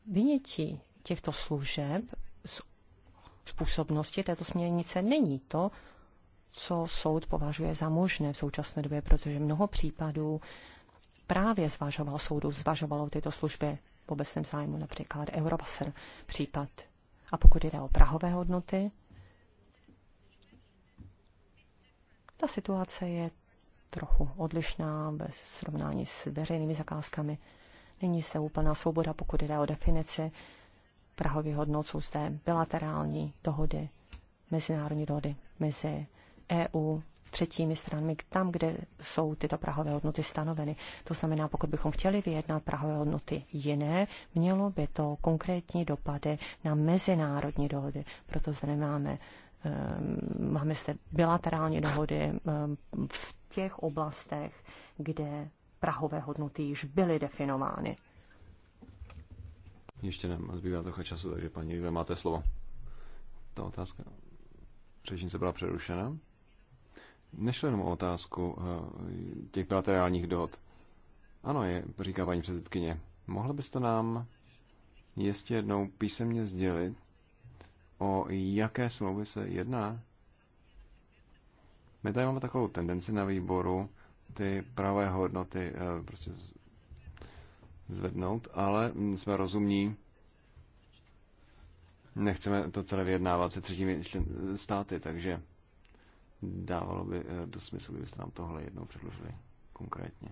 vynětí těchto služeb z způsobnosti této směrnice není to, co soud považuje za možné v současné době, protože mnoho případů právě zvažoval soudu, zvažovalo tyto služby v obecném zájmu, například Europasser případ. A pokud jde o prahové hodnoty, ta situace je trochu odlišná ve srovnání s veřejnými zakázkami. Není zde úplná svoboda, pokud jde o definici. prahových hodnot jsou zde bilaterální dohody, mezinárodní dohody mezi EU třetími stranami tam, kde jsou tyto prahové hodnoty stanoveny. To znamená, pokud bychom chtěli vyjednat prahové hodnoty jiné, mělo by to konkrétní dopady na mezinárodní dohody. Proto zde nemáme ehm, máme zde bilaterální dohody ehm, v těch oblastech, kde prahové hodnoty již byly definovány. Ještě nám zbývá trochu času, takže paní vy máte slovo. Ta otázka řečnice byla přerušena. Nešlo jenom o otázku eh, těch bilaterálních dohod. Ano, je, říká paní předsedkyně. Mohla byste nám ještě jednou písemně sdělit, o jaké smlouvy se jedná? My tady máme takovou tendenci na výboru ty pravé hodnoty eh, prostě zvednout, ale jsme rozumní. Nechceme to celé vyjednávat se třetími státy, takže dávalo by eh, do smyslu, kdybyste nám tohle jednou předložili konkrétně.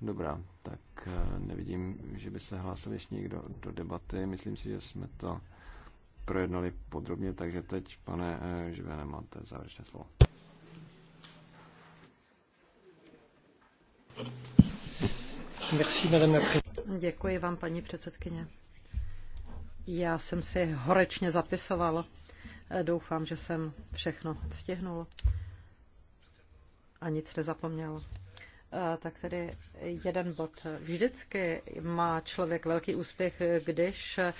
Dobrá, tak eh, nevidím, že by se hlásil ještě někdo do debaty. Myslím si, že jsme to projednali podrobně, takže teď, pane eh, Živene, máte závěrečné slovo. Děkuji vám, paní předsedkyně. Já jsem si horečně zapisoval Eh, doufám, že jsem všechno stihnul a nic nezapomněl. Eh, tak tedy jeden bod. Vždycky má člověk velký úspěch, když eh,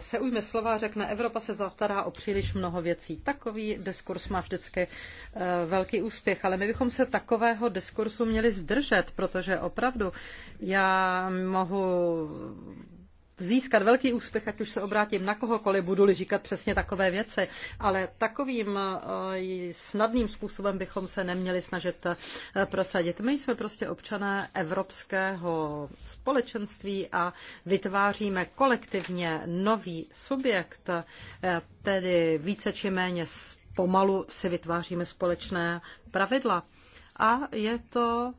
se ujme slova a řekne, Evropa se zatará o příliš mnoho věcí. Takový diskurs má vždycky velký úspěch, ale my bychom se takového diskursu měli zdržet, protože opravdu já mohu získat velký úspěch, ať už se obrátím na kohokoliv, budu-li říkat přesně takové věci, ale takovým eh, snadným způsobem bychom se neměli snažit eh, prosadit. My jsme prostě občané evropského společenství a vytváříme kolektivně nový subjekt, eh, tedy více či méně pomalu si vytváříme společné pravidla. A je to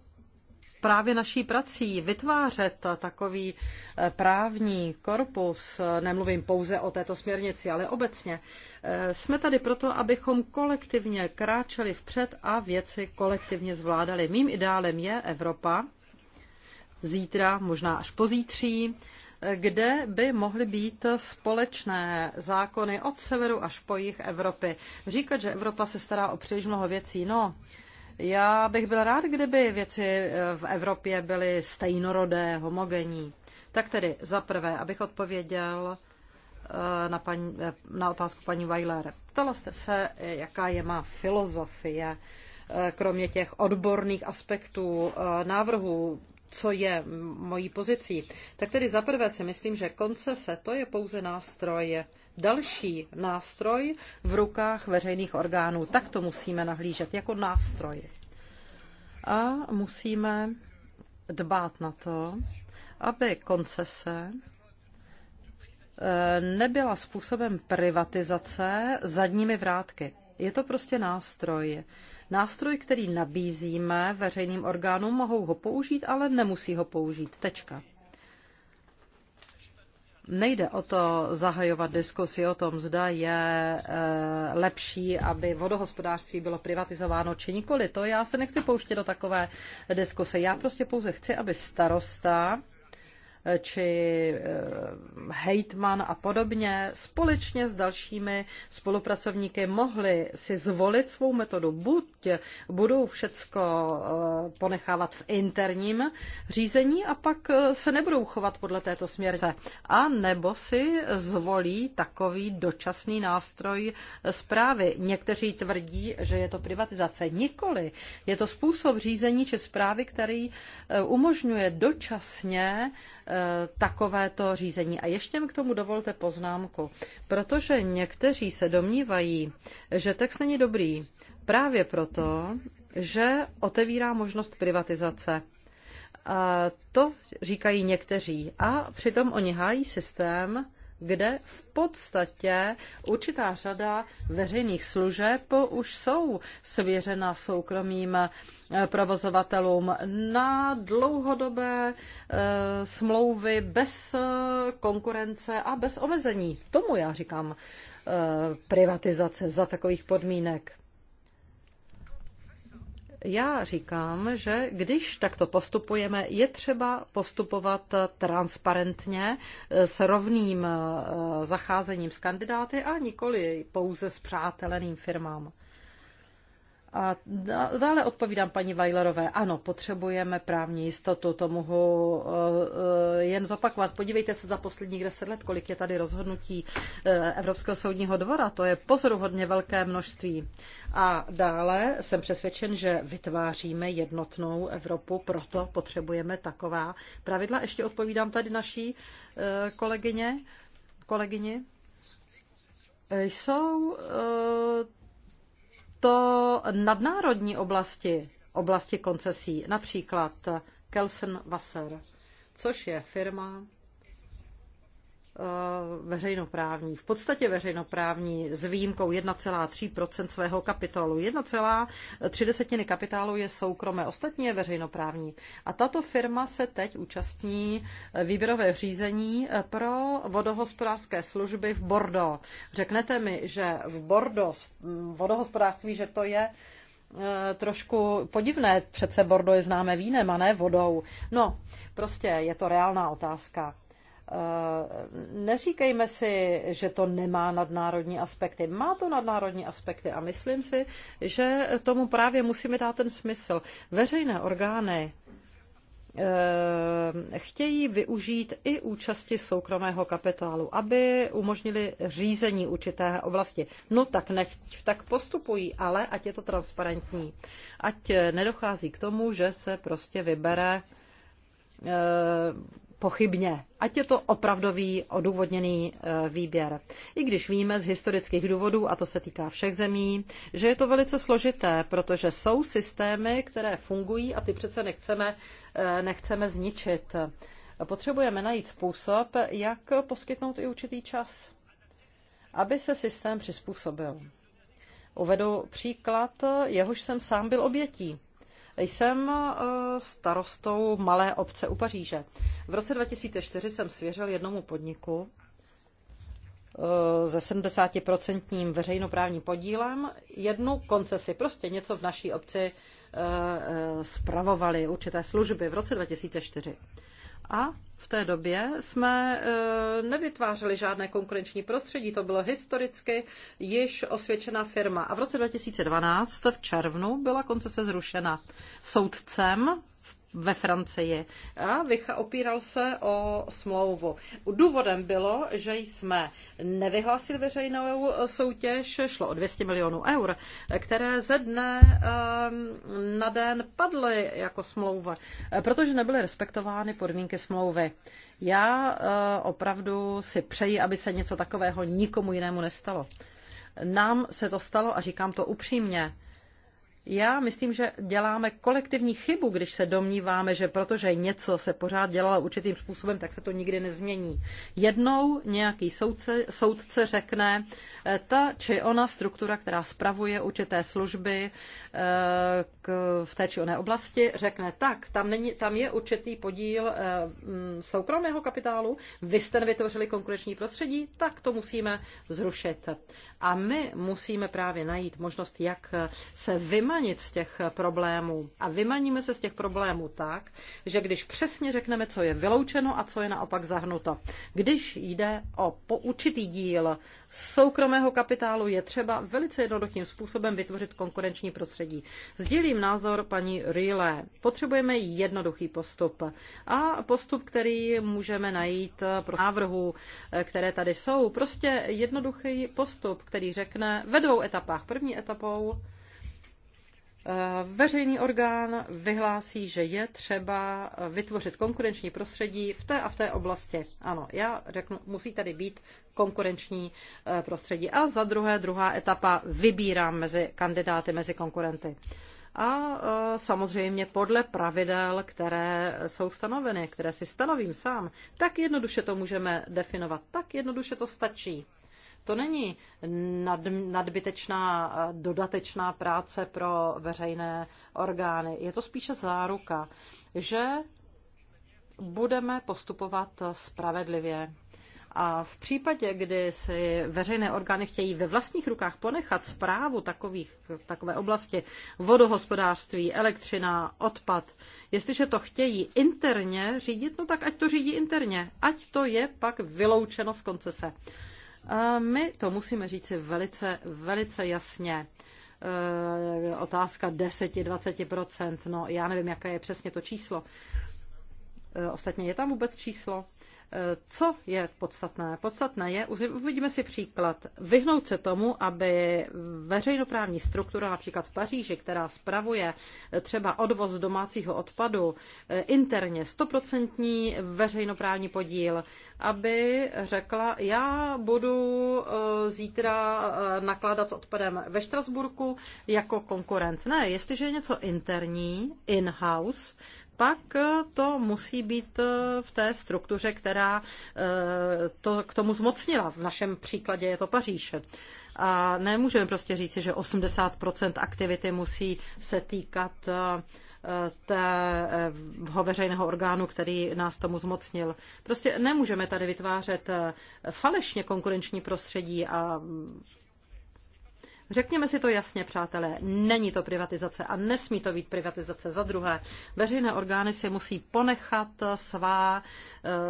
právě naší prací vytvářet takový eh, právní korpus, nemluvím pouze o této směrnici, ale obecně, eh, jsme tady proto, abychom kolektivně kráčeli vpřed a věci kolektivně zvládali. Mým ideálem je Evropa, zítra, možná až pozítří, eh, kde by mohly být společné zákony od severu až po jich Evropy. Říkat, že Evropa se stará o příliš mnoho věcí, no, já bych byl rád, kdyby věci eh, v Evropě byly stejnorodé, homogenní. Tak tedy za prvé, abych odpověděl eh, na, paní, eh, na otázku paní Weiler. Ptala jste se, jaká je má filozofie, kromě těch odborných aspektů návrhu, co je mojí pozicí. Tak tedy za prvé si myslím, že koncese to je pouze nástroj, další nástroj v rukách veřejných orgánů. Tak to musíme nahlížet jako nástroj. A musíme dbát na to, aby koncese eh, nebyla způsobem privatizace zadními vrátky. Je to prostě nástroj. Nástroj, který nabízíme veřejným orgánům, mohou ho použít, ale nemusí ho použít. Tečka. Nejde o to zahajovat diskusi o tom, zda je eh, lepší, aby vodohospodářství bylo privatizováno či nikoli. To já se nechci pouštět do takové diskuse. Já prostě pouze chci, aby starosta či eh, hejtman a podobně, společně s dalšími spolupracovníky mohli si zvolit svou metodu. Buď budou všecko eh, ponechávat v interním řízení a pak eh, se nebudou chovat podle této směrce. a nebo si zvolí takový dočasný nástroj zprávy. Někteří tvrdí, že je to privatizace. Nikoli. Je to způsob řízení či zprávy, který umožňuje dočasně Eh, takovéto řízení. A ještě mi k tomu dovolte poznámku, protože někteří se domnívají, že text není dobrý právě proto, že otevírá možnost privatizace. A to říkají někteří. A přitom oni hájí systém, kde v podstatě určitá řada veřejných služeb už jsou svěřena soukromým eh, provozovatelům na dlouhodobé eh, smlouvy bez eh, konkurence a bez omezení. Tomu já říkám privatizace za takových podmínek já říkám, že když takto postupujeme, je třeba postupovat transparentně s rovným eh, zacházením s kandidáty a nikoli pouze s přáteleným firmám. A dále odpovídám paní Vajlerové. Ano, potřebujeme právní jistotu, to mohu eh, eh, jen zopakovat. Podívejte se za posledních deset let, kolik je tady rozhodnutí eh, Evropského soudního dvora. To je pozoruhodně velké množství. A dále jsem přesvědčen, že vytváříme jednotnou Evropu, proto potřebujeme taková pravidla. Ještě odpovídám tady naší kolegyně. kolegyně. Jsou to nadnárodní oblasti, oblasti koncesí, například Kelsen Wasser, což je firma, Eh, veřejnoprávní, v podstatě veřejnoprávní s výjimkou 1,3 svého kapitálu. 1,3 kapitálu je soukromé, ostatní je veřejnoprávní. A tato firma se teď účastní výběrové řízení eh, pro vodohospodářské služby v Bordeaux. Řeknete mi, že v Bordeaux hm, vodohospodářství, že to je eh, trošku podivné, přece Bordo je známé vínem a ne vodou. No, prostě je to reálná otázka. Eh, neříkejme si, že to nemá nadnárodní aspekty. Má to nadnárodní aspekty a myslím si, že tomu právě musíme dát ten smysl. Veřejné orgány eh, chtějí využít i účasti soukromého kapitálu, aby umožnili řízení určité oblasti. No tak nechť, tak postupují, ale ať je to transparentní. Ať nedochází k tomu, že se prostě vybere eh, pochybně, ať je to opravdový odůvodněný eh, výběr. I když víme z historických důvodů, a to se týká všech zemí, že je to velice složité, protože jsou systémy, které fungují a ty přece nechceme, eh, nechceme zničit. Potřebujeme najít způsob, jak poskytnout i určitý čas, aby se systém přizpůsobil. Uvedu příklad, jehož jsem sám byl obětí. Jsem e, starostou malé obce u Paříže. V roce 2004 jsem svěřil jednomu podniku e, se 70% veřejnoprávním podílem jednu koncesi, prostě něco v naší obci e, spravovali určité služby v roce 2004. A v té době jsme e, nevytvářeli žádné konkurenční prostředí, to bylo historicky již osvědčená firma. A v roce 2012 v červnu byla koncese zrušena soudcem ve Francii a opíral se o smlouvu. Důvodem bylo, že jsme nevyhlásili veřejnou soutěž, šlo o 200 milionů eur, které ze dne ehm, na den padly jako smlouva, protože nebyly respektovány podmínky smlouvy. Já eh, opravdu si přeji, aby se něco takového nikomu jinému nestalo. Nám se to stalo a říkám to upřímně já myslím, že děláme kolektivní chybu, když se domníváme, že protože něco se pořád dělalo určitým způsobem, tak se to nikdy nezmění. Jednou nějaký soudce, soudce řekne, eh, ta či ona struktura, která spravuje určité služby eh, k, v té či oné oblasti, řekne, tak, tam, není, tam je určitý podíl eh, mm, soukromého kapitálu, vy jste nevytvořili konkurenční prostředí, tak to musíme zrušit. A my musíme právě najít možnost, jak se vymáhat vymanit z těch problémů. A vymaníme se z těch problémů tak, že když přesně řekneme, co je vyloučeno a co je naopak zahnuto. Když jde o poučitý díl soukromého kapitálu, je třeba velice jednoduchým způsobem vytvořit konkurenční prostředí. Sdělím názor paní Rile. Potřebujeme jednoduchý postup. A postup, který můžeme najít pro návrhu, které tady jsou. Prostě jednoduchý postup, který řekne ve dvou etapách. První etapou veřejný orgán vyhlásí, že je třeba vytvořit konkurenční prostředí v té a v té oblasti. Ano, já řeknu, musí tady být konkurenční eh, prostředí. A za druhé, druhá etapa, vybírám mezi kandidáty, mezi konkurenty. A eh, samozřejmě podle pravidel, které jsou stanoveny, které si stanovím sám, tak jednoduše to můžeme definovat, tak jednoduše to stačí. To není nad, nadbytečná dodatečná práce pro veřejné orgány. Je to spíše záruka, že budeme postupovat spravedlivě. A v případě, kdy si veřejné orgány chtějí ve vlastních rukách ponechat zprávu takových, takové oblasti, vodohospodářství, elektřina, odpad, jestliže to chtějí interně řídit, no tak ať to řídí interně. Ať to je pak vyloučeno z koncese my to musíme říci velice, velice jasně eh, otázka 10-20%, no já nevím, jaké je přesně to číslo. Eh, ostatně je tam vůbec číslo? Co je podstatné? Podstatné je, uvidíme si příklad, vyhnout se tomu, aby veřejnoprávní struktura, například v Paříži, která spravuje třeba odvoz domácího odpadu, eh, interně stoprocentní veřejnoprávní podíl, aby řekla, já budu eh, zítra eh, nakládat s odpadem ve Štrasburku jako konkurent. Ne, jestliže je něco interní, in-house, pak to musí být eh, v té struktuře, která eh, to k tomu zmocnila. V našem příkladě je to Paříž. A nemůžeme prostě říci, že 80% aktivity musí se týkat eh, toho veřejného orgánu, který nás tomu zmocnil. Prostě nemůžeme tady vytvářet falešně konkurenční prostředí a Řekněme si to jasně, přátelé, není to privatizace a nesmí to být privatizace. Za druhé, veřejné orgány si musí ponechat svá,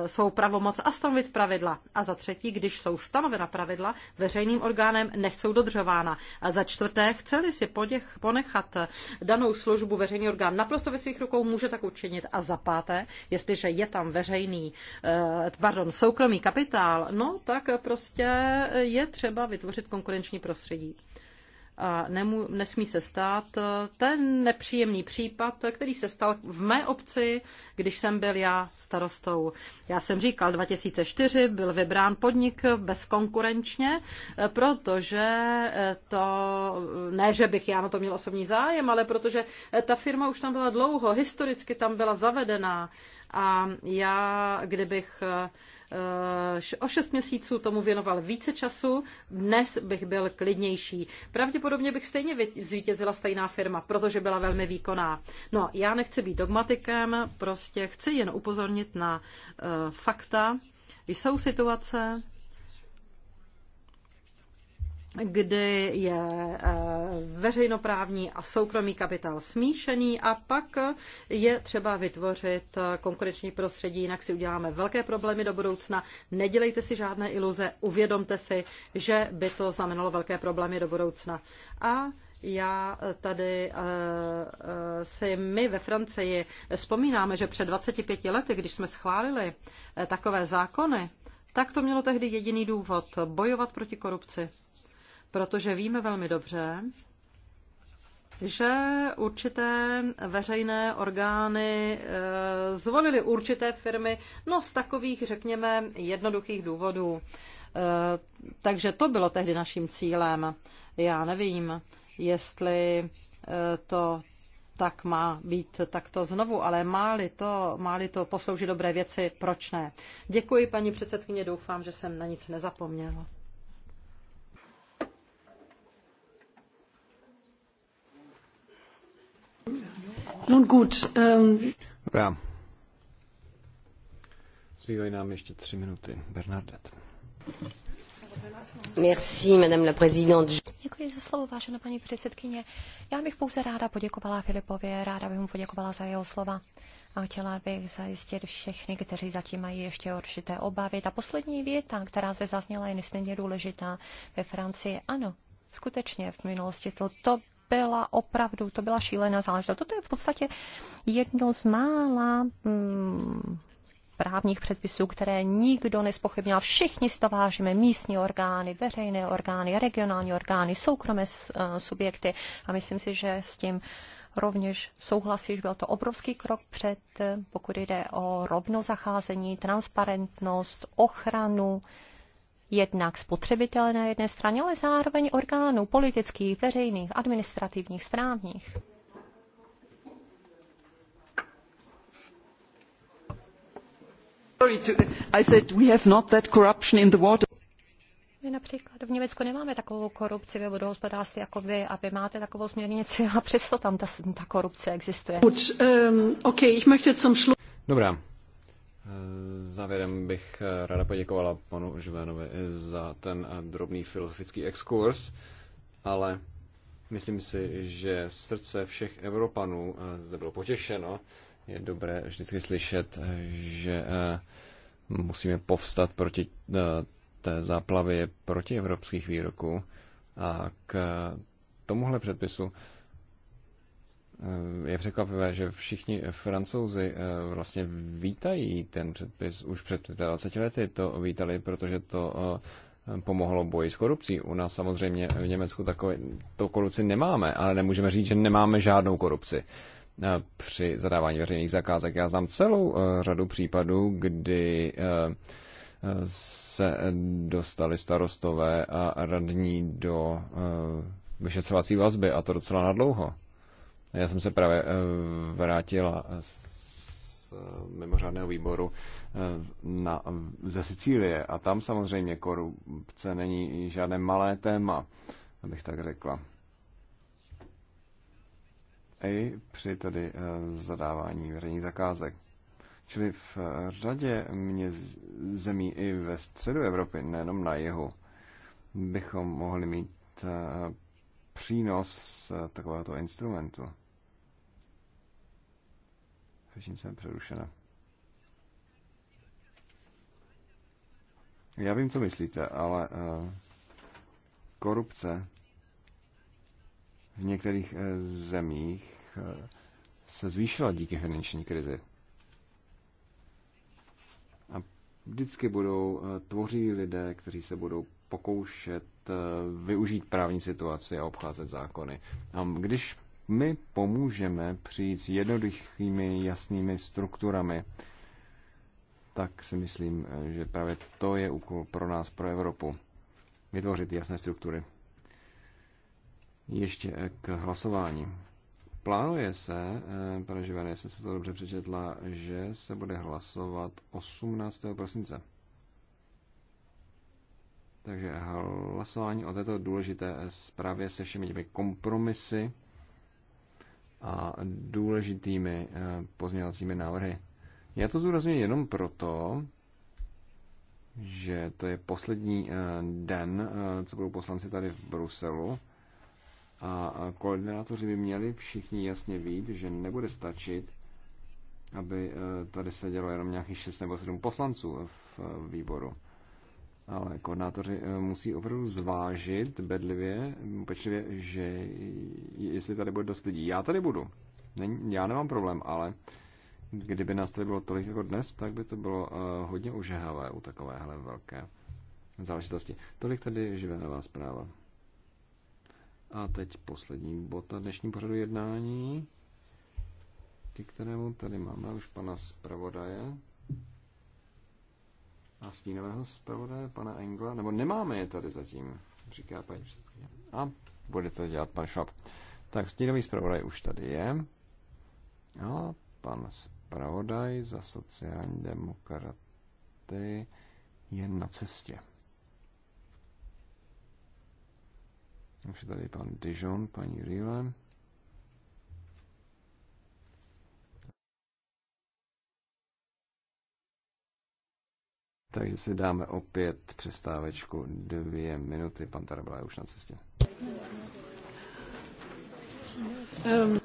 eh, svou pravomoc a stanovit pravidla. A za třetí, když jsou stanovena pravidla, veřejným orgánem nechcou dodržována. A za čtvrté, chceli si poděch, ponechat danou službu veřejný orgán naprosto ve svých rukou, může tak učinit. A za páté, jestliže je tam veřejný, eh, pardon, soukromý kapitál, no tak prostě je třeba vytvořit konkurenční prostředí a nemů, nesmí se stát eh, ten nepříjemný případ, eh, který se stal v mé obci, když jsem byl já starostou. Já jsem říkal, 2004 byl vybrán podnik bezkonkurenčně, eh, protože to, ne, že bych já na to měl osobní zájem, ale protože ta firma už tam byla dlouho, historicky tam byla zavedená a já, kdybych O šest měsíců tomu věnoval více času, dnes bych byl klidnější. Pravděpodobně bych stejně zvítězila stejná firma, protože byla velmi výkonná. No, já nechci být dogmatikem, prostě chci jen upozornit na eh, fakta. Jsou situace, kdy je eh, veřejnoprávní a soukromý kapitál smíšený a pak je třeba vytvořit eh, konkurenční prostředí, jinak si uděláme velké problémy do budoucna. Nedělejte si žádné iluze, uvědomte si, že by to znamenalo velké problémy do budoucna. A já eh, tady si my ve Francii vzpomínáme, že před 25 lety, když jsme schválili takové zákony, tak to mělo tehdy jediný důvod bojovat proti korupci protože víme velmi dobře, že určité veřejné orgány e, zvolili určité firmy, no z takových, řekněme, jednoduchých důvodů. E, takže to bylo tehdy naším cílem. Já nevím, jestli e, to tak má být takto znovu, ale máli to, máli to posloužit dobré věci, proč ne? Děkuji, paní předsedkyně, doufám, že jsem na nic nezapomněla. Nun gut. Um... Ähm, Dobrá. Zbývají nám ještě tři minuty. Bernadette. Merci, madame la présidente. Děkuji za slovo, vážená paní předsedkyně. Já bych pouze ráda poděkovala Filipovi, ráda bych mu poděkovala za jeho slova a chtěla bych zajistit všechny, kteří zatím mají ještě určité obavy. Ta poslední věta, která zde zazněla, je nesmírně důležitá ve Francii. Ano, skutečně v minulosti to, to byla opravdu, to byla šílená záležitost. Toto je v podstatě jedno z mála hmm, právních předpisů, které nikdo nespochybnil. Všichni si to vážíme, místní orgány, veřejné orgány, regionální orgány, soukromé eh, subjekty a myslím si, že s tím rovněž souhlasí, že byl to obrovský krok před, eh, pokud jde o rovno zacházení, transparentnost, ochranu jednak spotřebitele na jedné straně, ale zároveň orgánů politických, veřejných, administrativních, správních. My například v Německu nemáme takovou korupci ve vodohospodářství jako vy a vy máte takovou směrnici a přesto tam ta, ta korupce existuje. Ehm, Dobrá, Závěrem bych ráda poděkovala panu Žvénovi za ten drobný filozofický exkurs, ale myslím si, že srdce všech Evropanů eh, zde bylo potěšeno. Je dobré vždycky slyšet, že eh, musíme povstat proti eh, té záplavě evropských výroků a k tomuhle předpisu Eh, je překvapivé, že všichni francouzi eh, vlastně vítají ten předpis už před 20 lety. To vítali, protože to eh, pomohlo boji s korupcí. U nás samozřejmě v Německu takové to korupci nemáme, ale nemůžeme říct, že nemáme žádnou korupci při zadávání veřejných zakázek. Já znám celou řadu případů, kdy se dostali starostové a radní do vyšetřovací vazby a to docela nadlouho. Já jsem se právě eh, vrátila eh, z eh, mimořádného výboru na, ze Sicílie a tam samozřejmě korupce není žádné malé téma, abych tak řekla. I při tedy zadávání veřejných zakázek. Čili v řadě mě zemí i ve středu Evropy, nejenom na jihu, bychom mohli mít přínos z takovéhoto instrumentu jsem přerušena. Já vím, co myslíte, ale uh, korupce v některých uh, zemích uh, se zvýšila díky finanční krizi. A vždycky budou uh, tvoří lidé, kteří se budou pokoušet využít právní situaci a obcházet zákony. A když my pomůžeme přijít s jednoduchými, jasnými strukturami, tak si myslím, že právě to je úkol pro nás, pro Evropu. Vytvořit jasné struktury. Ještě k hlasování. Plánuje se, eh, pane Živane, jestli jsem to dobře přečetla, že se bude hlasovat 18. prosince. Takže hlasování o této důležité zprávě se všemi těmi kompromisy a důležitými eh, pozměňovacími návrhy. Já to zúraznuju jenom proto, že to je poslední eh, den, eh, co budou poslanci tady v Bruselu. A koordinátoři by měli všichni jasně vít, že nebude stačit, aby tady sedělo jenom nějakých 6 nebo 7 poslanců v výboru ale koordinátoři eh, musí opravdu zvážit bedlivě, pečlivě, že jestli tady bude dost lidí. Já tady budu. Není, já nemám problém, ale kdyby nás tady bylo tolik jako dnes, tak by to bylo uh, hodně užehavé u takovéhle velké záležitosti. Tolik tady živé nová zpráva. A teď poslední bod na dnešním pořadu jednání, ke kterému tady máme už pana zpravodaje a stínového zpravodaje, pana Engla, nebo nemáme je tady zatím, říká paní předsedkyně. A bude to dělat pan Švab. Tak stínový zpravodaj už tady je. A pan zpravodaj za sociální demokraty je na cestě. Už je tady pan Dijon, paní Riele. Takže si dáme opět přestávečku dvě minuty. Pan Tarabla je už na cestě. Um.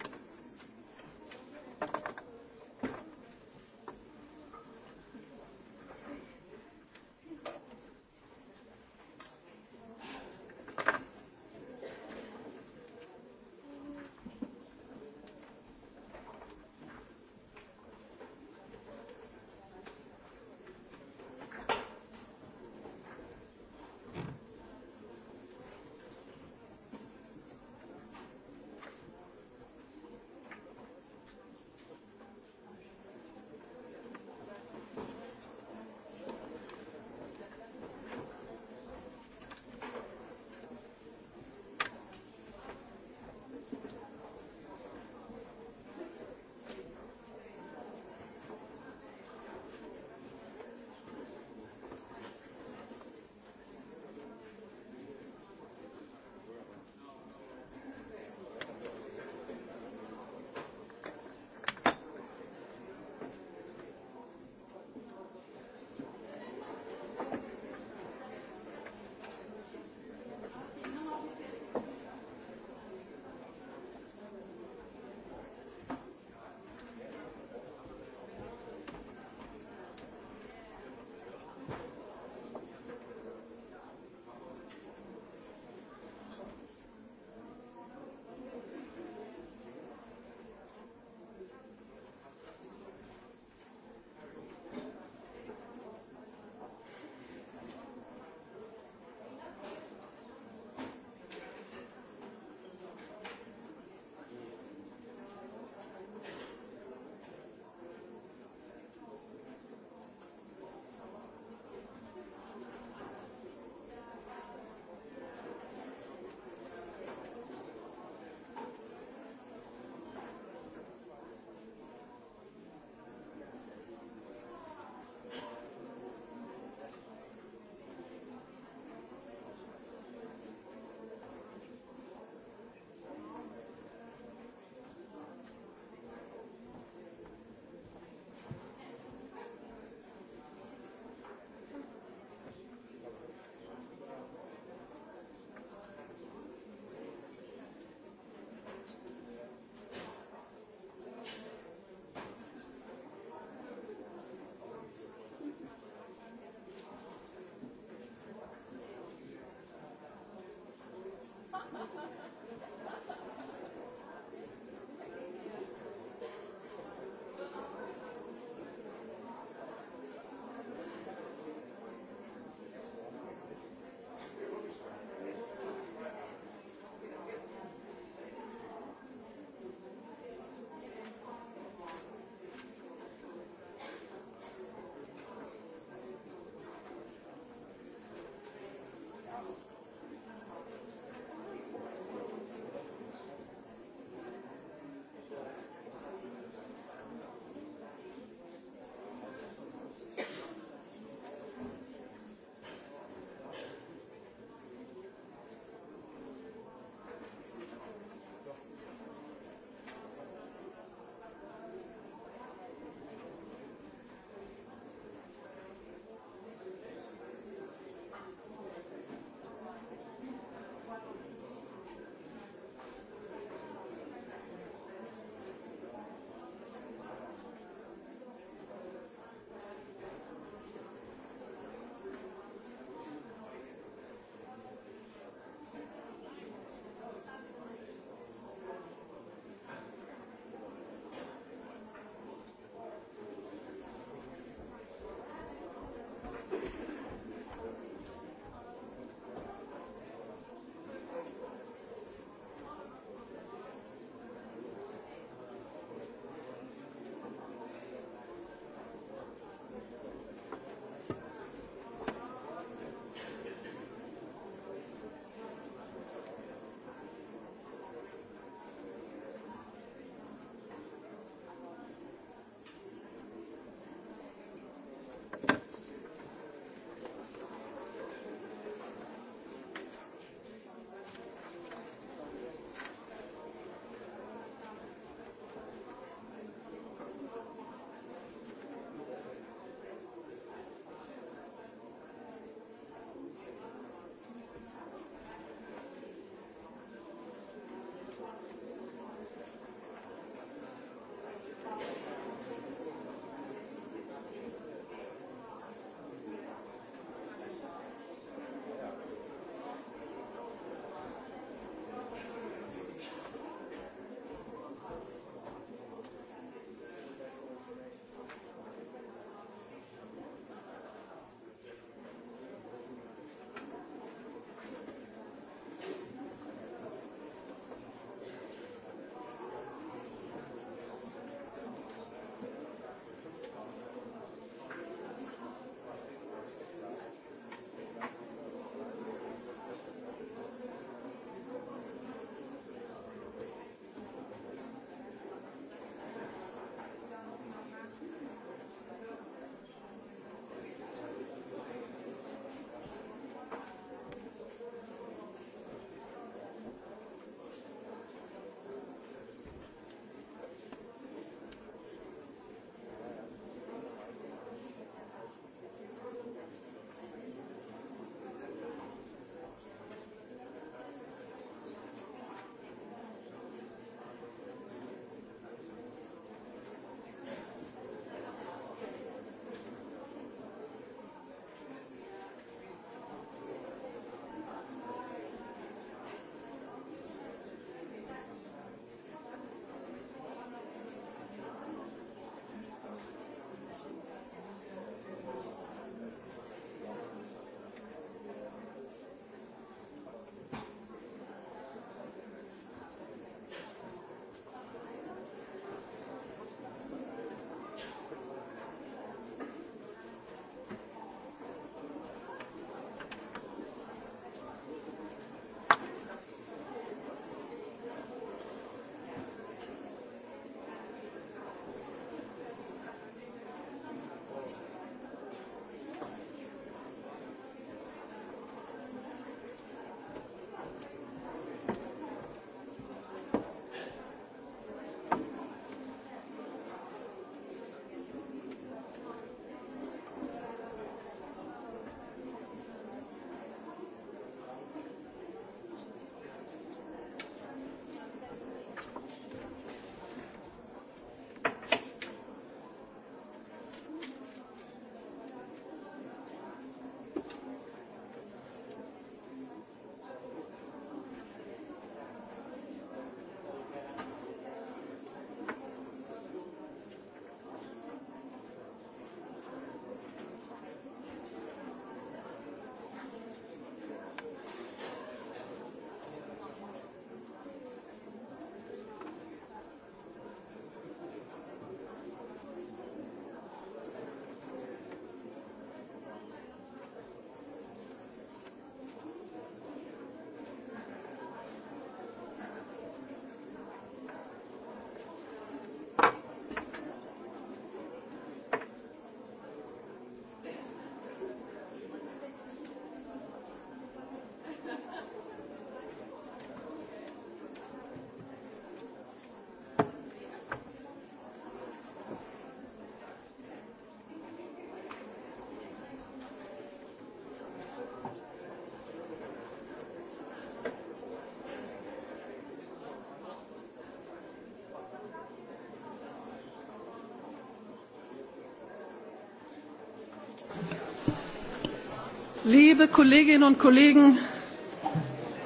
liebe kolleginnen und kollegen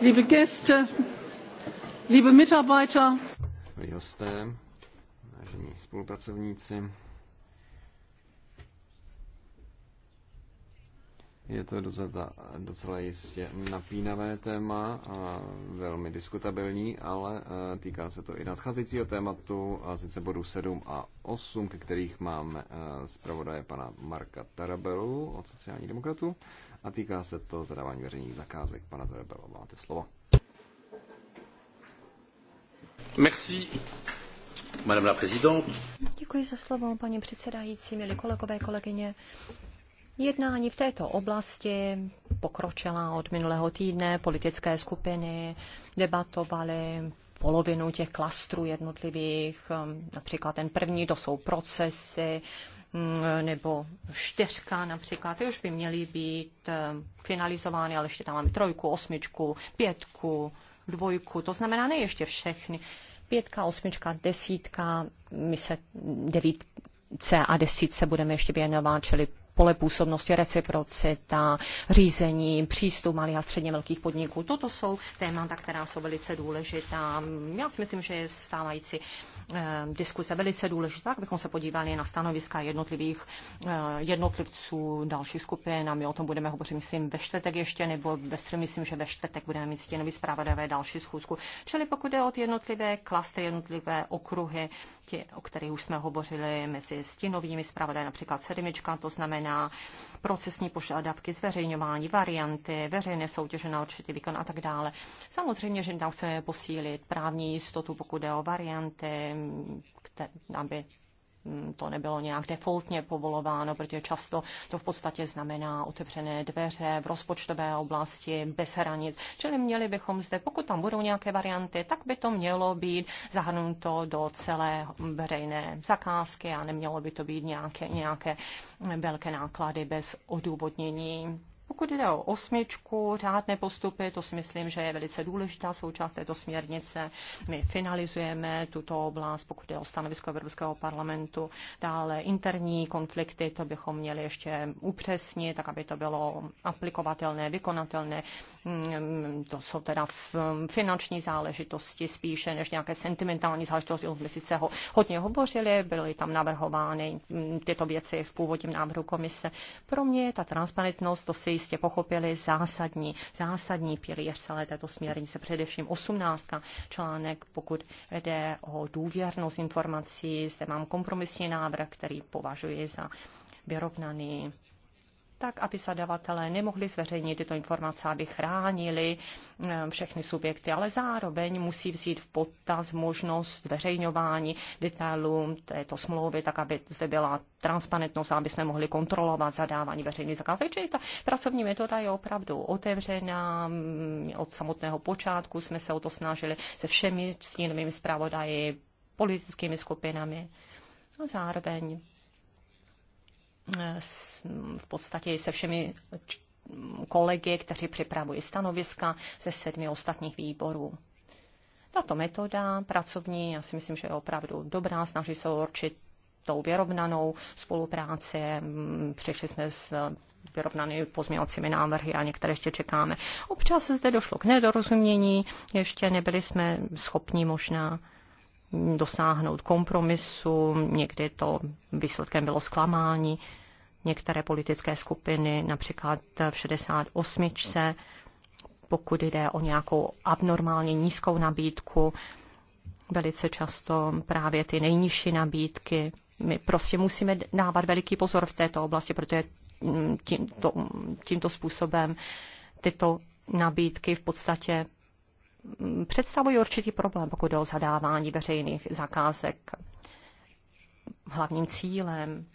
liebe gäste liebe mitarbeiter milí hosté vážení spolupracovníci je to docela, docela jistě napínavé téma a velmi diskutabilní, ale eh, týká se to i nadcházejícího tématu, a sice bodu 7 a 8, ke kterých mám eh, zpravodaje pana Marka Tarabelu od sociální demokratu a týká se to zadávání veřejných zakázek. Pana Tarabelu, máte slovo. Merci. Madame la présidente. Děkuji za slovo, paní předsedající, milí kolegové, kolegyně. Jednání v této oblasti pokročila od minulého týdne. Politické skupiny debatovaly polovinu těch klastrů jednotlivých, um, například ten první, to jsou procesy, mm, nebo čtyřka například, ty už by měly být um, finalizovány, ale ještě tam máme trojku, osmičku, pětku, dvojku, to znamená ne ještě všechny. Pětka, osmička, desítka, my se devítce a desítce budeme ještě věnovat, čili pole působnosti, reciprocita, řízení, přístup malých a středně velkých podniků. Toto jsou témata, která jsou velice důležitá. Já si myslím, že je stávající eh, diskuse velice důležitá, abychom se podívali na stanoviska jednotlivých eh, jednotlivců, dalších skupin a my o tom budeme hovořit, myslím, ve čtvrtek ještě, nebo ve středu, myslím, že ve čtvrtek budeme mít stěnový zpravodajové další schůzku. Čili pokud je o jednotlivé klastry, jednotlivé okruhy, ti, o kterých už jsme hovořili mezi stinovými zpravodaji, například sedmička, to znamená procesní požadavky, zveřejňování, varianty, veřejné soutěže na určitý výkon a tak dále. Samozřejmě, že tam chceme posílit právní jistotu, pokud jde o varianty, které, aby Mm, to nebylo nějak defaultně povolováno, protože často to v podstatě znamená otevřené dveře v rozpočtové oblasti, bez hranic. Čili měli bychom zde, pokud tam budou nějaké varianty, tak by to mělo být zahrnuto do celé veřejné zakázky a nemělo by to být nějaké, nějaké velké náklady bez odůvodnění. Pokud jde o osmičku, řádné postupy, to si myslím, že je velice důležitá součást této směrnice. My finalizujeme tuto oblast, pokud jde o stanovisko Evropského parlamentu. Dále interní konflikty, to bychom měli ještě upřesnit, tak aby to bylo aplikovatelné, vykonatelné. Mm, to jsou teda finanční záležitosti spíše než nějaké sentimentální záležitosti. My sice ho, hodně hovořili, byly tam navrhovány mm, tyto věci v původním návrhu komise. Pro mě je ta transparentnost to si jistě pochopili, zásadní, zásadní pilíř celé této směrnice, především 18. článek, pokud jde o důvěrnost informací. Zde mám kompromisní návrh, který považuji za vyrovnaný tak, aby zadavatelé nemohli zveřejnit tyto informace, aby chránili eh, všechny subjekty, ale zároveň musí vzít v potaz možnost zveřejňování detailů této smlouvy, tak, aby zde byla transparentnost, aby jsme mohli kontrolovat zadávání veřejných zakázek. Čili ta pracovní metoda je opravdu otevřená. Od samotného počátku jsme se o to snažili se všemi stínovými zpravodaji, politickými skupinami a zároveň v podstatě se všemi kolegy, kteří připravují stanoviska ze sedmi ostatních výborů. Tato metoda pracovní, já si myslím, že je opravdu dobrá, snaží se určit tou vyrovnanou spolupráci. Přišli jsme s vyrovnanými pozměňovacími návrhy a některé ještě čekáme. Občas zde došlo k nedorozumění, ještě nebyli jsme schopni možná dosáhnout kompromisu, někdy to výsledkem bylo zklamání. Některé politické skupiny, například v 68. pokud jde o nějakou abnormálně nízkou nabídku, velice často právě ty nejnižší nabídky. My prostě musíme dávat veliký pozor v této oblasti, protože mm, tímto, mm, tímto způsobem tyto nabídky v podstatě představují určitý problém, pokud jde o zadávání veřejných zakázek. Hlavním cílem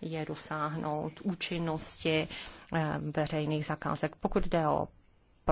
je dosáhnout účinnosti eh, veřejných zakázek. Pokud jde o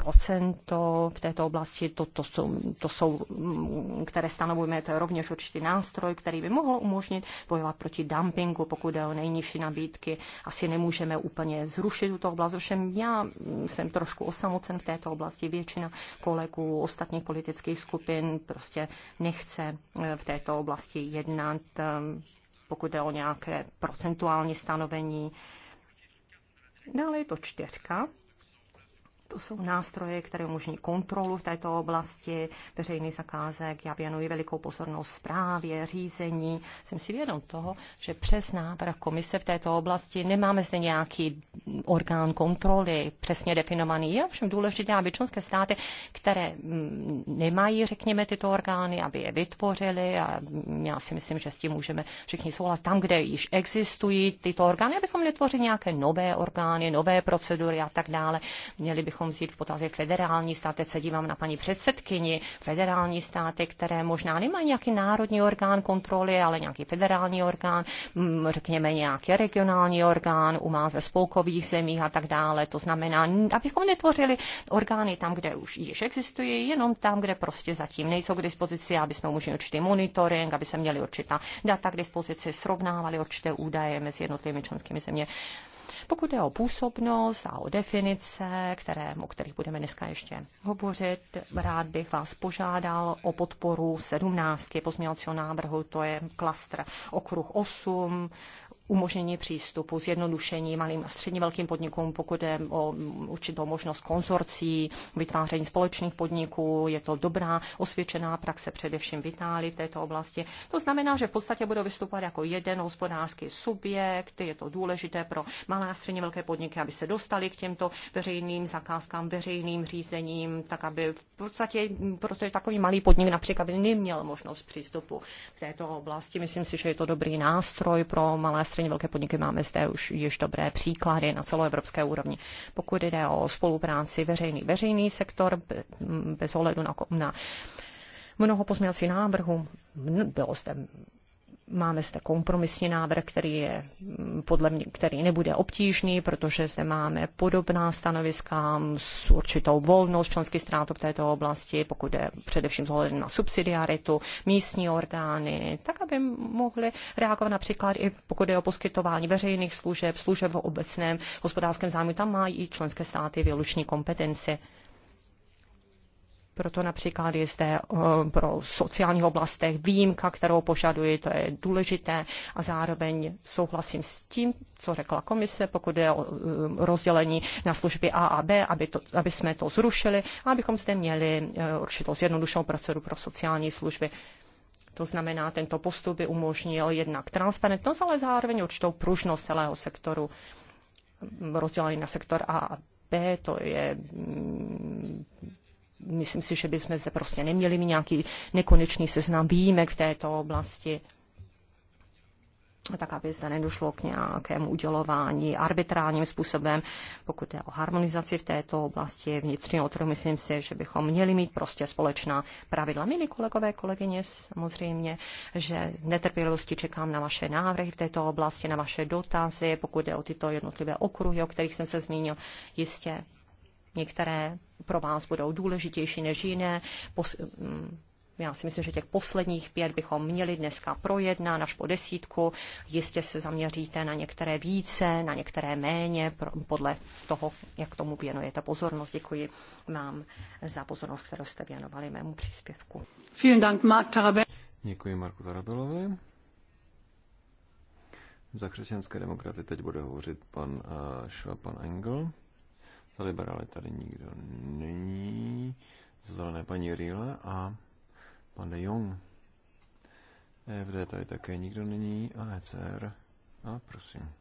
procento v této oblasti, to, to, jsou, to jsou, mm, které stanovujeme, to je rovněž určitý nástroj, který by mohl umožnit bojovat proti dumpingu, pokud je o nejnižší nabídky. Asi nemůžeme úplně zrušit tuto oblast, ovšem já jsem trošku osamocen v této oblasti. Většina kolegů ostatních politických skupin prostě nechce eh, v této oblasti jednat, ehm, pokud je o nějaké procentuální stanovení. Dále je to čtyřka, to jsou nástroje, které umožní kontrolu v této oblasti veřejný zakázek. Já věnuji velikou pozornost zprávě, řízení. Jsem si vědom toho, že přes návrh komise v této oblasti nemáme zde nějaký orgán kontroly přesně definovaný. Je ovšem důležité, aby členské státy, které mm, nemají, řekněme, tyto orgány, aby je vytvořily a já si myslím, že s tím můžeme všichni souhlasit. Tam, kde již existují tyto orgány, abychom netvořili nějaké nové orgány, nové procedury a tak dále. Měli bychom bychom vzít v potaz federální státy, se dívám na paní předsedkyni, federální státy, které možná nemají nějaký národní orgán kontroly, ale nějaký federální orgán, mm, řekněme nějaký regionální orgán, u nás ve spolkových zemích a tak dále. To znamená, abychom netvořili orgány tam, kde už již existují, jenom tam, kde prostě zatím nejsou k dispozici, aby jsme umožnili určitý monitoring, aby se měli určitá data k dispozici, srovnávali určité údaje mezi jednotlivými členskými zeměmi. Pokud je o působnost a o definice, které, o kterých budeme dneska ještě hovořit, rád bych vás požádal o podporu 17 pozměňovacího návrhu, to je klastr okruh 8, umožnění přístupu, zjednodušení malým a středně velkým podnikům, pokud je o určitou možnost konzorcí, vytváření společných podniků, je to dobrá osvědčená praxe především v Itálii v této oblasti. To znamená, že v podstatě budou vystupovat jako jeden hospodářský subjekt, je to důležité pro malé a středně velké podniky, aby se dostali k těmto veřejným zakázkám, veřejným řízením, tak aby v podstatě, protože takový malý podnik například by neměl možnost přístupu v této oblasti. Myslím si, že je to dobrý nástroj pro malé a středně velké podniky máme zde už již dobré příklady na celoevropské úrovni. Pokud jde o spolupráci veřejný, veřejný sektor bez ohledu na, na mnoho pozměnacích návrhů, bylo zde Máme zde kompromisní návrh, který je mm, podle mě, který nebude obtížný, protože zde máme podobná stanoviska mm, s určitou volnost členských států v této oblasti, pokud je především zhledem na subsidiaritu, místní orgány, tak aby mohly reagovat například i pokud je o poskytování veřejných služeb, služeb v obecném hospodářském zájmu. Tam mají i členské státy výluční kompetenci. Proto například je zde eh, pro sociální oblastech výjimka, kterou požaduji, to je důležité a zároveň souhlasím s tím, co řekla komise, pokud je o eh, rozdělení na služby A a B, aby, to, aby jsme to zrušili a abychom zde měli eh, určitou zjednodušenou proceduru pro sociální služby. To znamená, tento postup by umožnil jednak transparentnost, ale zároveň určitou pružnost celého sektoru rozdělení na sektor A a B, to je mm, Myslím si, že bychom zde prostě neměli mít nějaký nekonečný seznam výjimek v této oblasti tak aby zde nedošlo k nějakému udělování arbitrálním způsobem. Pokud je o harmonizaci v této oblasti vnitřního trhu, myslím si, že bychom měli mít prostě společná pravidla. Milí kolegové, kolegyně, samozřejmě, že netrpělivosti čekám na vaše návrhy v této oblasti, na vaše dotazy, pokud je o tyto jednotlivé okruhy, o kterých jsem se zmínil, jistě Některé pro vás budou důležitější než jiné. Pos- mm, já si myslím, že těch posledních pět bychom měli dneska projednat až po desítku. Jistě se zaměříte na některé více, na některé méně, podle toho, jak tomu věnujete pozornost. Děkuji vám za pozornost, kterou jste věnovali mému příspěvku. Dank, Mark Děkuji Marku Tarabelovi. Za křesťanské demokraty teď bude hovořit pan eh, Šva, pan Engel. Za liberály tady nikdo není. Za zelené paní Riele a pan De Jong. EFD tady také nikdo není a ECR. A prosím.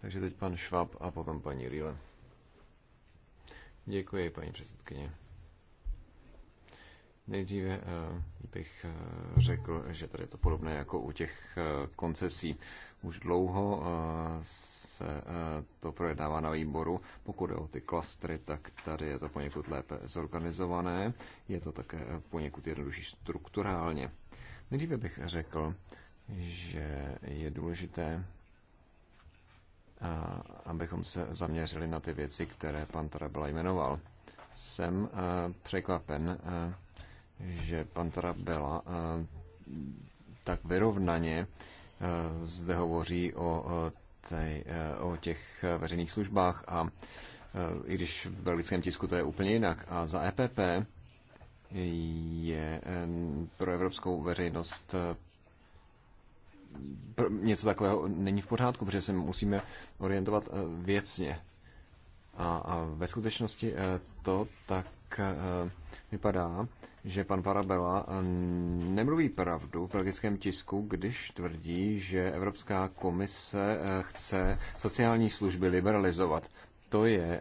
Takže teď pan Švab a potom paní Riele. Děkuji, paní předsedkyně. Nejdříve eh, bych eh, řekl, že tady je to podobné jako u těch eh, koncesí. Už dlouho se eh, to projednává na výboru. Pokud je o ty klastry, tak tady je to poněkud lépe zorganizované. Je to také eh, poněkud jednodušší strukturálně. Nejdříve bych řekl, že je důležité, abychom se zaměřili na ty věci, které pan Tarabela jmenoval. Jsem eh, překvapen, že pan Tarabela tak vyrovnaně zde hovoří o tady eh, o těch eh, veřejných službách a eh, i když v belgickém tisku to je úplně jinak. A za EPP je pro evropskou veřejnost něco takového není v pořádku, protože se musíme orientovat věcně. A, a ve skutečnosti to tak vypadá, že pan Parabela eh, nemluví pravdu v belgickém tisku, když tvrdí, že Evropská komise eh, chce sociální služby liberalizovat. To je eh,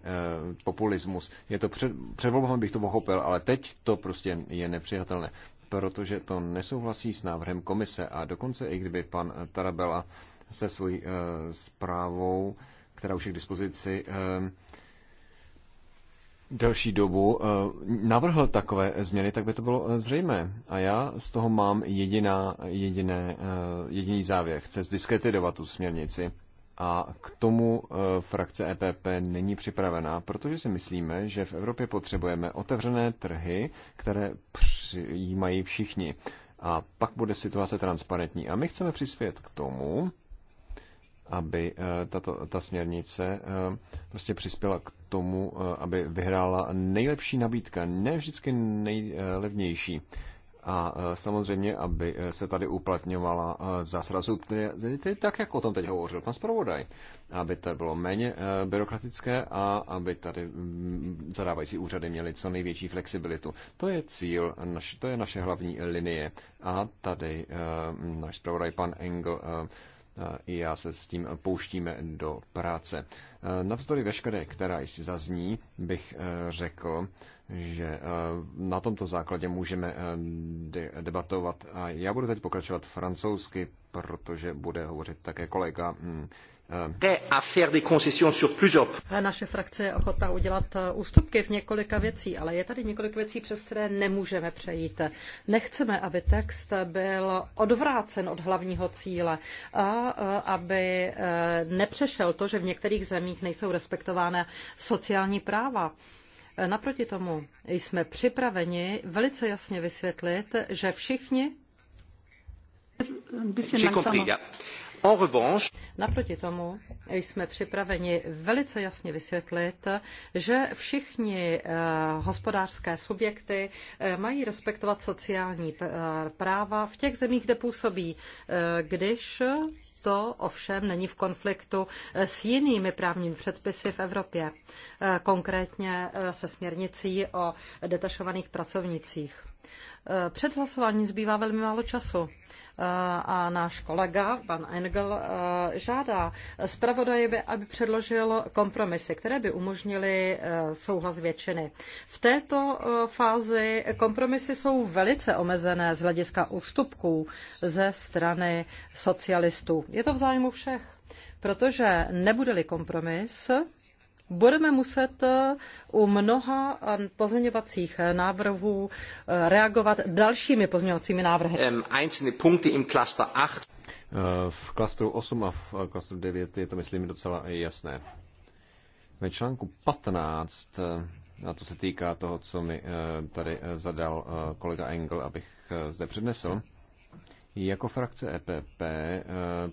populismus. Je to před, před volbami bych to pochopil, ale teď to prostě je nepřijatelné, protože to nesouhlasí s návrhem komise a dokonce i kdyby pan Tarabela se svojí zprávou, která už je k dispozici, delší dobu eh, navrhl takové změny, tak by to bylo eh, zřejmé. A já z toho mám jediná, jediné, eh, jediný závěr. Chce zdiskretidovat tu směrnici. A k tomu frakce EPP není připravená, protože si myslíme, že v Evropě potřebujeme otevřené trhy, které přijímají všichni. A pak bude situace transparentní. A my chceme přispět k tomu, aby eh, tato, ta směrnice eh, prostě přispěla k tomu, eh, aby vyhrála nejlepší nabídka, ne vždycky nejlevnější. A samozřejmě, aby se tady uplatňovala zásada subtility, tak jak o tom teď hovořil pan zpravodaj. Aby to bylo méně byrokratické a aby tady mm, zadávající úřady měly co největší flexibilitu. To je cíl, to je naše hlavní linie. A tady náš zpravodaj pan Engel i já se s tím pouštíme do práce. E, navzdory veškeré, která jsi zazní, bych e, řekl, že e, na tomto základě můžeme debatovat. A já budu teď pokračovat francouzsky, protože bude hovořit také kolega mm, Eh, eh, naše frakce je ochotná udělat eh, ústupky v několika věcí, ale je tady několik věcí, přes které nemůžeme přejít. Nechceme, aby text byl odvrácen od hlavního cíle a aby nepřešel to, že v některých zemích nejsou respektována sociální práva. Naproti tomu jsme připraveni velice jasně vysvětlit, že všichni. Naproti tomu jsme připraveni velice jasně vysvětlit, že všichni eh, hospodářské subjekty eh, mají respektovat sociální eh, práva v těch zemích, kde působí, když to ovšem není v konfliktu s jinými právními předpisy v Evropě, konkrétně se směrnicí o detašovaných pracovnicích. Před hlasováním zbývá velmi málo času a náš kolega, pan Engel, eh, žádá zpravodaje, aby předložil kompromisy, které by umožnily eh, souhlas většiny. V této eh, fázi kompromisy jsou velice omezené z hlediska ústupků ze strany socialistů. Je to v zájmu všech, protože nebude-li kompromis, budeme muset eh, u mnoha eh, pozměňovacích eh, návrhů reagovat dalšími pozměňovacími návrhy. V klastru 8 a v klastru 9 je to, myslím, docela jasné. Ve článku 15, a to se týká toho, co mi tady zadal kolega Engel, abych zde přednesl, jako frakce EPP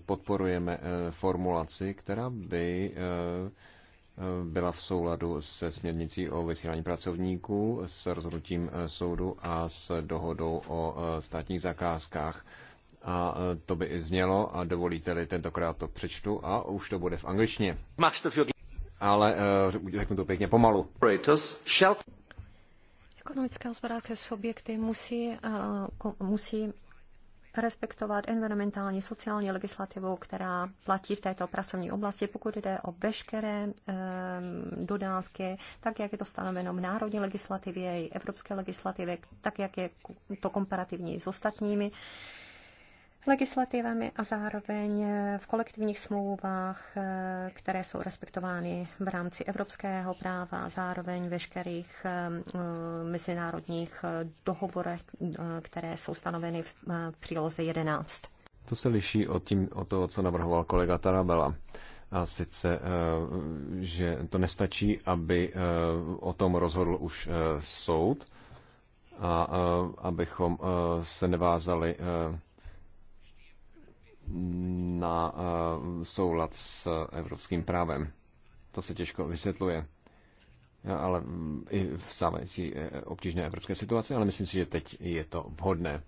podporujeme formulaci, která by byla v souladu se směrnicí o vysílání pracovníků, s rozhodnutím eh, soudu a s dohodou o eh, státních zakázkách. A eh, to by i znělo, a dovolíte-li, tentokrát to přečtu a už to bude v angličtině. Ale řeknu to pěkně pomalu. Ekonomické hospodářské subjekty musí, uh, musí respektovat environmentální, sociální legislativu, která platí v této pracovní oblasti, pokud jde o veškeré um, dodávky, tak jak je to stanoveno v národní legislativě i evropské legislativě, tak jak je to komparativní s ostatními legislativami a zároveň eh, v kolektivních smlouvách, eh, které jsou respektovány v rámci evropského práva a zároveň veškerých eh, mezinárodních dohovorech, které jsou stanoveny v příloze 11. To se liší od, tím, od toho, co navrhoval kolega Tarabela. A sice, že to nestačí, aby o tom rozhodl už soud a abychom se nevázali na eh, soulad s evropským právem. To se těžko vysvětluje ale mm, i v stávající eh, obtížné evropské situaci, ale myslím si, že teď je to vhodné.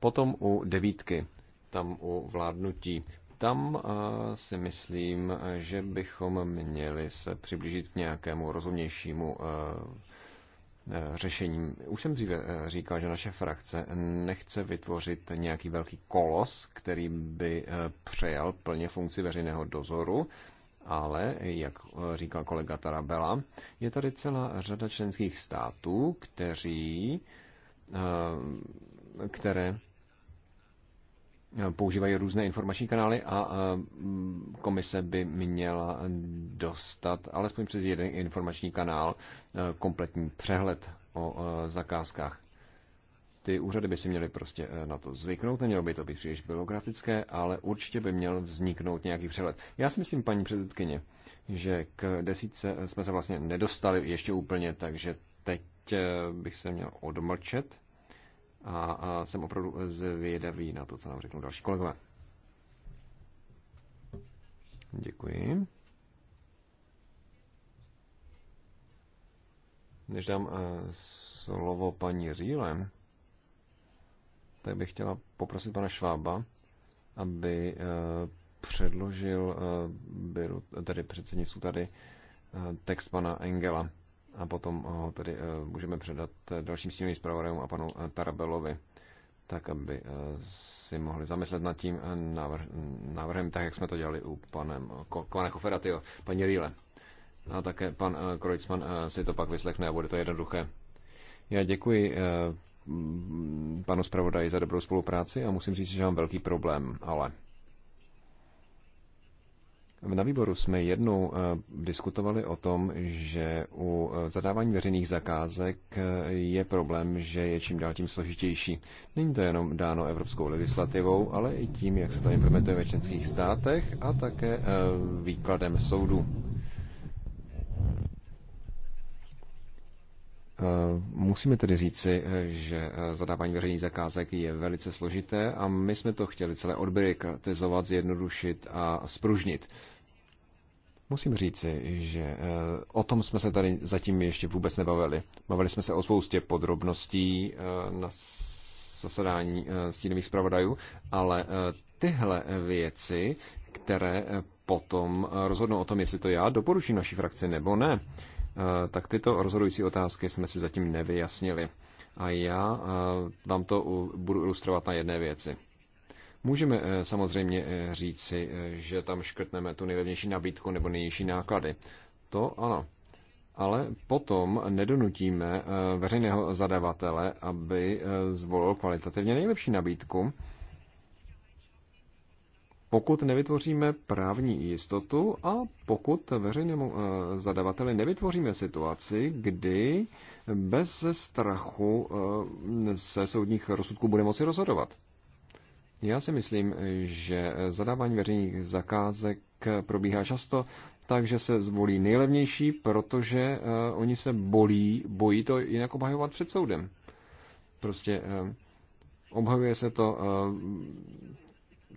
Potom u devítky, tam u vládnutí, tam eh, si myslím, že bychom měli se přiblížit k nějakému rozumnějšímu Eh, řešením. Už jsem dříve eh, říkal, že naše frakce nechce vytvořit nějaký velký kolos, který by eh, přejal plně funkci veřejného dozoru, ale, jak říkal kolega Tarabela, je tady celá řada členských států, kteří, které používají různé informační kanály a mm, komise by měla dostat alespoň přes jeden informační kanál e, kompletní přehled o e, zakázkách. Ty úřady by si měly prostě e, na to zvyknout, nemělo by to být příliš byrokratické, ale určitě by měl vzniknout nějaký přehled. Já si myslím, paní předsedkyně, že k desítce jsme se vlastně nedostali ještě úplně, takže teď bych se měl odmlčet a, a jsem opravdu zvědavý na to, co nám řeknou další kolegové. Děkuji. Než dám eh, slovo paní Říle, tak bych chtěla poprosit pana Švába, aby eh, předložil eh, byru, tady předsednictvu tady text pana Engela a potom ho eh, tedy eh, můžeme předat eh, dalším stínovým zpravodajům a panu Tarabelovi, tak aby si mohli zamyslet nad tím návrh, návrhem, tak jak jsme to dělali u panem, pana Koferatyho, paní Rýle. A také pan Krojcman si to pak vyslechne a bude to jednoduché. Já děkuji panu zpravodaji za dobrou spolupráci a musím říct, že mám velký problém, ale na výboru jsme jednou eh, diskutovali o tom, že u eh, zadávání veřejných zakázek eh, je problém, že je čím dál tím složitější. Není to jenom dáno evropskou legislativou, ale i tím, jak se to implementuje ve členských státech a také výkladem soudu. Musíme tedy říci, že zadávání veřejných zakázek je velice složité a my jsme to chtěli celé odbyrokratizovat, zjednodušit a spružnit. Musím říci, že eh, o tom jsme se tady zatím ještě vůbec nebavili. Bavili jsme se o spoustě podrobností eh, na zasedání eh, stínových zpravodajů, ale tyhle věci, které potom rozhodnou o tom, jestli to já doporučím naší frakci nebo ne, tak tyto rozhodující otázky jsme si zatím nevyjasnili. A já vám to budu ilustrovat na jedné věci. Můžeme eh, samozřejmě eh, říci, eh, že tam škrtneme tu nejlevnější nabídku nebo nejnižší náklady. To ano. Ale potom nedonutíme veřejného zadavatele, aby zvolil kvalitativně nejlepší nabídku, pokud nevytvoříme právní jistotu a pokud veřejnému zadavateli nevytvoříme situaci, kdy bez strachu se soudních rozsudků bude moci rozhodovat. Já si myslím, že zadávání veřejných zakázek probíhá často, takže se zvolí nejlevnější, protože uh, oni se bolí, bojí to jinak obhajovat před soudem. Prostě uh, obhajuje se to uh,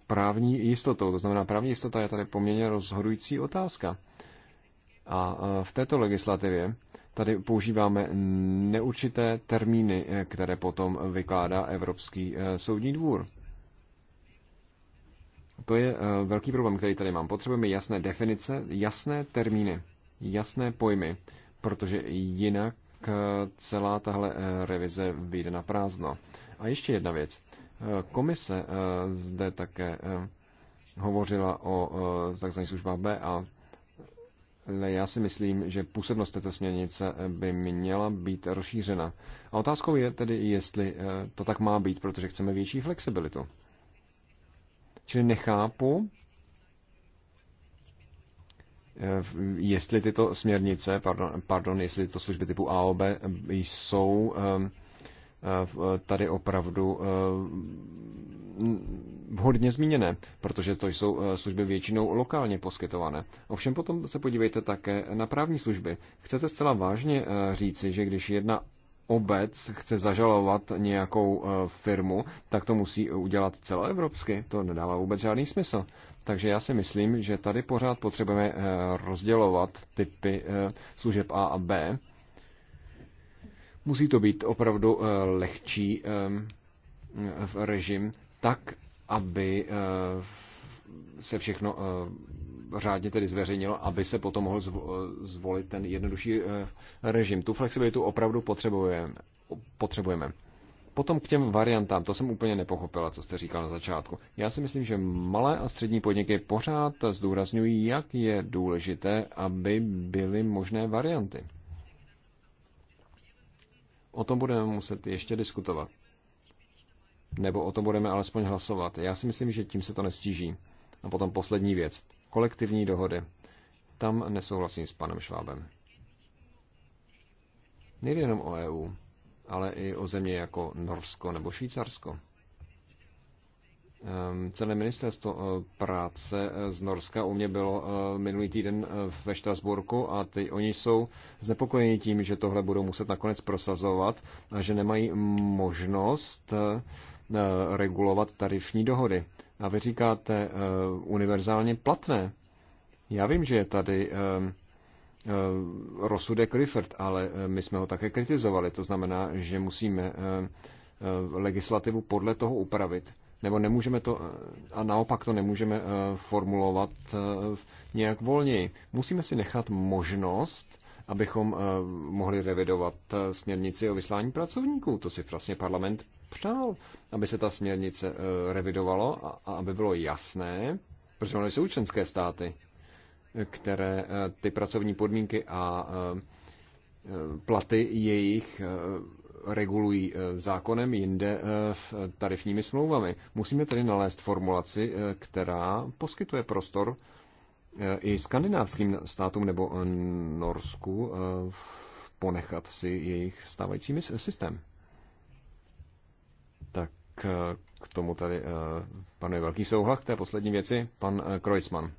právní jistotou. To znamená, právní jistota je tady poměrně rozhodující otázka. A uh, v této legislativě tady používáme neurčité termíny, které potom vykládá Evropský soudní dvůr. To je eh, velký problém, který tady mám. Potřebujeme jasné definice, jasné termíny, jasné pojmy, protože jinak eh, celá tahle eh, revize vyjde na prázdno. A ještě jedna věc. Komise zde také hovořila o takzvaných službách B a já si myslím, že působnost této směrnice by měla být rozšířena. A otázkou je tedy, jestli to tak má být, protože chceme větší flexibilitu. Čili nechápu, eh, jestli tyto směrnice, pardon, pardon jestli tyto služby typu AOB eh, jsou ehm, eh, tady opravdu ehm, vhodně zmíněné, protože to jsou služby většinou lokálně poskytované. Ovšem potom se podívejte také na právní služby. Chcete zcela vážně říci, že když jedna obec chce zažalovat nějakou eh, firmu, tak to musí udělat celoevropsky. To nedává vůbec žádný smysl. Takže já si myslím, že tady pořád potřebujeme eh, rozdělovat typy eh, služeb A a B. Musí to být opravdu lehčí režim, tak, aby se všechno řádně tedy zveřejnilo, aby se potom mohl zvolit ten jednodušší eh, režim. Tu flexibilitu opravdu potřebujeme. potřebujeme. Potom k těm variantám, to jsem úplně nepochopila, co jste říkal na začátku. Já si myslím, že malé a střední podniky pořád zdůrazňují, jak je důležité, aby byly možné varianty. O tom budeme muset ještě diskutovat. Nebo o tom budeme alespoň hlasovat. Já si myslím, že tím se to nestíží. A potom poslední věc kolektivní dohody. Tam nesouhlasím s panem Švábem. Nejde jenom o EU, ale i o země jako Norsko nebo Švýcarsko. Ehm, celé ministerstvo e, práce e, z Norska u mě bylo e, minulý týden ve Štrasburku a ty, oni jsou znepokojeni tím, že tohle budou muset nakonec prosazovat a že nemají možnost regulovat tarifní dohody. A vy říkáte eh, univerzálně platné. Já vím, že je tady eh, eh, rozsudek Rifford, ale my jsme ho také kritizovali. To znamená, že musíme legislativu podle toho upravit. Nebo nemůžeme to, a naopak to nemůžeme formulovat nějak volněji. Musíme si nechat možnost, abychom mohli revidovat směrnici o vyslání pracovníků. To si vlastně parlament přál, aby se ta směrnice eh, revidovalo a, a aby bylo jasné, protože ono jsou členské státy, které eh, ty pracovní podmínky a eh, platy jejich regulují zákonem, jinde tarifními smlouvami. Musíme tedy nalézt formulaci, která poskytuje prostor i skandinávským státům nebo Norsku ponechat si jejich stávající systém k tomu tady eh, panuje velký souhlas k té poslední věci. Pan eh, Kreuzmann.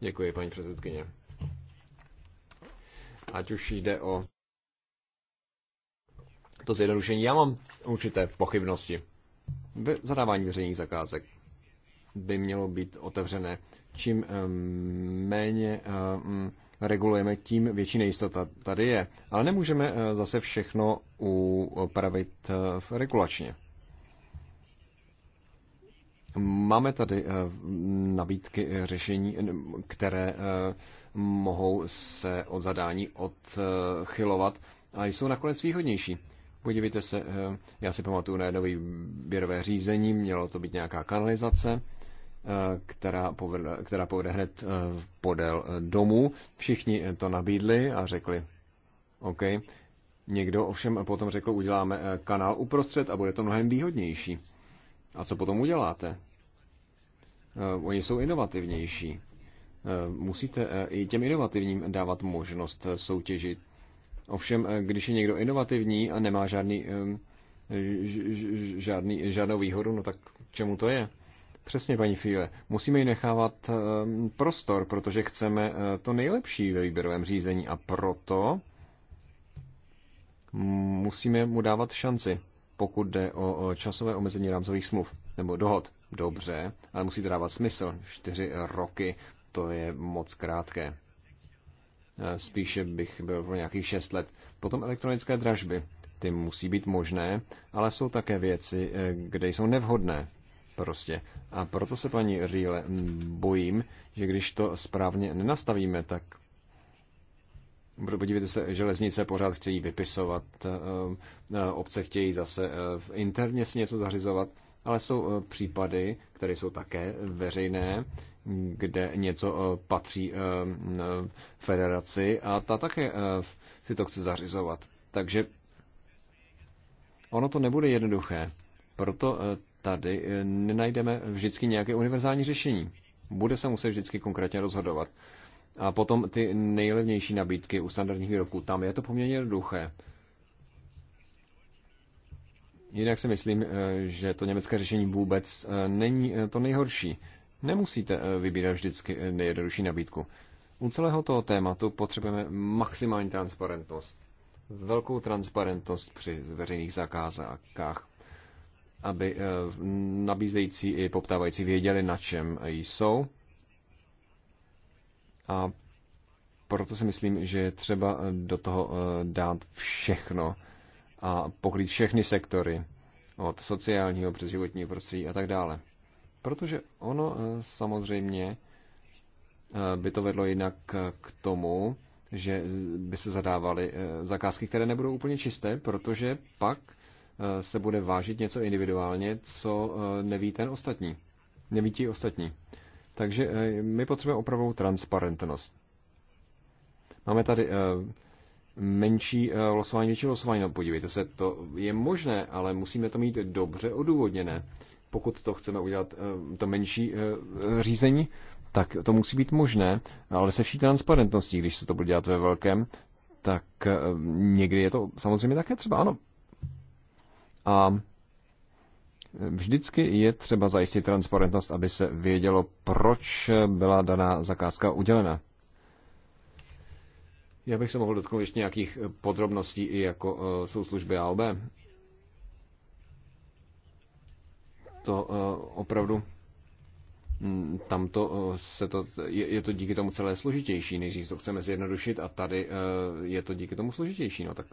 Děkuji, paní předsedkyně. Ať už jde o to zjednodušení, já mám určité pochybnosti. Zadávání veřejných zakázek by mělo být otevřené. Čím eh, méně mm, regulujeme, tím větší nejistota tady je. Ale nemůžeme zase všechno upravit regulačně. Máme tady eh, nabídky eh, řešení, eh, které mohou se od zadání odchylovat a jsou nakonec výhodnější. Podívejte se, já si pamatuju na jedno výběrové řízení, mělo to být nějaká kanalizace, která povede, která povede hned podél domu. Všichni to nabídli a řekli, OK. Někdo ovšem potom řekl, uděláme kanál uprostřed a bude to mnohem výhodnější. A co potom uděláte? Eh, oni jsou inovativnější. Eh, musíte eh, i těm inovativním dávat možnost soutěžit. Ovšem, když je někdo inovativní a nemá žádný, ehm, žádný, žádnou výhodu, no tak čemu to je? Přesně, paní Fíle. Musíme ji nechávat ehm, prostor, protože chceme to nejlepší ve výběrovém řízení a proto musíme mu dávat šanci pokud jde o časové omezení rámcových smluv nebo dohod. Dobře, ale musí to dávat smysl. Čtyři roky, to je moc krátké. E, spíše bych byl pro nějakých šest let. Potom elektronické dražby. Ty musí být možné, ale jsou také věci, e, kde jsou nevhodné. Prostě. A proto se, paní Rýle, bojím, že když to správně nenastavíme, tak podívejte se, železnice pořád chtějí vypisovat, eh, eh, obce chtějí zase eh, interně si něco zařizovat, ale jsou případy, které jsou také veřejné, kde něco patří federaci a ta také si to chce zařizovat. Takže ono to nebude jednoduché. Proto tady nenajdeme vždycky nějaké univerzální řešení. Bude se muset vždycky konkrétně rozhodovat. A potom ty nejlevnější nabídky u standardních výrobků, tam je to poměrně jednoduché. Jinak si myslím, eh, že to německé řešení vůbec eh, není eh, to nejhorší. Nemusíte vybírat vždycky nejjednodušší nabídku. U celého toho tématu potřebujeme maximální transparentnost. Velkou transparentnost při veřejných zakázkách, aby nabízející i poptávající věděli, na čem jsou a proto si myslím, že je třeba eh, do toho eh, dát všechno a pokrýt všechny sektory, od sociálního přes životního prostředí a tak dále. Protože ono eh, samozřejmě by to vedlo jinak k tomu, že by se zadávaly zakázky, které nebudou úplně čisté, protože pak se bude vážit něco individuálně, co neví ten ostatní. Neví ti ostatní. Takže eh, my potřebujeme opravdu transparentnost. Máme tady eh, menší eh, losování, větší losování. No podívejte se, to je možné, ale musíme to mít dobře odůvodněné. Pokud to chceme udělat, to menší řízení, tak to musí být možné, ale se vší transparentností, když se to bude dělat ve velkém, tak někdy je to samozřejmě také třeba, ano. A Vždycky je třeba zajistit transparentnost, aby se vědělo, proč byla daná zakázka udělena. Já bych se mohl dotknout ještě nějakých podrobností, i jako e, jsou služby AOB. To e, opravdu mm, tam to, e, se to, je, je to díky tomu celé složitější, než to chceme zjednodušit a tady je to díky tomu složitější. No tak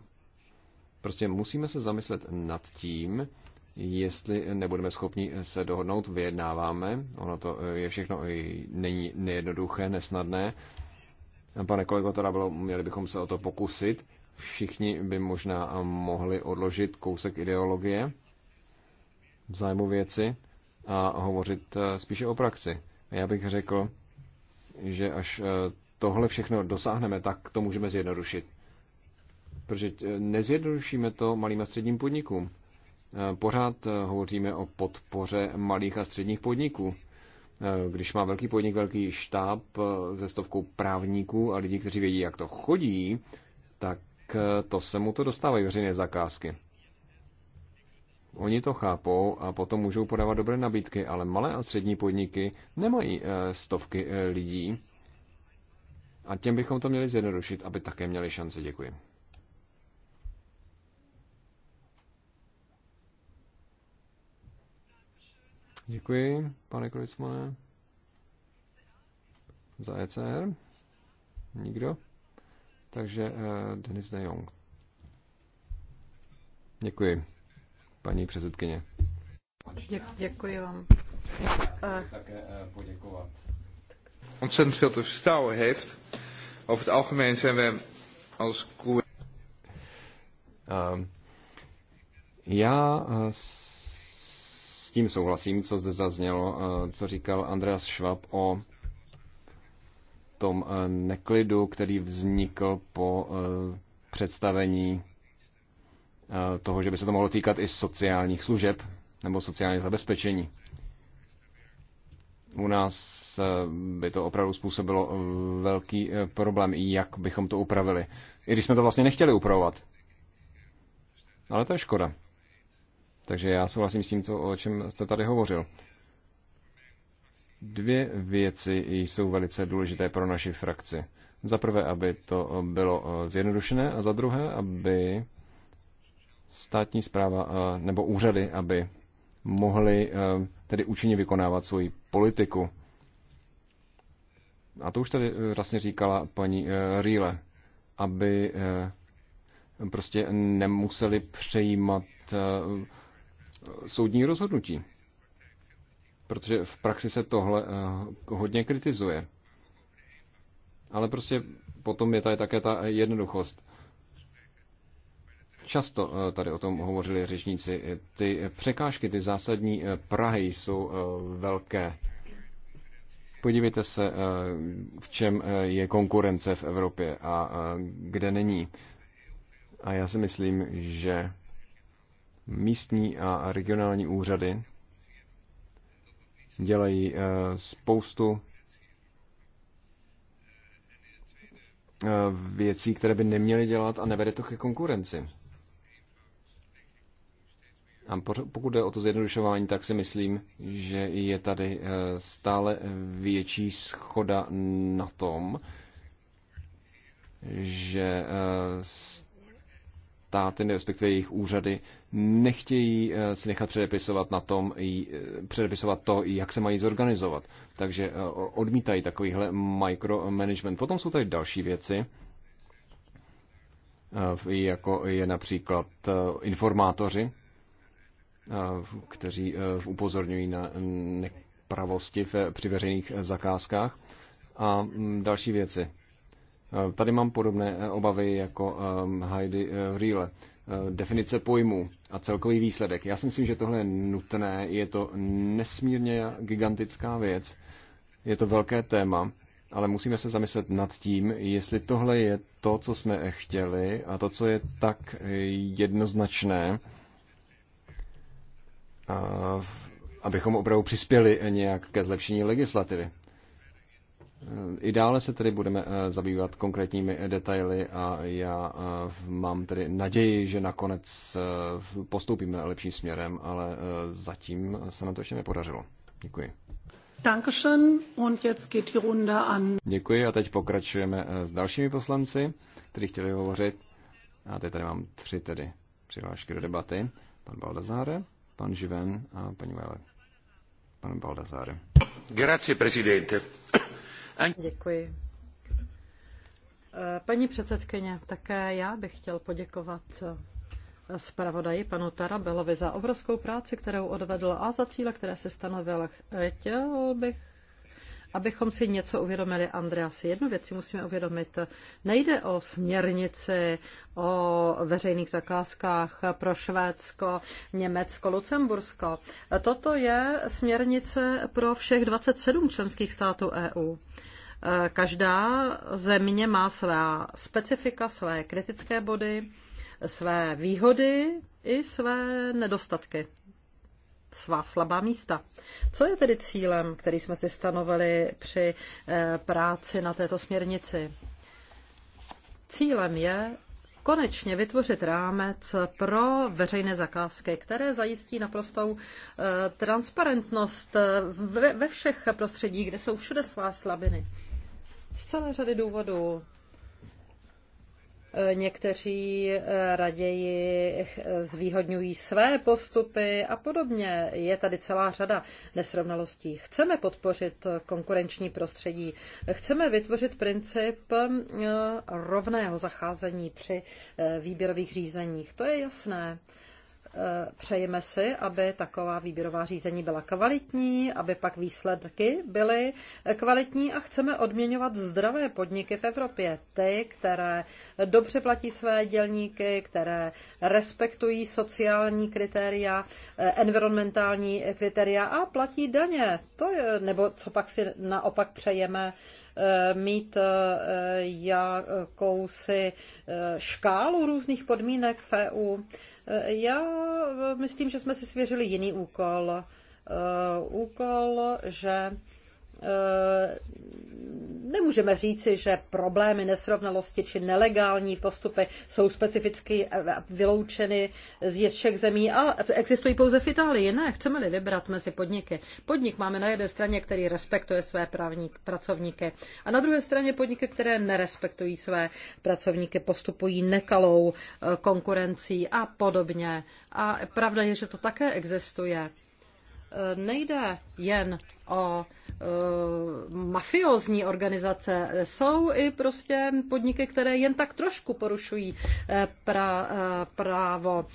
prostě musíme se zamyslet nad tím, jestli nebudeme schopni se dohodnout, vyjednáváme. Ono to eh, je všechno eh, není nejednoduché, nesnadné. Pane kolego, teda bylo, měli bychom se o to pokusit. Všichni by možná mohli odložit kousek ideologie v zájmu věci a hovořit eh, spíše o praxi. Já bych řekl, že až tohle všechno dosáhneme, tak to můžeme zjednodušit. Protože nezjednodušíme to malým a středním podnikům Pořád eh, hovoříme o podpoře malých a středních podniků. Eh, když má velký podnik, velký štáb ze eh, stovkou právníků a lidí, kteří vědí, jak to chodí, tak to se mu to dostávají veřejné zakázky. Oni to chápou a potom můžou podávat dobré nabídky, ale malé a střední podniky nemají stovky lidí. A těm bychom to měli zjednodušit, aby také měli šance. Děkuji. Děkuji, pane Krojcmane. Za ECR? Nikdo? Takže uh, Denis de Jong. Děkuji, paní předsedkyně. Dě- děkuji vám. Také eh, poděkovat. Ontzettend veel te vertrouwen heeft. Over het algemeen zijn we als... Ehm, Já eh, s tím souhlasím, co zde zaznělo, eh, co říkal Andreas Schwab o tom eh, neklidu, který vznikl po eh, představení toho, že by se to mohlo týkat i sociálních služeb nebo sociálního zabezpečení. U nás by to opravdu způsobilo velký problém, jak bychom to upravili. I když jsme to vlastně nechtěli upravovat. Ale to je škoda. Takže já souhlasím s tím, co, o čem jste tady hovořil. Dvě věci jsou velice důležité pro naši frakci. Za prvé, aby to bylo eh, zjednodušené a za druhé, aby státní zpráva eh, nebo úřady, aby mohly eh, tedy účinně vykonávat svoji politiku. A to už tady vlastně říkala paní Rýle, aby prostě nemuseli přejímat soudní rozhodnutí. Protože v praxi se tohle eh, hodně kritizuje. Ale prostě potom je tady také ta jednoduchost. Často eh, tady o tom hovořili řečníci. Eh, ty překážky, ty zásadní Prahy jsou velké. Podívejte se, v čem je konkurence v Evropě a kde není. A já si myslím, že místní a regionální úřady dělají eh, spoustu eh, věcí, které by neměly dělat a nevede to ke konkurenci. A pokud jde o to zjednodušování, tak si myslím, že je tady eh, stále větší schoda na tom, že státy, respektive jejich úřady, nechtějí eh, si nechat předepisovat, na tom, eh, předepisovat to, jak se mají zorganizovat. Takže eh, odmítají takovýhle micromanagement. Potom jsou tady další věci, jako je například informátoři, kteří upozorňují na nepravosti při veřejných zakázkách a mm, další věci. Eh, tady mám podobné eh, obavy jako ehm, Heidi eh, Riele. Definice pojmů a celkový výsledek. Já si myslím, že tohle je nutné, je to nesmírně gigantická věc, je to velké téma, ale musíme se zamyslet nad tím, jestli tohle je to, co jsme chtěli a to, co je tak jednoznačné, abychom opravdu přispěli nějak ke zlepšení legislativy. Eh, I dále se tedy budeme eh, zabývat konkrétními eh, detaily a já mám tedy naději, že nakonec postoupíme lepším směrem, ale zatím se nám to ještě nepodařilo. Děkuji. Dankeschön und jetzt geht die Runde an. Děkuji a teď pokračujeme s dalšími poslanci, kteří chtěli hovořit. A teď tady mám tři tedy přihlášky do debaty. Pan Baldazáre, pan Živen a paní Vele. Pan Baldazáre. Grazie, presidente. Děkuji. Eh, paní předsedkyně, také já bych chtěl poděkovat eh, zpravodaji panu Tarabelovi za obrovskou práci, kterou odvedl a za cíle, které se stanovil. Chtěl bych abychom si něco uvědomili, Andreas. Jednu věc si musíme uvědomit. Nejde o směrnici o veřejných zakázkách pro Švédsko, Německo, Lucembursko. Toto je směrnice pro všech 27 členských států EU. Eh, každá země má svá specifika, své kritické body, své výhody i své nedostatky, svá slabá místa. Co je tedy cílem, který jsme si stanovili při eh, práci na této směrnici? Cílem je konečně vytvořit rámec pro veřejné zakázky, které zajistí naprostou eh, transparentnost ve všech prostředích, kde jsou všude svá slabiny. Z celé řady důvodů. E, někteří e, raději e, zvýhodňují své postupy a podobně. Je tady celá řada nesrovnalostí. Chceme podpořit konkurenční prostředí. Chceme vytvořit princip rovného zacházení při výběrových řízeních. To je jasné. Přejeme si, aby taková výběrová řízení byla kvalitní, aby pak výsledky byly kvalitní a chceme odměňovat zdravé podniky v Evropě. Ty, které dobře platí své dělníky, které respektují sociální kritéria, environmentální kritéria a platí daně. To je, nebo co pak si naopak přejeme eh, mít eh, jakousi eh, škálu různých podmínek v EU. Já myslím, že jsme si svěřili jiný úkol. Eh, úkol, že Eh, nemůžeme říci, že problémy nesrovnalosti či nelegální postupy jsou specificky eh, vyloučeny z všech zemí a existují pouze v Itálii. Ne, chceme-li vybrat mezi podniky. Podnik máme na jedné straně, který respektuje své právní, pracovníky a na druhé straně podniky, které nerespektují své pracovníky, postupují nekalou eh, konkurencí a podobně. A pravda je, že to také existuje Eh, nejde jen o eh, mafiozní organizace, jsou i prostě podniky, které jen tak trošku porušují eh, pra, právo.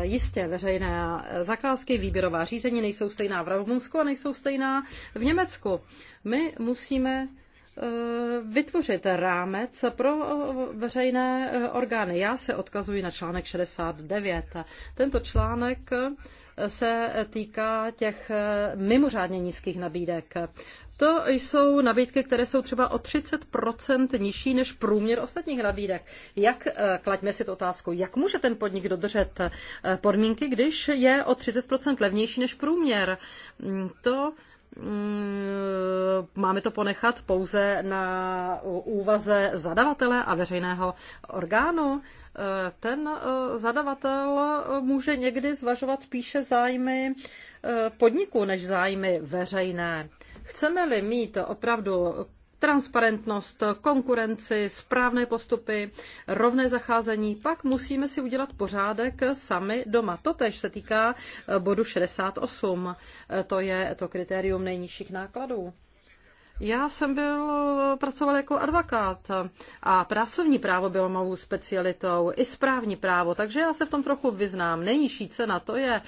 Jistě veřejné zakázky, výběrová řízení nejsou stejná v Rumunsku a nejsou stejná v Německu. My musíme vytvořit rámec pro veřejné orgány. Já se odkazuji na článek 69. Tento článek se týká těch eh, mimořádně nízkých nabídek. To jsou nabídky, které jsou třeba o 30% nižší než průměr ostatních nabídek. Jak, eh, klaďme si tu otázku, jak může ten podnik dodržet eh, podmínky, když je o 30% levnější než průměr? Mm, to Mm, máme to ponechat pouze na úvaze zadavatele a veřejného orgánu. Eh, ten eh, zadavatel eh, může někdy zvažovat spíše zájmy podniku než zájmy veřejné. Chceme-li mít opravdu transparentnost, konkurenci, správné postupy, rovné zacházení, pak musíme si udělat pořádek sami doma. To se týká eh, bodu 68. Eh, to je to kritérium nejnižších nákladů. Já jsem byl, eh, pracoval jako advokát a pracovní právo bylo mou specialitou, i správní právo, takže já se v tom trochu vyznám. Nejnižší cena, to je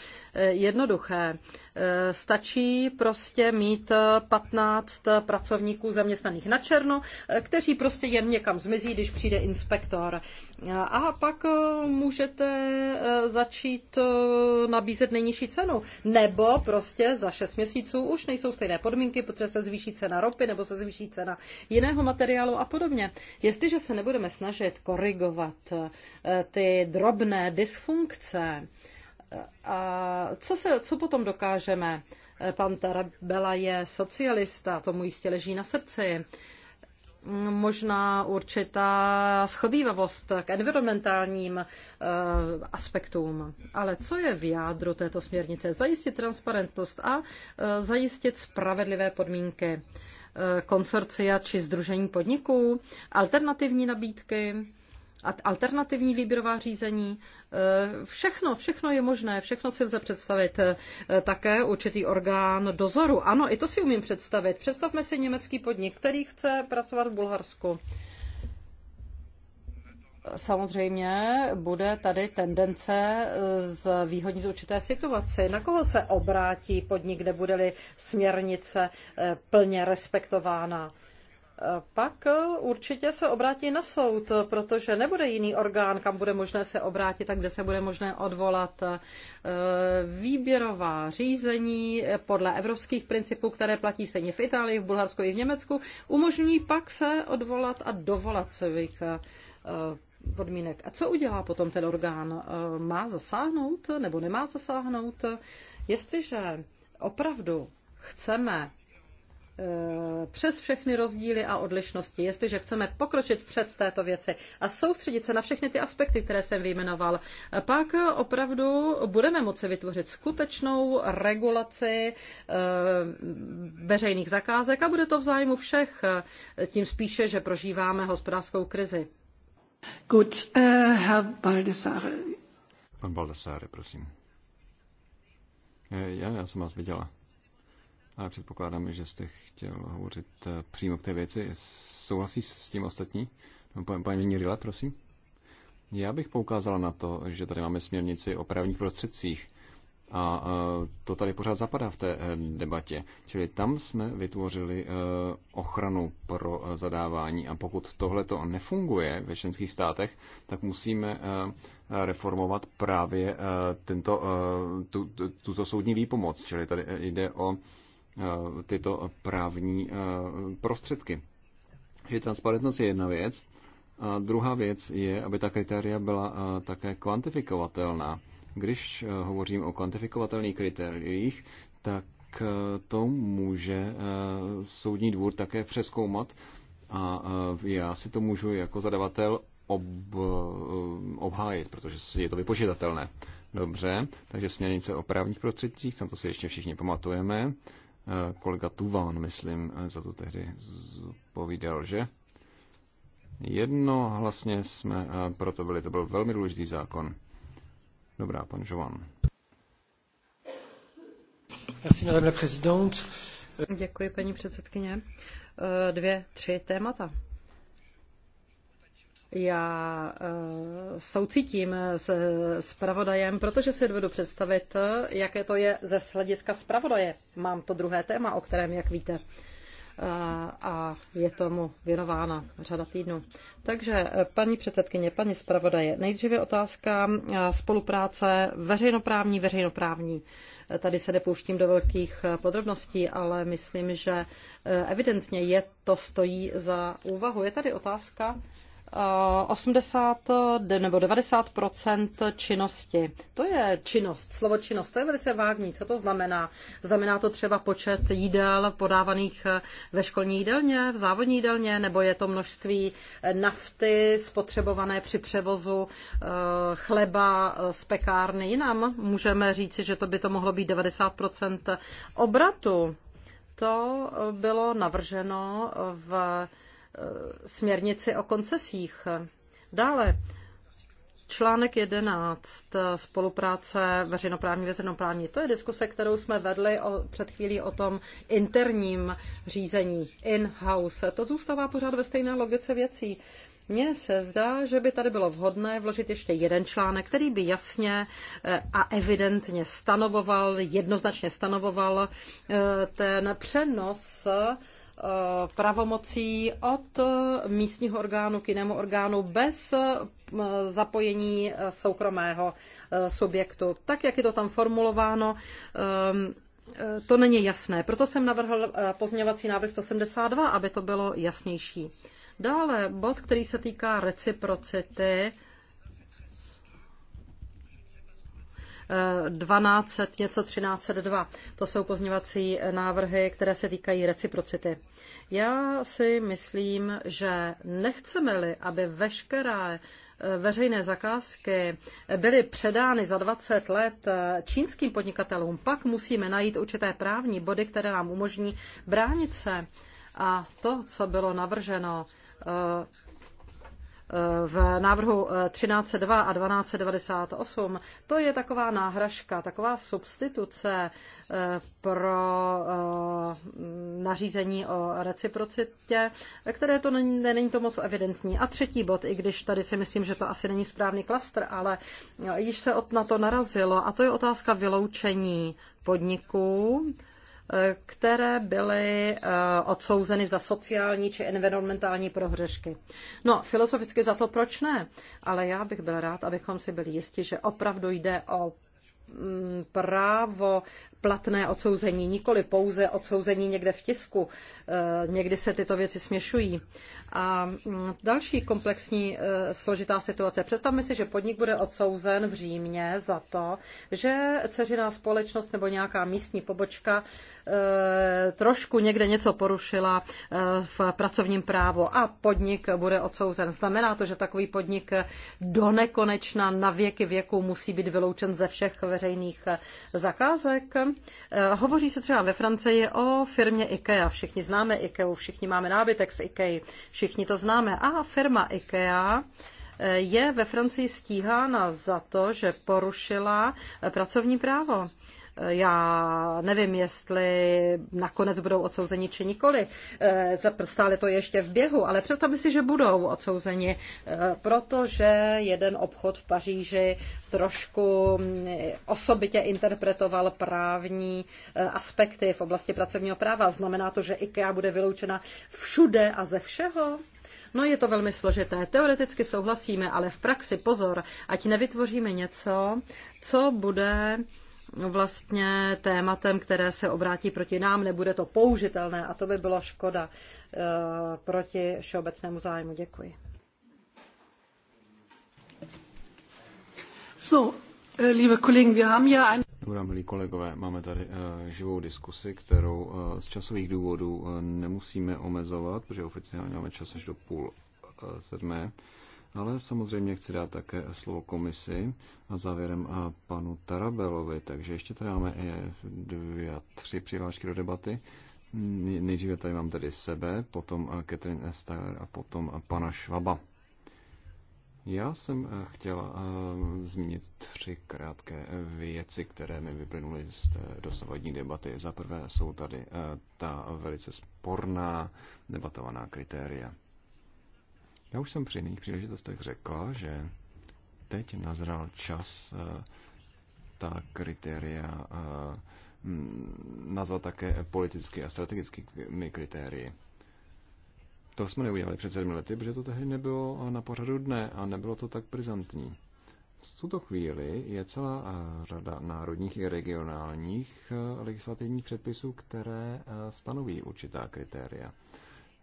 jednoduché. Eh, stačí prostě mít 15 eh, eh, pracovníků zaměstnaných na černo, kteří prostě jen někam zmizí, když přijde inspektor. A pak můžete začít nabízet nejnižší cenu. Nebo prostě za 6 měsíců už nejsou stejné podmínky, protože se zvýší cena ropy nebo se zvýší cena jiného materiálu a podobně. Jestliže se nebudeme snažit korigovat ty drobné dysfunkce, a co, se, co potom dokážeme? Pan Tarabela je socialista, tomu jistě leží na srdci. Možná určitá schovývavost k environmentálním eh, aspektům. Ale co je v jádru této směrnice? Zajistit transparentnost a eh, zajistit spravedlivé podmínky eh, konsorcia či združení podniků, alternativní nabídky, alternativní výběrová řízení. Eh, všechno, všechno je možné, všechno si lze představit. Eh, také určitý orgán dozoru. Ano, i to si umím představit. Představme si německý podnik, který chce pracovat v Bulharsku. Samozřejmě bude tady tendence eh, zvýhodnit určité situaci. Na koho se obrátí podnik, kde bude-li směrnice plně respektována? pak určitě se obrátí na soud, protože nebude jiný orgán, kam bude možné se obrátit a kde se bude možné odvolat eh, výběrová řízení podle evropských principů, které platí stejně v Itálii, v Bulharsku i v Německu, umožňují pak se odvolat a dovolat svých eh, podmínek. A co udělá potom ten orgán? Eh, má zasáhnout nebo nemá zasáhnout? Jestliže opravdu chceme Eh, přes všechny rozdíly a odlišnosti, jestliže chceme pokročit před této věci a soustředit se na všechny ty aspekty, které jsem vyjmenoval, pak opravdu budeme moci vytvořit skutečnou regulaci eh, veřejných zakázek a bude to v zájmu všech, eh, tím spíše, že prožíváme hospodářskou krizi. Uh, Herr Baldessare. Pan Baldessare, prosím. Já, já jsem vás viděla. A předpokládám, že jste chtěl hovořit eh, přímo k té věci. Souhlasí s tím ostatní? No, paní Rile, prosím. Já bych poukázala na to, že tady máme směrnici o právních prostředcích a eh, to tady pořád zapadá v té eh, debatě. Čili tam jsme vytvořili ochranu pro zadávání a pokud tohle to nefunguje ve členských státech, tak musíme reformovat právě tento, tu, tuto soudní výpomoc. Čili tady jde o Eh, tyto právní eh, prostředky. Že transparentnost je jedna věc. A druhá věc je, aby ta kritéria byla eh, také kvantifikovatelná. Když hovořím o kvantifikovatelných kritériích, tak to může soudní dvůr také přeskoumat a já si to můžu jako zadavatel ob, obhájit, protože je to vypočítatelné. Dobře, takže směrnice o právních prostředcích, tam to si ještě všichni pamatujeme. Eh, kolega Tuván, myslím, eh, za to tehdy povídal, že? Jedno hlasně jsme eh, proto byli, to byl velmi důležitý zákon. Dobrá, pan Žovan. Děkuji, paní předsedkyně. Dvě, tři témata já eh, soucítím s zpravodajem, protože si dovedu představit, eh, jaké to je ze hlediska zpravodaje. Mám to druhé téma, o kterém, jak víte, eh, a je tomu věnována řada týdnů. Takže paní předsedkyně, paní zpravodaje, nejdříve otázka spolupráce veřejnoprávní, veřejnoprávní. Tady se nepouštím do velkých podrobností, ale myslím, že evidentně je to stojí za úvahu. Je tady otázka 80 eh, nebo 90 činnosti. To je činnost, slovo činnost, to je velice vágní. Co to znamená? Znamená to třeba počet jídel podávaných eh, ve školní jídelně, v závodní jídelně, nebo je to množství eh, nafty spotřebované při převozu chleba z pekárny jinam? Můžeme říci, že to by to mohlo být 90 obratu. To bylo navrženo v Eh, směrnici o koncesích. Dále článek 11 eh, spolupráce veřejnoprávní veřejnoprávní. To je diskuse, kterou jsme vedli o, před chvílí o tom interním řízení in-house. To zůstává pořád ve stejné logice věcí. Mně se zdá, že by tady bylo vhodné vložit ještě jeden článek, který by jasně eh, a evidentně stanovoval, jednoznačně stanovoval ten přenos Eh, pravomocí od místního orgánu k jinému orgánu bez eh, zapojení eh, soukromého subjektu. Tak, jak je to tam formulováno, ehm, to není jasné. Proto jsem navrhl pozměňovací návrh 172, aby to bylo jasnější. Dále bod, který se týká reciprocity 12, něco 1302. To jsou pozněvací návrhy, které se týkají reciprocity. Já si myslím, že nechceme-li, aby veškeré eh, veřejné zakázky byly předány za 20 let eh, čínským podnikatelům, pak musíme najít určité právní body, které nám umožní bránit se. A to, co bylo navrženo, eh, v návrhu 1302 eh, a 1298. To je taková náhražka, taková substituce eh, pro eh, nařízení o reciprocitě, které to není, není to moc evidentní. A třetí bod, i když tady si myslím, že to asi není správný klastr, ale již se na to narazilo, a to je otázka vyloučení podniků které byly eh, odsouzeny za sociální či environmentální prohřešky. No, filozoficky za to proč ne, ale já bych byl rád, abychom si byli jisti, že opravdu jde o mm, právo platné odsouzení, nikoli pouze odsouzení někde v tisku. Eh, někdy se tyto věci směšují. A mm, další komplexní e, složitá situace. Představme si, že podnik bude odsouzen v Římě za to, že ceřiná společnost nebo nějaká místní pobočka e, trošku někde něco porušila e, v pracovním právu a podnik bude odsouzen. Znamená to, že takový podnik do nekonečna na věky věku musí být vyloučen ze všech veřejných zakázek. Hovoří se třeba ve Francii o firmě IKEA. Všichni známe IKEA, všichni máme nábytek z IKEA Všichni to známe. A firma IKEA eh, je ve Francii stíhána za to, že porušila eh, pracovní právo. Já nevím, jestli nakonec budou odsouzeni či nikoli. Eh, Stále to ještě v běhu, ale představme si, že budou odsouzeni, eh, protože jeden obchod v Paříži trošku mm, osobitě interpretoval právní eh, aspekty v oblasti pracovního práva. Znamená to, že IKEA bude vyloučena všude a ze všeho? No je to velmi složité. Teoreticky souhlasíme, ale v praxi pozor, ať nevytvoříme něco, co bude vlastně tématem, které se obrátí proti nám, nebude to použitelné a to by bylo škoda eh, proti všeobecnému zájmu. Děkuji. So, eh, liebe Kollegen, wir haben ja ein Dobrá, milí kolegové, máme tady eh, živou diskusi, kterou z časových důvodů nemusíme omezovat, protože oficiálně máme čas až do půl sedmé. Ale samozřejmě chci dát také slovo komisi a závěrem a panu Tarabelovi. Takže ještě tady máme eh, dvě a tři přihlášky do debaty. Nejdříve tady mám tedy sebe, potom eh, Catherine Estair a potom eh, pana Švaba. Já jsem chtěla zmínit tři krátké věci, které mi vyplynuly z té dosavadní debaty. Za prvé jsou tady ta velice sporná debatovaná kritéria. Já už jsem při jiných příležitostech řekla, že teď nazral čas eh, ta kritéria eh, nazvat také politicky a strategickými kritérii. To jsme neudělali před sedmi lety, protože to tehdy nebylo na pořadu dne a nebylo to tak prizantní. V tuto chvíli je celá eh, řada národních i regionálních legislativních předpisů, které stanoví určitá kritéria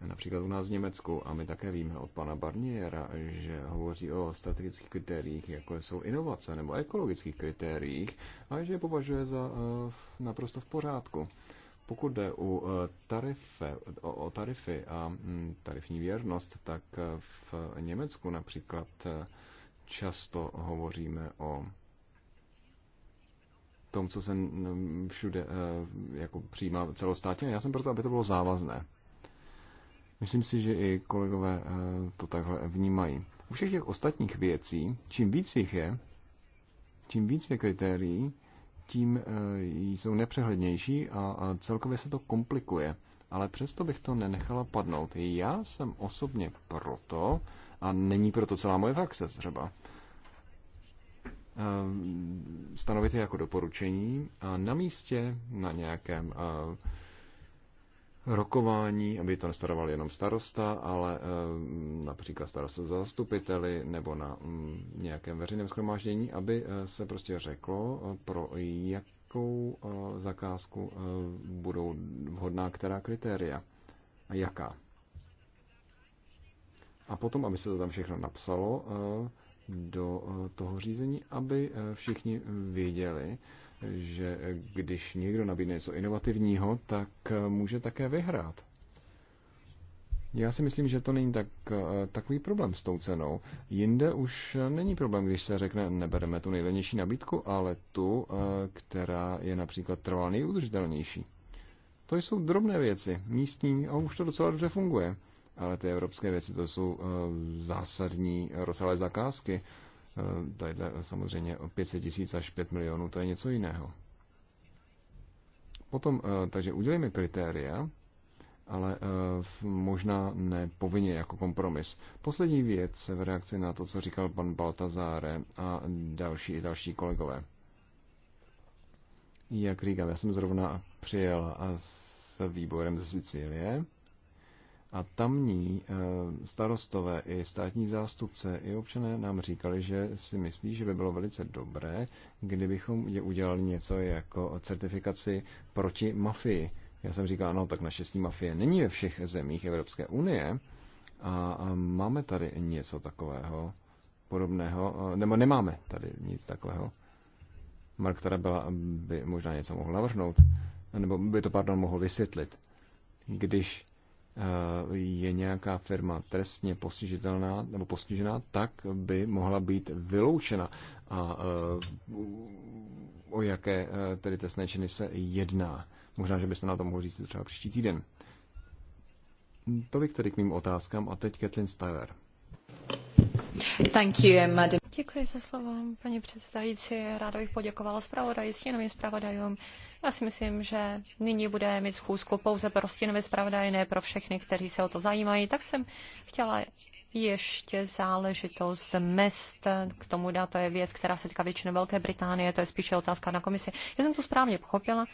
například u nás v Německu. A my také víme od pana Barniera, že hovoří o strategických kritériích, jako jsou inovace nebo ekologických kritériích, a že je považuje za eh, naprosto v pořádku. Pokud jde u eh, tarife, o, o tarify a hm, tarifní věrnost, tak eh, v Německu například často hovoříme o tom, co se všude jako přijímá celostátně. Já jsem proto, aby to bylo závazné. Myslím si, že i kolegové eh, to takhle vnímají. U všech těch ostatních věcí, čím víc jich je, čím víc je kritérií, tím eh, jsou nepřehlednější a celkově se to komplikuje. Ale přesto bych to nenechala padnout. Já jsem osobně proto, a není proto celá moje fakce třeba, eh, stanovit je jako doporučení a na místě, na nějakém rokování, aby to nestaroval jenom starosta, ale eh, například starosta za zastupiteli nebo na mm, nějakém veřejném schromáždění, aby eh, se prostě řeklo, eh, pro jakou zakázku budou vhodná která kritéria a jaká. A potom, aby se to tam všechno napsalo do toho řízení, aby všichni věděli, že když někdo nabídne něco inovativního, tak eh, může také vyhrát. Já si myslím, že to není tak, eh, takový problém s tou cenou. Jinde už eh, není problém, když se řekne, nebereme tu nejlevnější nabídku, ale tu, která je například trvalá nejudržitelnější. To jsou drobné věci, místní, a už to docela dobře funguje. Ale ty evropské věci, to jsou zásadní rozsáhlé zakázky, Eh, tadyhle samozřejmě 500 tisíc až 5 milionů, to je něco jiného. Potom, eh, takže udělíme kritéria, ale eh, možná ne povinně jako kompromis. Poslední věc v reakci na to, co říkal pan Baltazáre a další další kolegové. Jak říkám, já jsem zrovna přijel s výborem ze Sicílie a tamní eh, starostové i státní zástupce i občané nám říkali, že si myslí, že by bylo velice dobré, kdybychom je udělali něco jako certifikaci proti mafii. Já jsem říkal, no tak naštěstí mafie není ve všech zemích Evropské unie a máme tady něco takového podobného, eh, nebo nemáme tady nic takového. Mark byla, by možná něco mohl navrhnout, nebo by to, pardon, mohl vysvětlit. Když Eh, je nějaká firma trestně postižitelná nebo postižená, tak by mohla být vyloučena. A eh, o jaké eh, tedy trestné činy se jedná? Možná, že byste na to mohli říct třeba příští týden. Tolik tedy k mým otázkám a teď Kathleen Steyer. Thank you, madam. Děkuji za slovo, paní předsedající. Ráda bych poděkovala zpravodajství, novým zpravodajům já si myslím, že nyní bude mít schůzku pouze pro stěnové zpravodaje, ne pro všechny, kteří se o to zajímají. Tak jsem chtěla ještě záležitost mest, k tomu dá, to je věc, která se týká většiny Velké Británie, to je spíše otázka na komisi. Já jsem to správně pochopila,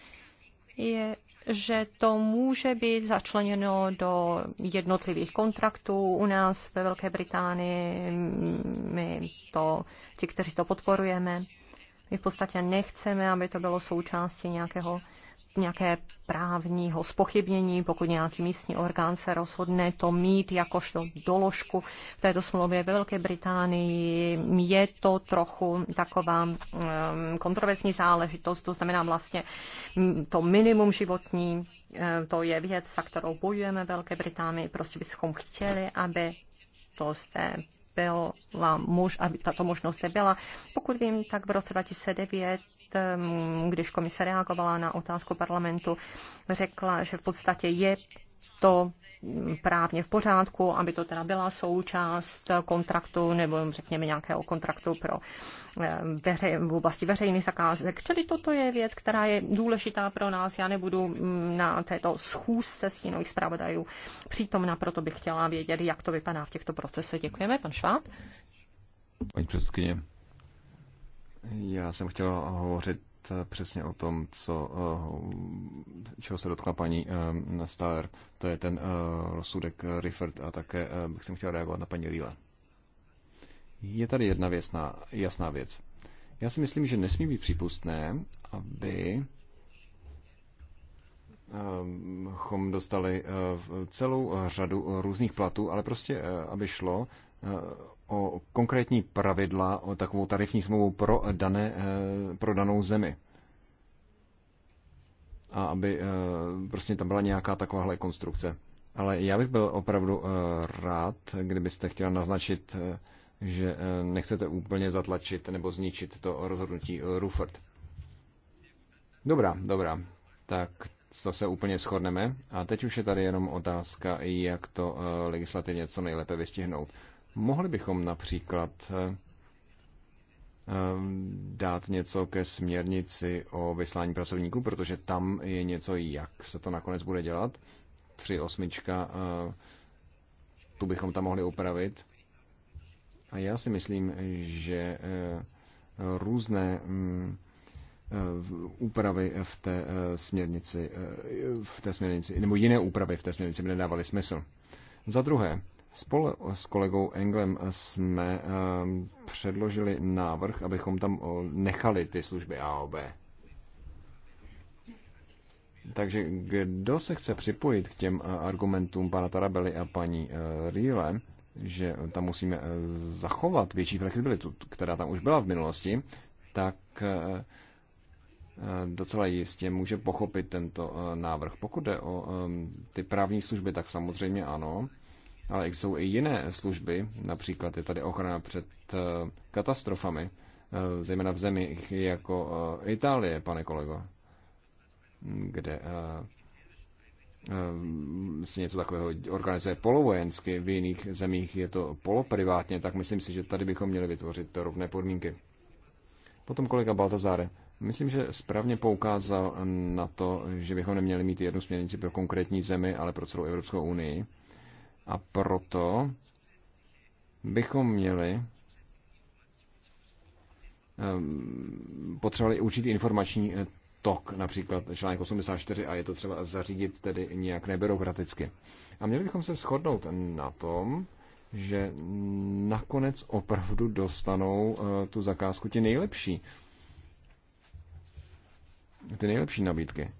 je, že to může být začleněno do jednotlivých kontraktů u nás ve Velké Británii, my to, ti, kteří to podporujeme, my v podstatě nechceme, aby to bylo součástí nějakého nějaké právního spochybnění, pokud nějaký místní orgán se rozhodne to mít jakožto doložku v této smlouvě ve Velké Británii. Je to trochu taková um, kontroverzní záležitost, to znamená vlastně mm, to minimum životní, eh, to je věc, za kterou bojujeme Velké Británii, prostě bychom chtěli, aby to se byla muž, aby tato možnost nebyla. Pokud vím, tak v roce 2009 mm, když komise reagovala na otázku parlamentu, řekla, že v podstatě je to právně v pořádku, aby to teda byla součást kontraktu nebo řekněme nějakého kontraktu pro eh, veře, v oblasti veřejných zakázek. Čili toto je věc, která je důležitá pro nás. Já nebudu mm, na této schůzce s jinou zpravodajů přítomna, proto bych chtěla vědět, jak to vypadá v těchto procesech. Děkujeme, pan Šváb. Paní předsedkyně, já jsem chtěla hovořit Eh, přesně o tom, co, eh, čeho se dotkla paní eh, Stáler. To je ten rozsudek Rifford a také bych jsem chtěl reagovat na paní Líle. Je tady jedna věcná, jasná věc. Já si myslím, že nesmí být přípustné, aby chom dostali celou řadu různých platů, ale prostě, aby šlo o konkrétní pravidla, o takovou tarifní smlouvu pro, dané, eh, pro danou zemi. A aby eh, prostě tam byla nějaká takováhle konstrukce. Ale já bych byl opravdu eh, rád, kdybyste chtěla naznačit, že nechcete úplně zatlačit nebo zničit to rozhodnutí Rufert. Dobrá, dobrá. Tak to se úplně shodneme. A teď už je tady jenom otázka, jak to legislativně co nejlépe vystihnout. Mohli bychom například eh, eh, dát něco ke směrnici o vyslání pracovníků, protože tam je něco, jak se to nakonec bude dělat. 3.8. Eh, tu bychom tam mohli upravit. A já si myslím, že různé mm, úpravy v té směrnici, v té směrnici, nebo jiné úpravy v té směrnici by nedávaly smysl. Za druhé, Spolu s kolegou Englem jsme eh, předložili návrh, abychom tam eh, nechali ty služby AOB. Takže kdo se chce připojit k těm eh, argumentům pana Tarabely a paní Rýle, že tam musíme zachovat větší flexibilitu, která tam už byla v minulosti, tak docela jistě může pochopit tento návrh. Pokud jde o ty právní služby, tak samozřejmě ano ale jsou i jiné služby, například je tady ochrana před eh, katastrofami, eh, zejména v zemích jako eh, Itálie, pane kolego, kde se něco takového organizuje polovojensky, v jiných zemích je to poloprivátně, tak myslím si, že tady bychom měli vytvořit rovné podmínky. Potom kolega Baltazáre. Myslím, že správně poukázal na to, že bychom neměli mít jednu směrnici pro konkrétní zemi, ale pro celou Evropskou unii. A proto bychom měli ehm, potřebovali určitý informační eh, tok, například článek 84 a je to třeba zařídit tedy nějak nebyrokraticky. A měli bychom se shodnout na tom, že nakonec opravdu dostanou eh, tu zakázku ti nejlepší. Ty nejlepší nabídky.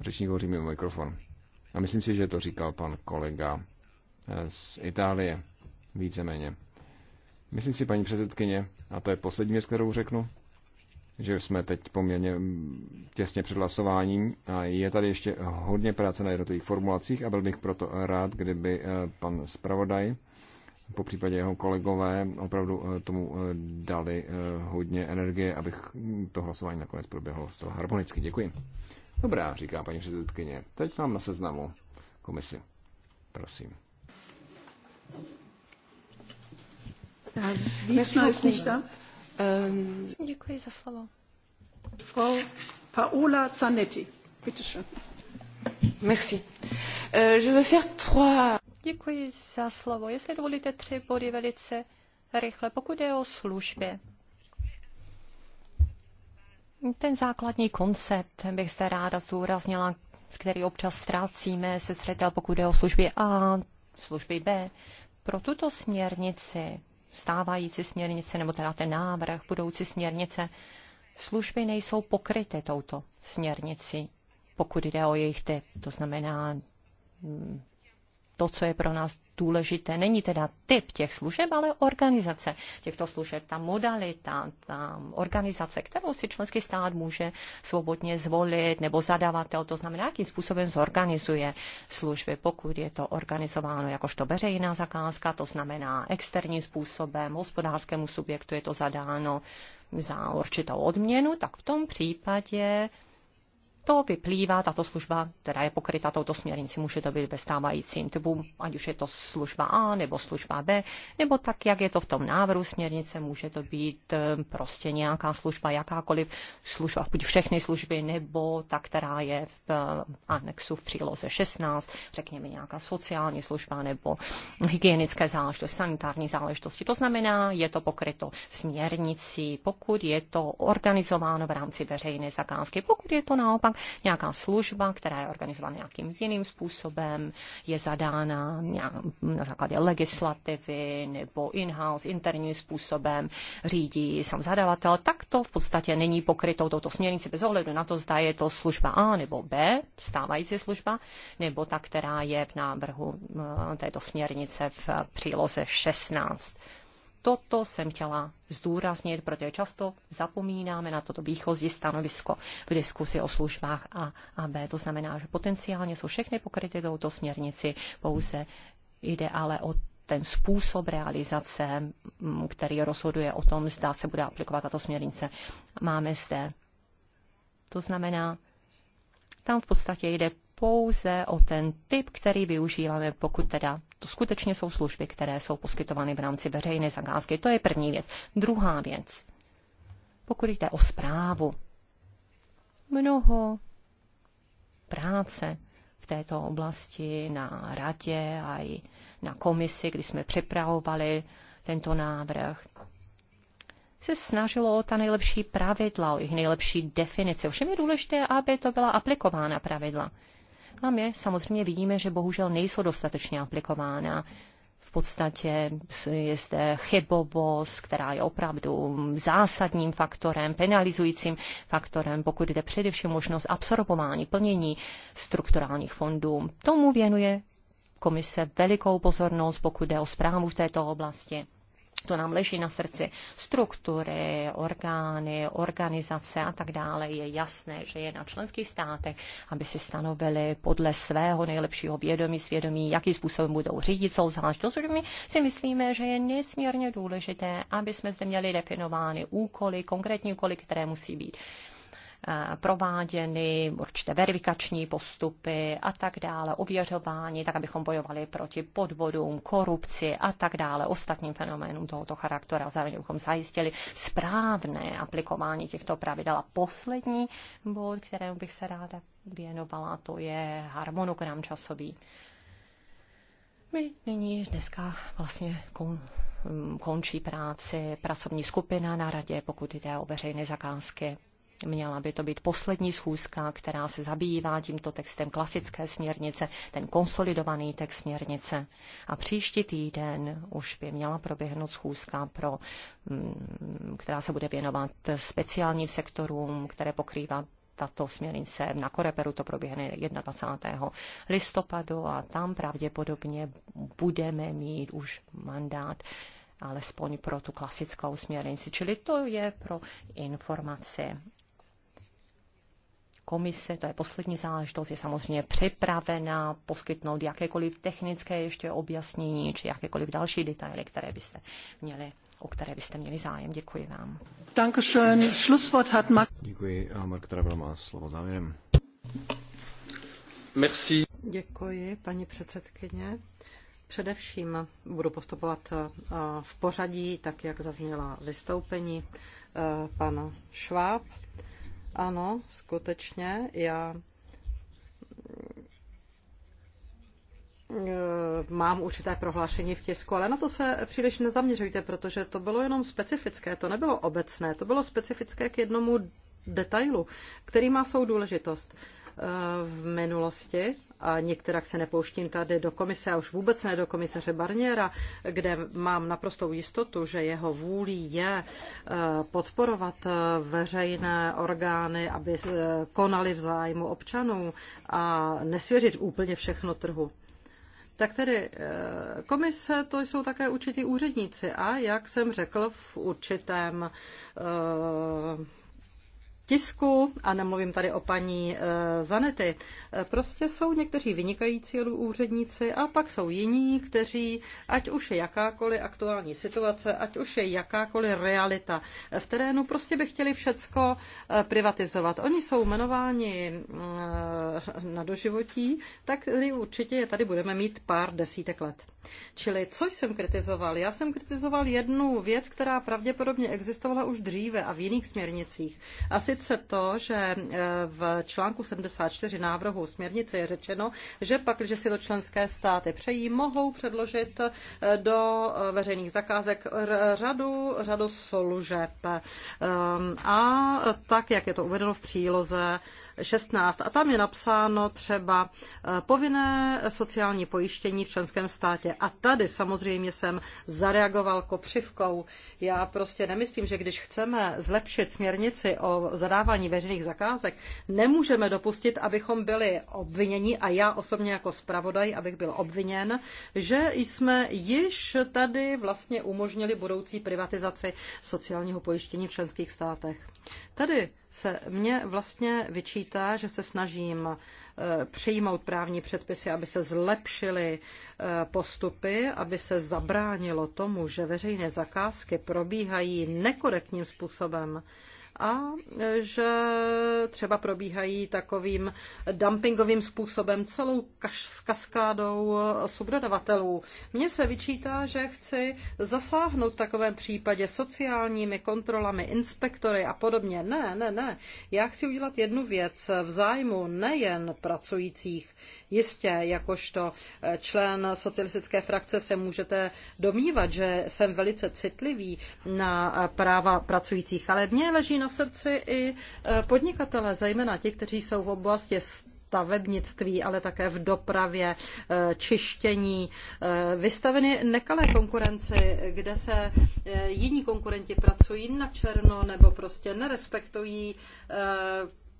Řečník hovoří mimo mikrofon. A myslím si, že to říkal pan kolega z Itálie, víceméně. Myslím si, paní předsedkyně, a to je poslední věc, kterou řeknu, že jsme teď poměrně mm, těsně před hlasováním a je tady ještě hodně práce na jednotlivých formulacích a byl bych proto rád, kdyby eh, pan zpravodaj, po případě jeho kolegové, opravdu eh, tomu eh, dali hodně energie, abych mm, to hlasování nakonec proběhlo zcela harmonicky. Děkuji. Dobrá, říká paní předsedkyně. Teď mám na seznamu komisi. Prosím. Euh, Děkuji za slovo. Frau Paola Zanetti, bitte schön. Merci. Euh, je veux faire trois... Děkuji za slovo. Jestli dovolíte tři body velice rychle, pokud je o službě. Ten základní koncept bych zde ráda zdůraznila, který občas ztrácíme se zřetel, pokud je o služby. A služby B. Pro tuto směrnici, stávající směrnice, nebo teda ten návrh budoucí směrnice, služby nejsou pokryty touto směrnici pokud jde o jejich typ. To znamená, mm, to, co je pro nás důležité. Není teda typ těch služeb, ale organizace těchto služeb, ta modalita, ta organizace, kterou si členský stát může svobodně zvolit, nebo zadavatel, to znamená, jakým způsobem zorganizuje služby, pokud je to organizováno jakožto veřejná zakázka, to znamená externím způsobem, hospodářskému subjektu je to zadáno za určitou odměnu, tak v tom případě to vyplývá, tato služba, která je pokryta touto směrnicí, může to být ve stávajícím typu, ať už je to služba A nebo služba B, nebo tak, jak je to v tom návrhu směrnice, může to být eh, prostě nějaká služba, jakákoliv služba, buď všechny služby, nebo ta, která je v eh, anexu v příloze 16, řekněme nějaká sociální služba nebo hygienické záležitosti, sanitární záležitosti. To znamená, je to pokryto směrnicí, pokud je to organizováno v rámci veřejné zakázky, pokud je to naopak nějaká služba, která je organizována nějakým jiným způsobem, je zadána nějak, na základě legislativy nebo in-house, interním způsobem, řídí sam zadavatel, tak to v podstatě není pokrytou touto směrnici bez ohledu na to, zda je to služba A nebo B, stávající služba, nebo ta, která je v návrhu eh, této směrnice v příloze 16 toto jsem chtěla zdůraznit, protože často zapomínáme na toto výchozí stanovisko v diskusi o službách A a B. To znamená, že potenciálně jsou všechny pokryty touto směrnici, pouze jde ale o ten způsob realizace, který rozhoduje o tom, zda se bude aplikovat tato směrnice, máme zde. To znamená, tam v podstatě jde pouze o ten typ, který využíváme, pokud teda to skutečně jsou služby, které jsou poskytovány v rámci veřejné zakázky. To je první věc. Druhá věc, pokud jde o zprávu, mnoho práce v této oblasti na radě a i na komisi, kdy jsme připravovali tento návrh, se snažilo o ta nejlepší pravidla, o jejich nejlepší definice. Všem je důležité, aby to byla aplikována pravidla. A no, my samozřejmě vidíme, že bohužel nejsou dostatečně aplikována. V podstatě je zde chybovost, která je opravdu zásadním faktorem, penalizujícím faktorem, pokud jde především možnost absorbování, plnění strukturálních fondů. Tomu věnuje komise velikou pozornost, pokud jde o zprávu v této oblasti to nám leží na srdci, struktury, orgány, organizace a tak dále, je jasné, že je na členských státech, aby si stanovili podle svého nejlepšího vědomí, svědomí, jaký způsobem budou řídit celou záležitost. My si myslíme, že je nesmírně důležité, aby jsme zde měli definovány úkoly, konkrétní úkoly, které musí být Eh, prováděny, určité verifikační postupy a tak dále, ověřování, tak abychom bojovali proti podvodům, korupci a tak dále, ostatním fenoménům tohoto charakteru a zároveň bychom zajistili správné aplikování těchto pravidel. A poslední bod, kterému bych se ráda věnovala, to je harmonogram časový. My nyní dneska vlastně kon, končí práci pracovní skupina na radě, pokud jde o veřejné zakázky. Měla by to být poslední schůzka, která se zabývá tímto textem klasické směrnice, ten konsolidovaný text směrnice. A příští týden už by měla proběhnout schůzka, pro, mm, která se bude věnovat speciálním sektorům, které pokrývá tato směrnice na Koreperu to proběhne 21. listopadu a tam pravděpodobně budeme mít už mandát alespoň pro tu klasickou směrnici. Čili to je pro informaci komise, to je poslední záležitost, je samozřejmě připravena poskytnout jakékoliv technické ještě objasnění či jakékoliv další detaily, které byste měli o které byste měli zájem. Děkuji vám. Dankeschön. Schlusswort hat Mark. Děkuji a Mark Travel má slovo závěrem. Merci. Děkuji, paní předsedkyně. Především budu postupovat eh, v pořadí, tak jak zazněla vystoupení eh, pana Šváb ano, skutečně, já mm, e, mám určité prohlášení v tisku, ale na to se příliš nezaměřujte, protože to bylo jenom specifické, to nebylo obecné, to bylo specifické k jednomu detailu, který má svou důležitost. E, v minulosti a některak se nepouštím tady do komise a už vůbec ne do komisaře Barniera, kde mám naprostou jistotu, že jeho vůlí je eh, podporovat eh, veřejné orgány, aby eh, konali v zájmu občanů a nesvěřit úplně všechno trhu. Tak tedy komise to jsou také určití úředníci a jak jsem řekl v určitém tisku, a nemluvím tady o paní eh, Zanety, eh, prostě jsou někteří vynikající úředníci a pak jsou jiní, kteří, ať už je jakákoliv aktuální situace, ať už je jakákoliv realita eh, v terénu, prostě by chtěli všecko privatizovat. Oni jsou jmenováni na doživotí, tak určitě je tady budeme mít pár desítek let. Čili co jsem kritizoval? Já jsem kritizoval jednu věc, která pravděpodobně existovala už dříve a v jiných směrnicích. Asi sice to, že eh, v článku 74 návrhu směrnice je řečeno, že pak, když si to členské státy přejí, mohou předložit eh, do eh, veřejných zakázek řadu, řadu služeb. Ehm, a tak, jak je to uvedeno v příloze 16 a tam je napsáno třeba eh, povinné sociální pojištění v členském státě. A tady samozřejmě jsem zareagoval kopřivkou. Já prostě nemyslím, že když chceme zlepšit směrnici o zadávání veřejných zakázek, nemůžeme dopustit, abychom byli obviněni a já osobně jako zpravodaj, abych byl obviněn, že jsme již tady vlastně umožnili budoucí privatizaci sociálního pojištění v členských státech. Tady se mně vlastně vyčítá, že se snažím eh, přijmout právní předpisy, aby se zlepšily eh, postupy, aby se zabránilo tomu, že veřejné zakázky probíhají nekorektním způsobem a že třeba probíhají takovým dumpingovým způsobem celou kaskádou subdodavatelů. Mně se vyčítá, že chci zasáhnout v takovém případě sociálními kontrolami, inspektory a podobně. Ne, ne, ne. Já chci udělat jednu věc v zájmu nejen pracujících. Jistě, jakožto eh, člen socialistické frakce se můžete domnívat, že jsem velice citlivý na eh, práva pracujících, ale mně leží na na srdci i e, podnikatele, zejména ti, kteří jsou v oblasti stavebnictví, ale také v dopravě, e, čištění, e, vystaveny nekalé konkurenci, kde se jiní konkurenti pracují na černo nebo prostě nerespektují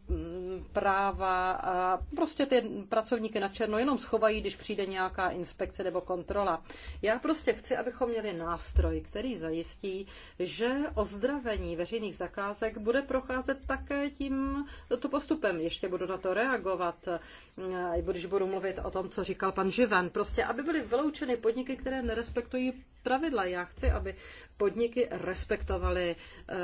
Mm, práva a prostě ty pracovníky na černo jenom schovají, když přijde nějaká inspekce nebo kontrola. Já prostě chci, abychom měli nástroj, který zajistí, že ozdravení veřejných zakázek bude procházet také tím to postupem. Ještě budu na to reagovat, mm, když budu mluvit o tom, co říkal pan Živan. Prostě, aby byly vyloučeny podniky, které nerespektují pravidla. Já chci, aby podniky respektovaly eh,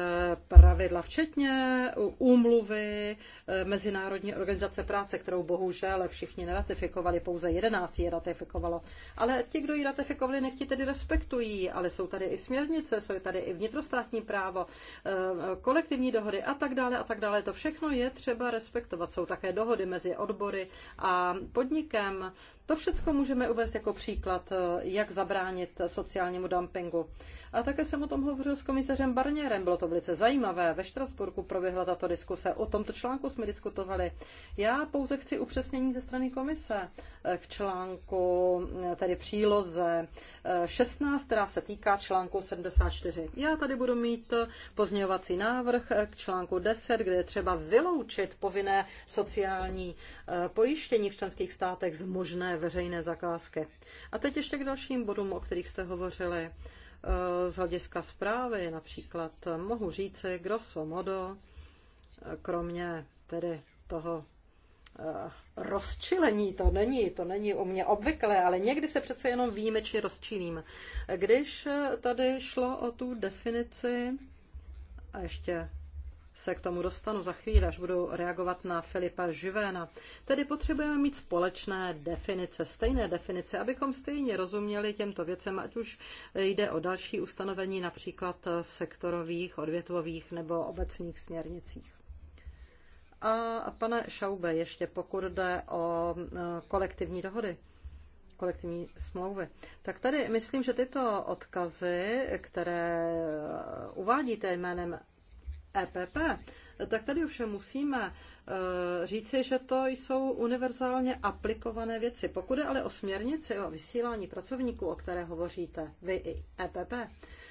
pravidla, včetně úmluvy eh, Mezinárodní organizace práce, kterou bohužel všichni neratifikovali, pouze 11 ji ratifikovalo. Ale ti, kdo ji ratifikovali, nechti tedy respektují, ale jsou tady i směrnice, jsou tady i vnitrostátní právo, eh, kolektivní dohody a tak dále a tak dále. To všechno je třeba respektovat. Jsou také dohody mezi odbory a podnikem. To všechno můžeme uvést jako příklad, eh, jak zabránit sociálnímu dumpingu. A také jsem o tom hovořil s komisařem Barnierem, bylo to velice zajímavé. Ve Štrasburku proběhla tato diskuse, o tomto článku jsme diskutovali. Já pouze chci upřesnění ze strany komise eh, k článku, eh, tedy příloze 16, která se týká článku 74. Já tady budu mít pozměňovací návrh k článku 10, kde je třeba vyloučit povinné sociální Eh, pojištění v členských státech z možné veřejné zakázky. A teď ještě k dalším bodům, o kterých jste hovořili. Eh, z hlediska zprávy například mohu říci grosso modo, eh, kromě tedy toho rozčilení, to není, to není u mě obvyklé, ale někdy se přece jenom výjimečně rozčilím. Když tady šlo o tu definici, a ještě se k tomu dostanu za chvíli, až budu reagovat na Filipa Živéna. Tedy potřebujeme mít společné definice, stejné definice, abychom stejně rozuměli těmto věcem, ať už jde o další ustanovení například v sektorových, odvětvových nebo obecních směrnicích. A pane Šaube, ještě pokud jde o e, kolektivní dohody kolektivní smlouvy. Tak tady myslím, že tyto odkazy, které e, uvádíte jménem EPP, tak tady už musíme eh, říci, že to jsou univerzálně aplikované věci. Pokud je ale o směrnici o vysílání pracovníků, o které hovoříte vy i EPP,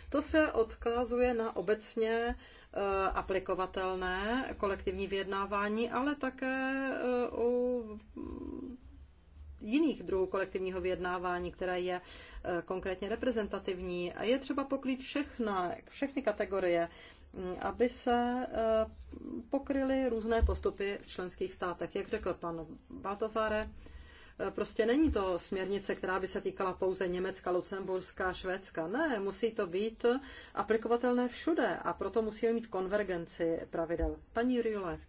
to se odkazuje na obecně eh, aplikovatelné kolektivní vyjednávání, ale také eh, u jiných druhů kolektivního vyjednávání, které je konkrétně reprezentativní. A je třeba pokrýt všechna, všechny kategorie aby se eh, pokryly různé postupy v členských státech. Jak řekl pan Baltazare, eh, prostě není to směrnice, která by se týkala pouze Německa, Lucemburska, Švédska. Ne, musí to být aplikovatelné všude a proto musíme mít konvergenci pravidel. Paní Riole,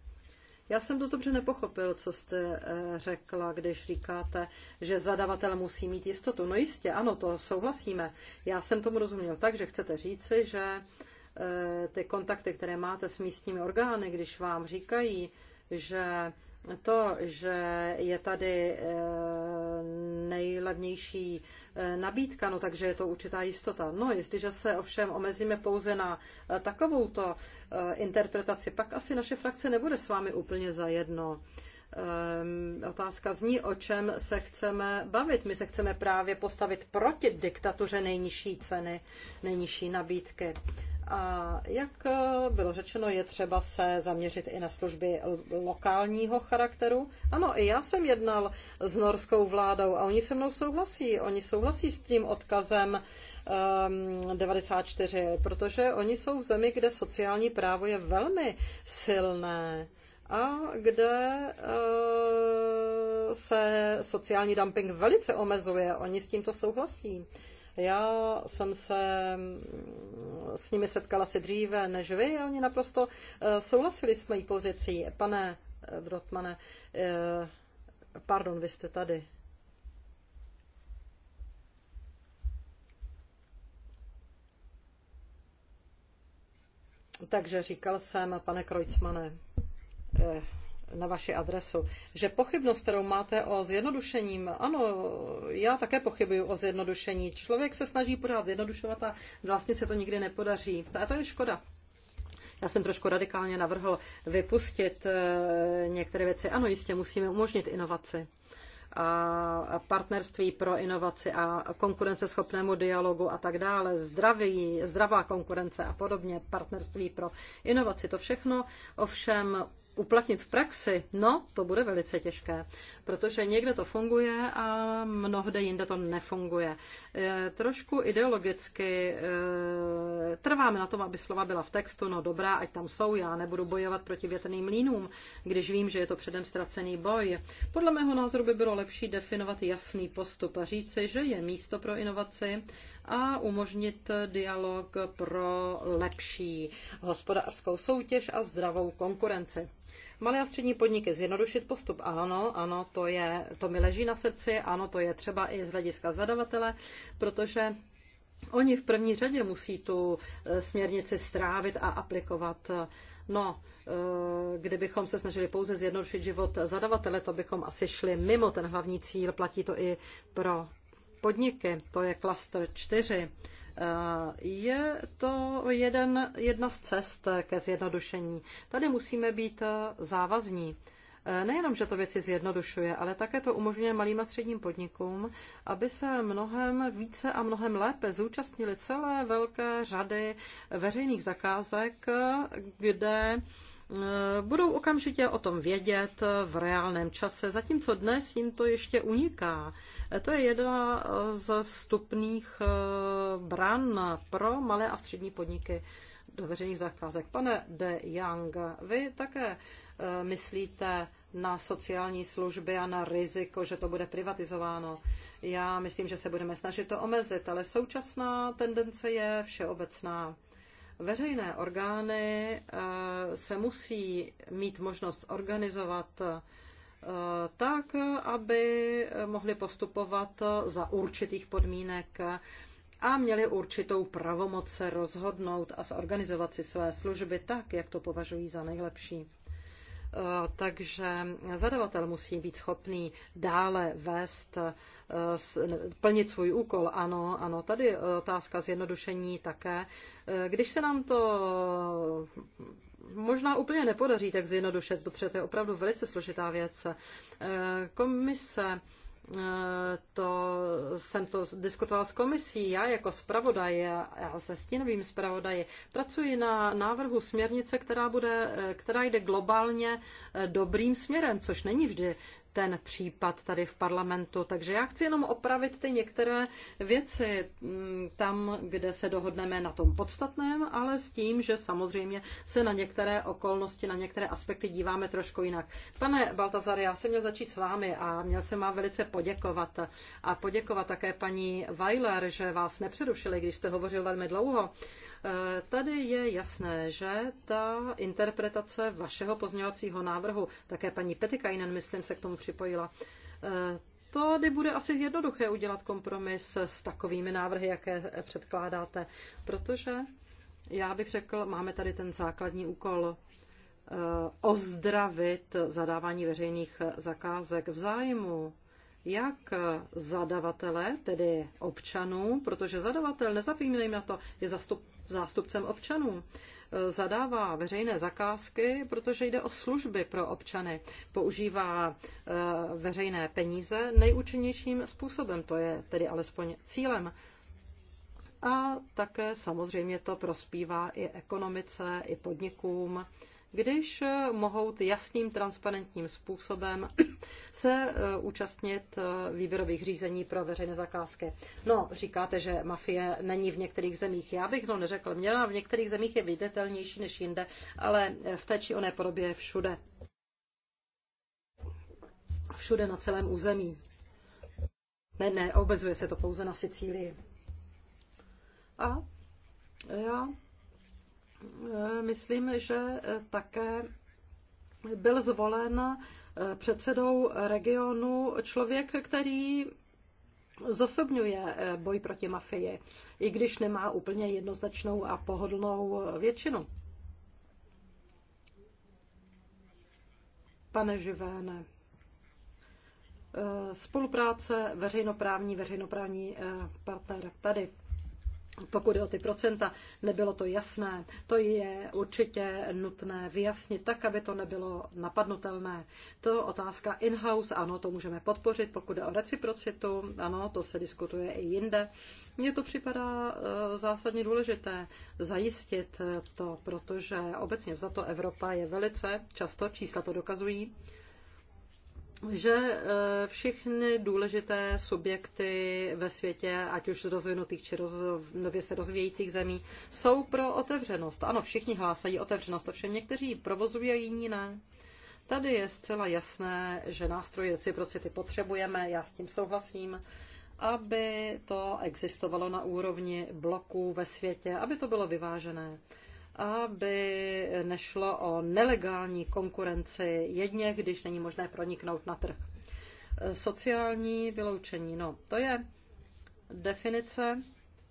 já jsem to dobře nepochopil, co jste eh, řekla, když říkáte, že zadavatel musí mít jistotu. No jistě, ano, to souhlasíme. Já jsem tomu rozuměl tak, že chcete říci, že Eh, ty kontakty, které máte s místními orgány, když vám říkají, že to, že je tady eh, nejlevnější eh, nabídka, no takže je to určitá jistota. No, jestliže se ovšem omezíme pouze na takovouto interpretaci, pak asi naše frakce nebude s vámi úplně zajedno. Ehm, otázka zní, o čem se chceme bavit. My se chceme právě postavit proti diktatuře nejnižší ceny, nejnižší nabídky. A jak eh, bylo řečeno, je třeba se zaměřit i na služby lokálního charakteru. Ano, i já jsem jednal s norskou vládou a oni se mnou souhlasí. Oni souhlasí s tím odkazem um, ehm, 94, protože oni jsou v zemi, kde sociální právo je velmi silné a kde uh, se sociální dumping velice omezuje. Oni s tímto souhlasí. Uh, já jsem se mm, s nimi setkala si dříve než vy a oni naprosto eh, souhlasili s mojí pozicí. Pane eh, Drotmane, eh, pardon, vy jste tady. Takže říkal jsem, pane Krojcmane, na vaši adresu, že pochybnost, kterou máte o zjednodušením, ano, já také pochybuju o zjednodušení. Člověk se snaží pořád zjednodušovat a vlastně se to nikdy nepodaří. A to je škoda. Já jsem trošku radikálně navrhl vypustit eh, některé věci. Ano, jistě musíme umožnit inovaci a partnerství pro inovaci a konkurenceschopnému dialogu a tak dále, zdraví, zdravá konkurence a podobně, partnerství pro inovaci. To všechno ovšem uplatnit v praxi, no, to bude velice těžké, protože někde to funguje a mnohde jinde to nefunguje. Trošku ideologicky eh, trváme na tom, aby slova byla v textu, no dobrá, ať tam jsou, já nebudu bojovat proti větrným mlínům, když vím, že je to předem ztracený boj. Podle mého názoru by bylo lepší definovat jasný postup a říci, že je místo pro inovaci a umožnit dialog pro lepší hospodářskou soutěž a zdravou konkurenci. Malé a střední podniky zjednodušit postup. Ano, ano, to, je, to mi leží na srdci, ano, to je třeba i z hlediska zadavatele, protože oni v první řadě musí tu eh, směrnici strávit a aplikovat. No, eh, kdybychom se snažili pouze zjednodušit život zadavatele, to bychom asi šli mimo ten hlavní cíl. Platí to i pro podniky, to je klaster 4, eh, je to jeden, jedna z cest ke zjednodušení. Tady musíme být eh, závazní. Eh, nejenom, že to věci zjednodušuje, ale také to umožňuje malým a středním podnikům, aby se mnohem více a mnohem lépe zúčastnili celé velké řady veřejných zakázek, kde Eh, budou okamžitě o tom vědět eh, v reálném čase, zatímco dnes jim to ještě uniká. Eh, to je jedna z vstupných bran pro malé a střední podniky do veřejných zakázek. Pane De Young, vy také myslíte na sociální služby a na riziko, že to bude privatizováno. Já myslím, že se budeme snažit to omezit, ale současná tendence je všeobecná. Veřejné orgány eh, se musí mít možnost organizovat eh, tak, aby mohli postupovat za určitých podmínek a měli určitou pravomoc se rozhodnout a zorganizovat si své služby tak, jak to považují za nejlepší takže zadavatel musí být schopný dále vést, eh, plnit svůj úkol. Ano, ano, tady otázka zjednodušení také. Eh, když se nám to možná úplně nepodaří tak zjednodušit, protože to je opravdu velice složitá věc. Eh, komise to jsem to diskutovala s komisí, já jako zpravodaj, já se stínovým zpravodaji, pracuji na návrhu směrnice, která, bude, která jde globálně eh, dobrým směrem, což není vždy ten případ tady v parlamentu. Takže já chci jenom opravit ty některé věci mm, tam, kde se dohodneme na tom podstatném, ale s tím, že samozřejmě se na některé okolnosti, na některé aspekty díváme trošku jinak. Pane Baltazar, já jsem měl začít s vámi a měl jsem vám velice poděkovat a poděkovat také paní Weiler, že vás nepřerušili, když jste hovořil velmi dlouho. Eh, tady je jasné, že ta interpretace vašeho pozměňovacího návrhu, také paní Petikainen, myslím, se k tomu připojila, eh, tady bude asi jednoduché udělat kompromis s takovými návrhy, jaké předkládáte, protože já bych řekl, máme tady ten základní úkol eh, ozdravit zadávání veřejných zakázek v zájmu jak zadavatele, tedy občanů, protože zadavatel, nezapomínejme na to, je zastup, zástupcem občanů, e, zadává veřejné zakázky, protože jde o služby pro občany. Používá e, veřejné peníze nejúčinnějším způsobem, to je tedy alespoň cílem a také samozřejmě to prospívá i ekonomice, i podnikům když eh, mohou jasným, transparentním způsobem se eh, účastnit eh, výběrových řízení pro veřejné zakázky. No, říkáte, že mafie není v některých zemích. Já bych to neřekl. Měla v některých zemích je viditelnější než jinde, ale v té či oné podobě všude. Všude na celém území. Ne, ne, obezuje se to pouze na Sicílii. A já Eh, myslím, že eh, také byl zvolen eh, předsedou regionu člověk, který zosobňuje boj proti mafii, i když nemá úplně jednoznačnou a pohodlnou většinu. Pane Živéne, spolupráce veřejnoprávní, veřejnoprávní partner tady pokud je o ty procenta, nebylo to jasné. To je určitě nutné vyjasnit tak, aby to nebylo napadnutelné. To otázka in-house, ano, to můžeme podpořit. Pokud je o reciprocitu, ano, to se diskutuje i jinde. Mně to připadá eh, zásadně důležité zajistit to, protože obecně vzato Evropa je velice, často čísla to dokazují, že e, všechny důležité subjekty ve světě, ať už z rozvinutých či roz, nově se rozvíjejících zemí, jsou pro otevřenost. Ano, všichni hlásají otevřenost, ovšem někteří provozují a jiní ne. Tady je zcela jasné, že nástroje reciprocity potřebujeme, já s tím souhlasím, aby to existovalo na úrovni bloků ve světě, aby to bylo vyvážené aby nešlo o nelegální konkurenci jedně, když není možné proniknout na trh. Sociální vyloučení, no to je definice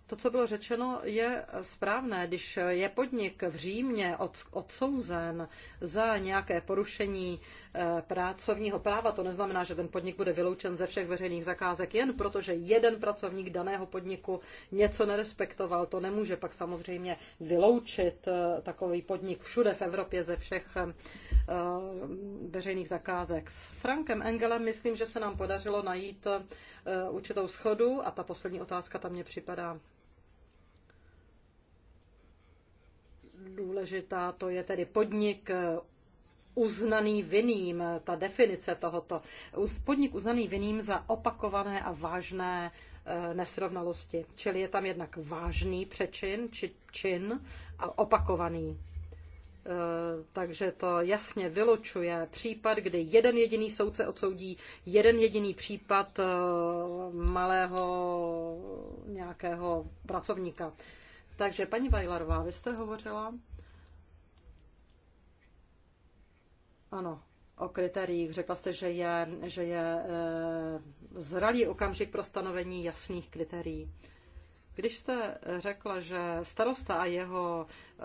to, co bylo řečeno, je správné. Když je podnik v Římě odsouzen za nějaké porušení eh, pracovního práva, to neznamená, že ten podnik bude vyloučen ze všech veřejných zakázek jen proto, že jeden pracovník daného podniku něco nerespektoval. To nemůže pak samozřejmě vyloučit eh, takový podnik všude v Evropě ze všech eh, veřejných zakázek. S Frankem Engelem myslím, že se nám podařilo najít určitou schodu a ta poslední otázka tam mě připadá důležitá, to je tedy podnik eh, uznaný vinným, eh, ta definice tohoto. Podnik uznaný vinným za opakované a vážné eh, nesrovnalosti. Čili je tam jednak vážný přečin či čin a opakovaný. Takže to jasně vylučuje případ, kdy jeden jediný soudce odsoudí jeden jediný případ malého nějakého pracovníka. Takže paní Vajlarová, vy jste hovořila ano, o kritériích. Řekla jste, že je, že je e, zralý okamžik pro stanovení jasných kritérií. Když jste řekla, že starosta a jeho e,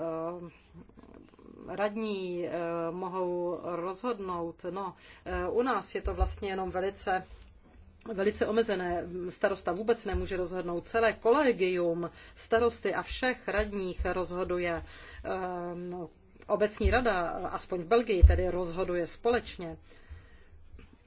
radní e, mohou rozhodnout, no, e, u nás je to vlastně jenom velice velice omezené. Starosta vůbec nemůže rozhodnout. Celé kolegium starosty a všech radních rozhoduje ehm, no, obecní rada, aspoň v Belgii tedy rozhoduje společně.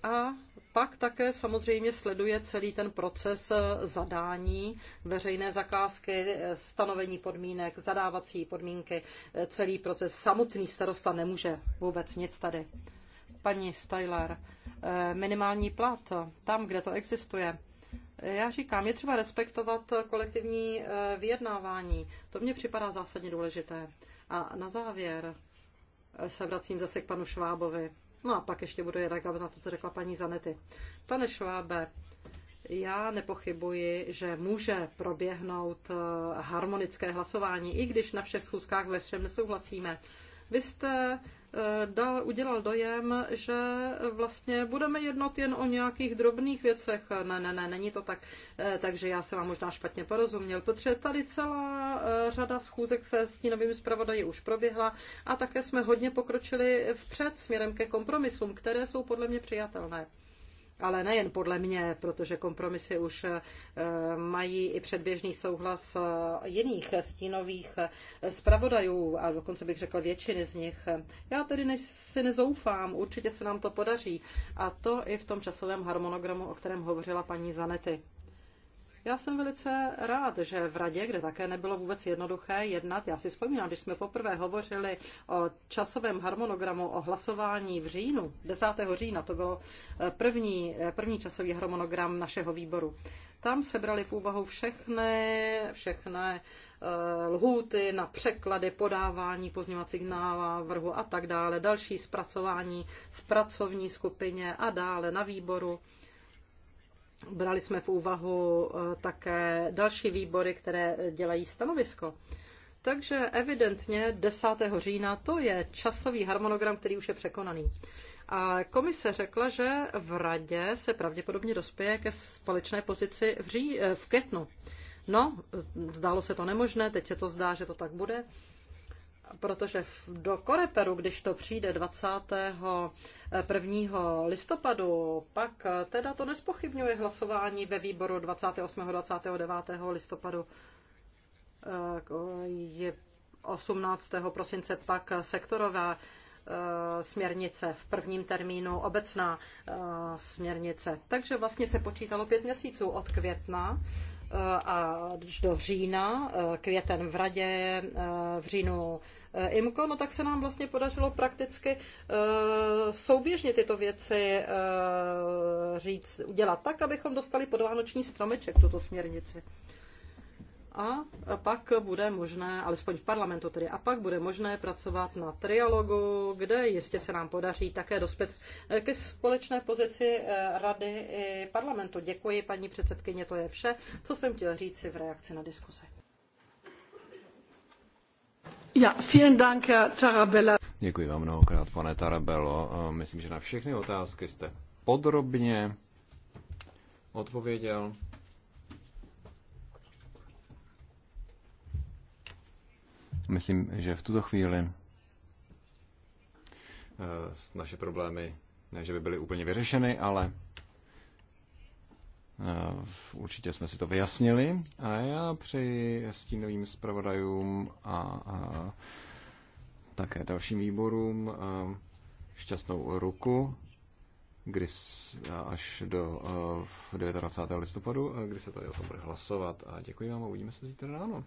A pak také samozřejmě sleduje celý ten proces eh, zadání veřejné zakázky, eh, stanovení podmínek, zadávací podmínky, eh, celý proces. Samotný starosta nemůže vůbec nic tady paní Styler, eh, minimální plat, tam, kde to existuje, já říkám, je třeba respektovat kolektivní eh, vyjednávání. To mně připadá zásadně důležité. A na závěr eh, se vracím zase k panu Švábovi. No a pak ještě budu reagovat na to, co řekla paní Zanety. Pane Švábe, já nepochybuji, že může proběhnout harmonické hlasování, i když na všech schůzkách ve všem nesouhlasíme. Vy jste eh, dal, udělal dojem, že vlastně budeme jednat jen o nějakých drobných věcech. Eh, ne, ne, ne, není to tak. Eh, takže já se vám možná špatně porozuměl, protože tady celá řada schůzek se stínovými zpravodaji už proběhla a také jsme hodně pokročili vpřed směrem ke kompromisům, které jsou podle mě přijatelné ale nejen podle mě, protože kompromisy už eh, mají i předběžný souhlas eh, jiných stínových eh, zpravodajů, a dokonce bych řekla většiny z nich. Já tedy než si nezoufám, určitě se nám to podaří. A to i v tom časovém harmonogramu, o kterém hovořila paní Zanety. Já jsem velice rád, že v radě, kde také nebylo vůbec jednoduché jednat, já si vzpomínám, když jsme poprvé hovořili o časovém harmonogramu, o hlasování v říjnu, 10. října, to byl eh, první, eh, první časový harmonogram našeho výboru. Tam se brali v úvahu všechny, všechny eh, lhůty na překlady, podávání pozněvacích návrhů a tak dále, další zpracování v pracovní skupině a dále na výboru. Brali jsme v úvahu eh, také další výbory, které dělají stanovisko. Takže evidentně 10. října to je časový harmonogram, který už je překonaný. A komise řekla, že v radě se pravděpodobně dospěje ke společné pozici v, ří, eh, v květnu. No, zdálo se to nemožné, teď se to zdá, že to tak bude protože do Koreperu, když to přijde 21. listopadu, pak eh, teda to nespochybňuje hlasování ve výboru 28. 29. listopadu. Eh, je 18. prosince pak sektorová eh, směrnice v prvním termínu, obecná směrnice. Takže vlastně se počítalo pět měsíců od května a do října, květen v radě, v říjnu Eh, IMCO, no tak se nám vlastně podařilo prakticky eh, souběžně tyto věci eh, říct, udělat tak, abychom dostali podvánoční stromeček tuto směrnici a pak bude možné, alespoň v parlamentu tedy, a pak bude možné pracovat na trialogu, kde jistě se nám podaří také dospět ke společné pozici rady i parlamentu. Děkuji, paní předsedkyně, to je vše, co jsem chtěl říci v reakci na diskuse. Ja, vielen Dank, Tarabella. Děkuji vám mnohokrát, pane Tarabello. Myslím, že na všechny otázky jste podrobně odpověděl. Myslím, že v tuto chvíli eh, naše problémy ne, že by byly úplně vyřešeny, ale Eh, určitě jsme si to vyjasnili a já přeji stínovým zpravodajům a, a také dalším výborům eh, šťastnou ruku, kdy až do 29. Eh, listopadu, kdy se tady o tom bude hlasovat. A děkuji vám a uvidíme se zítra ráno.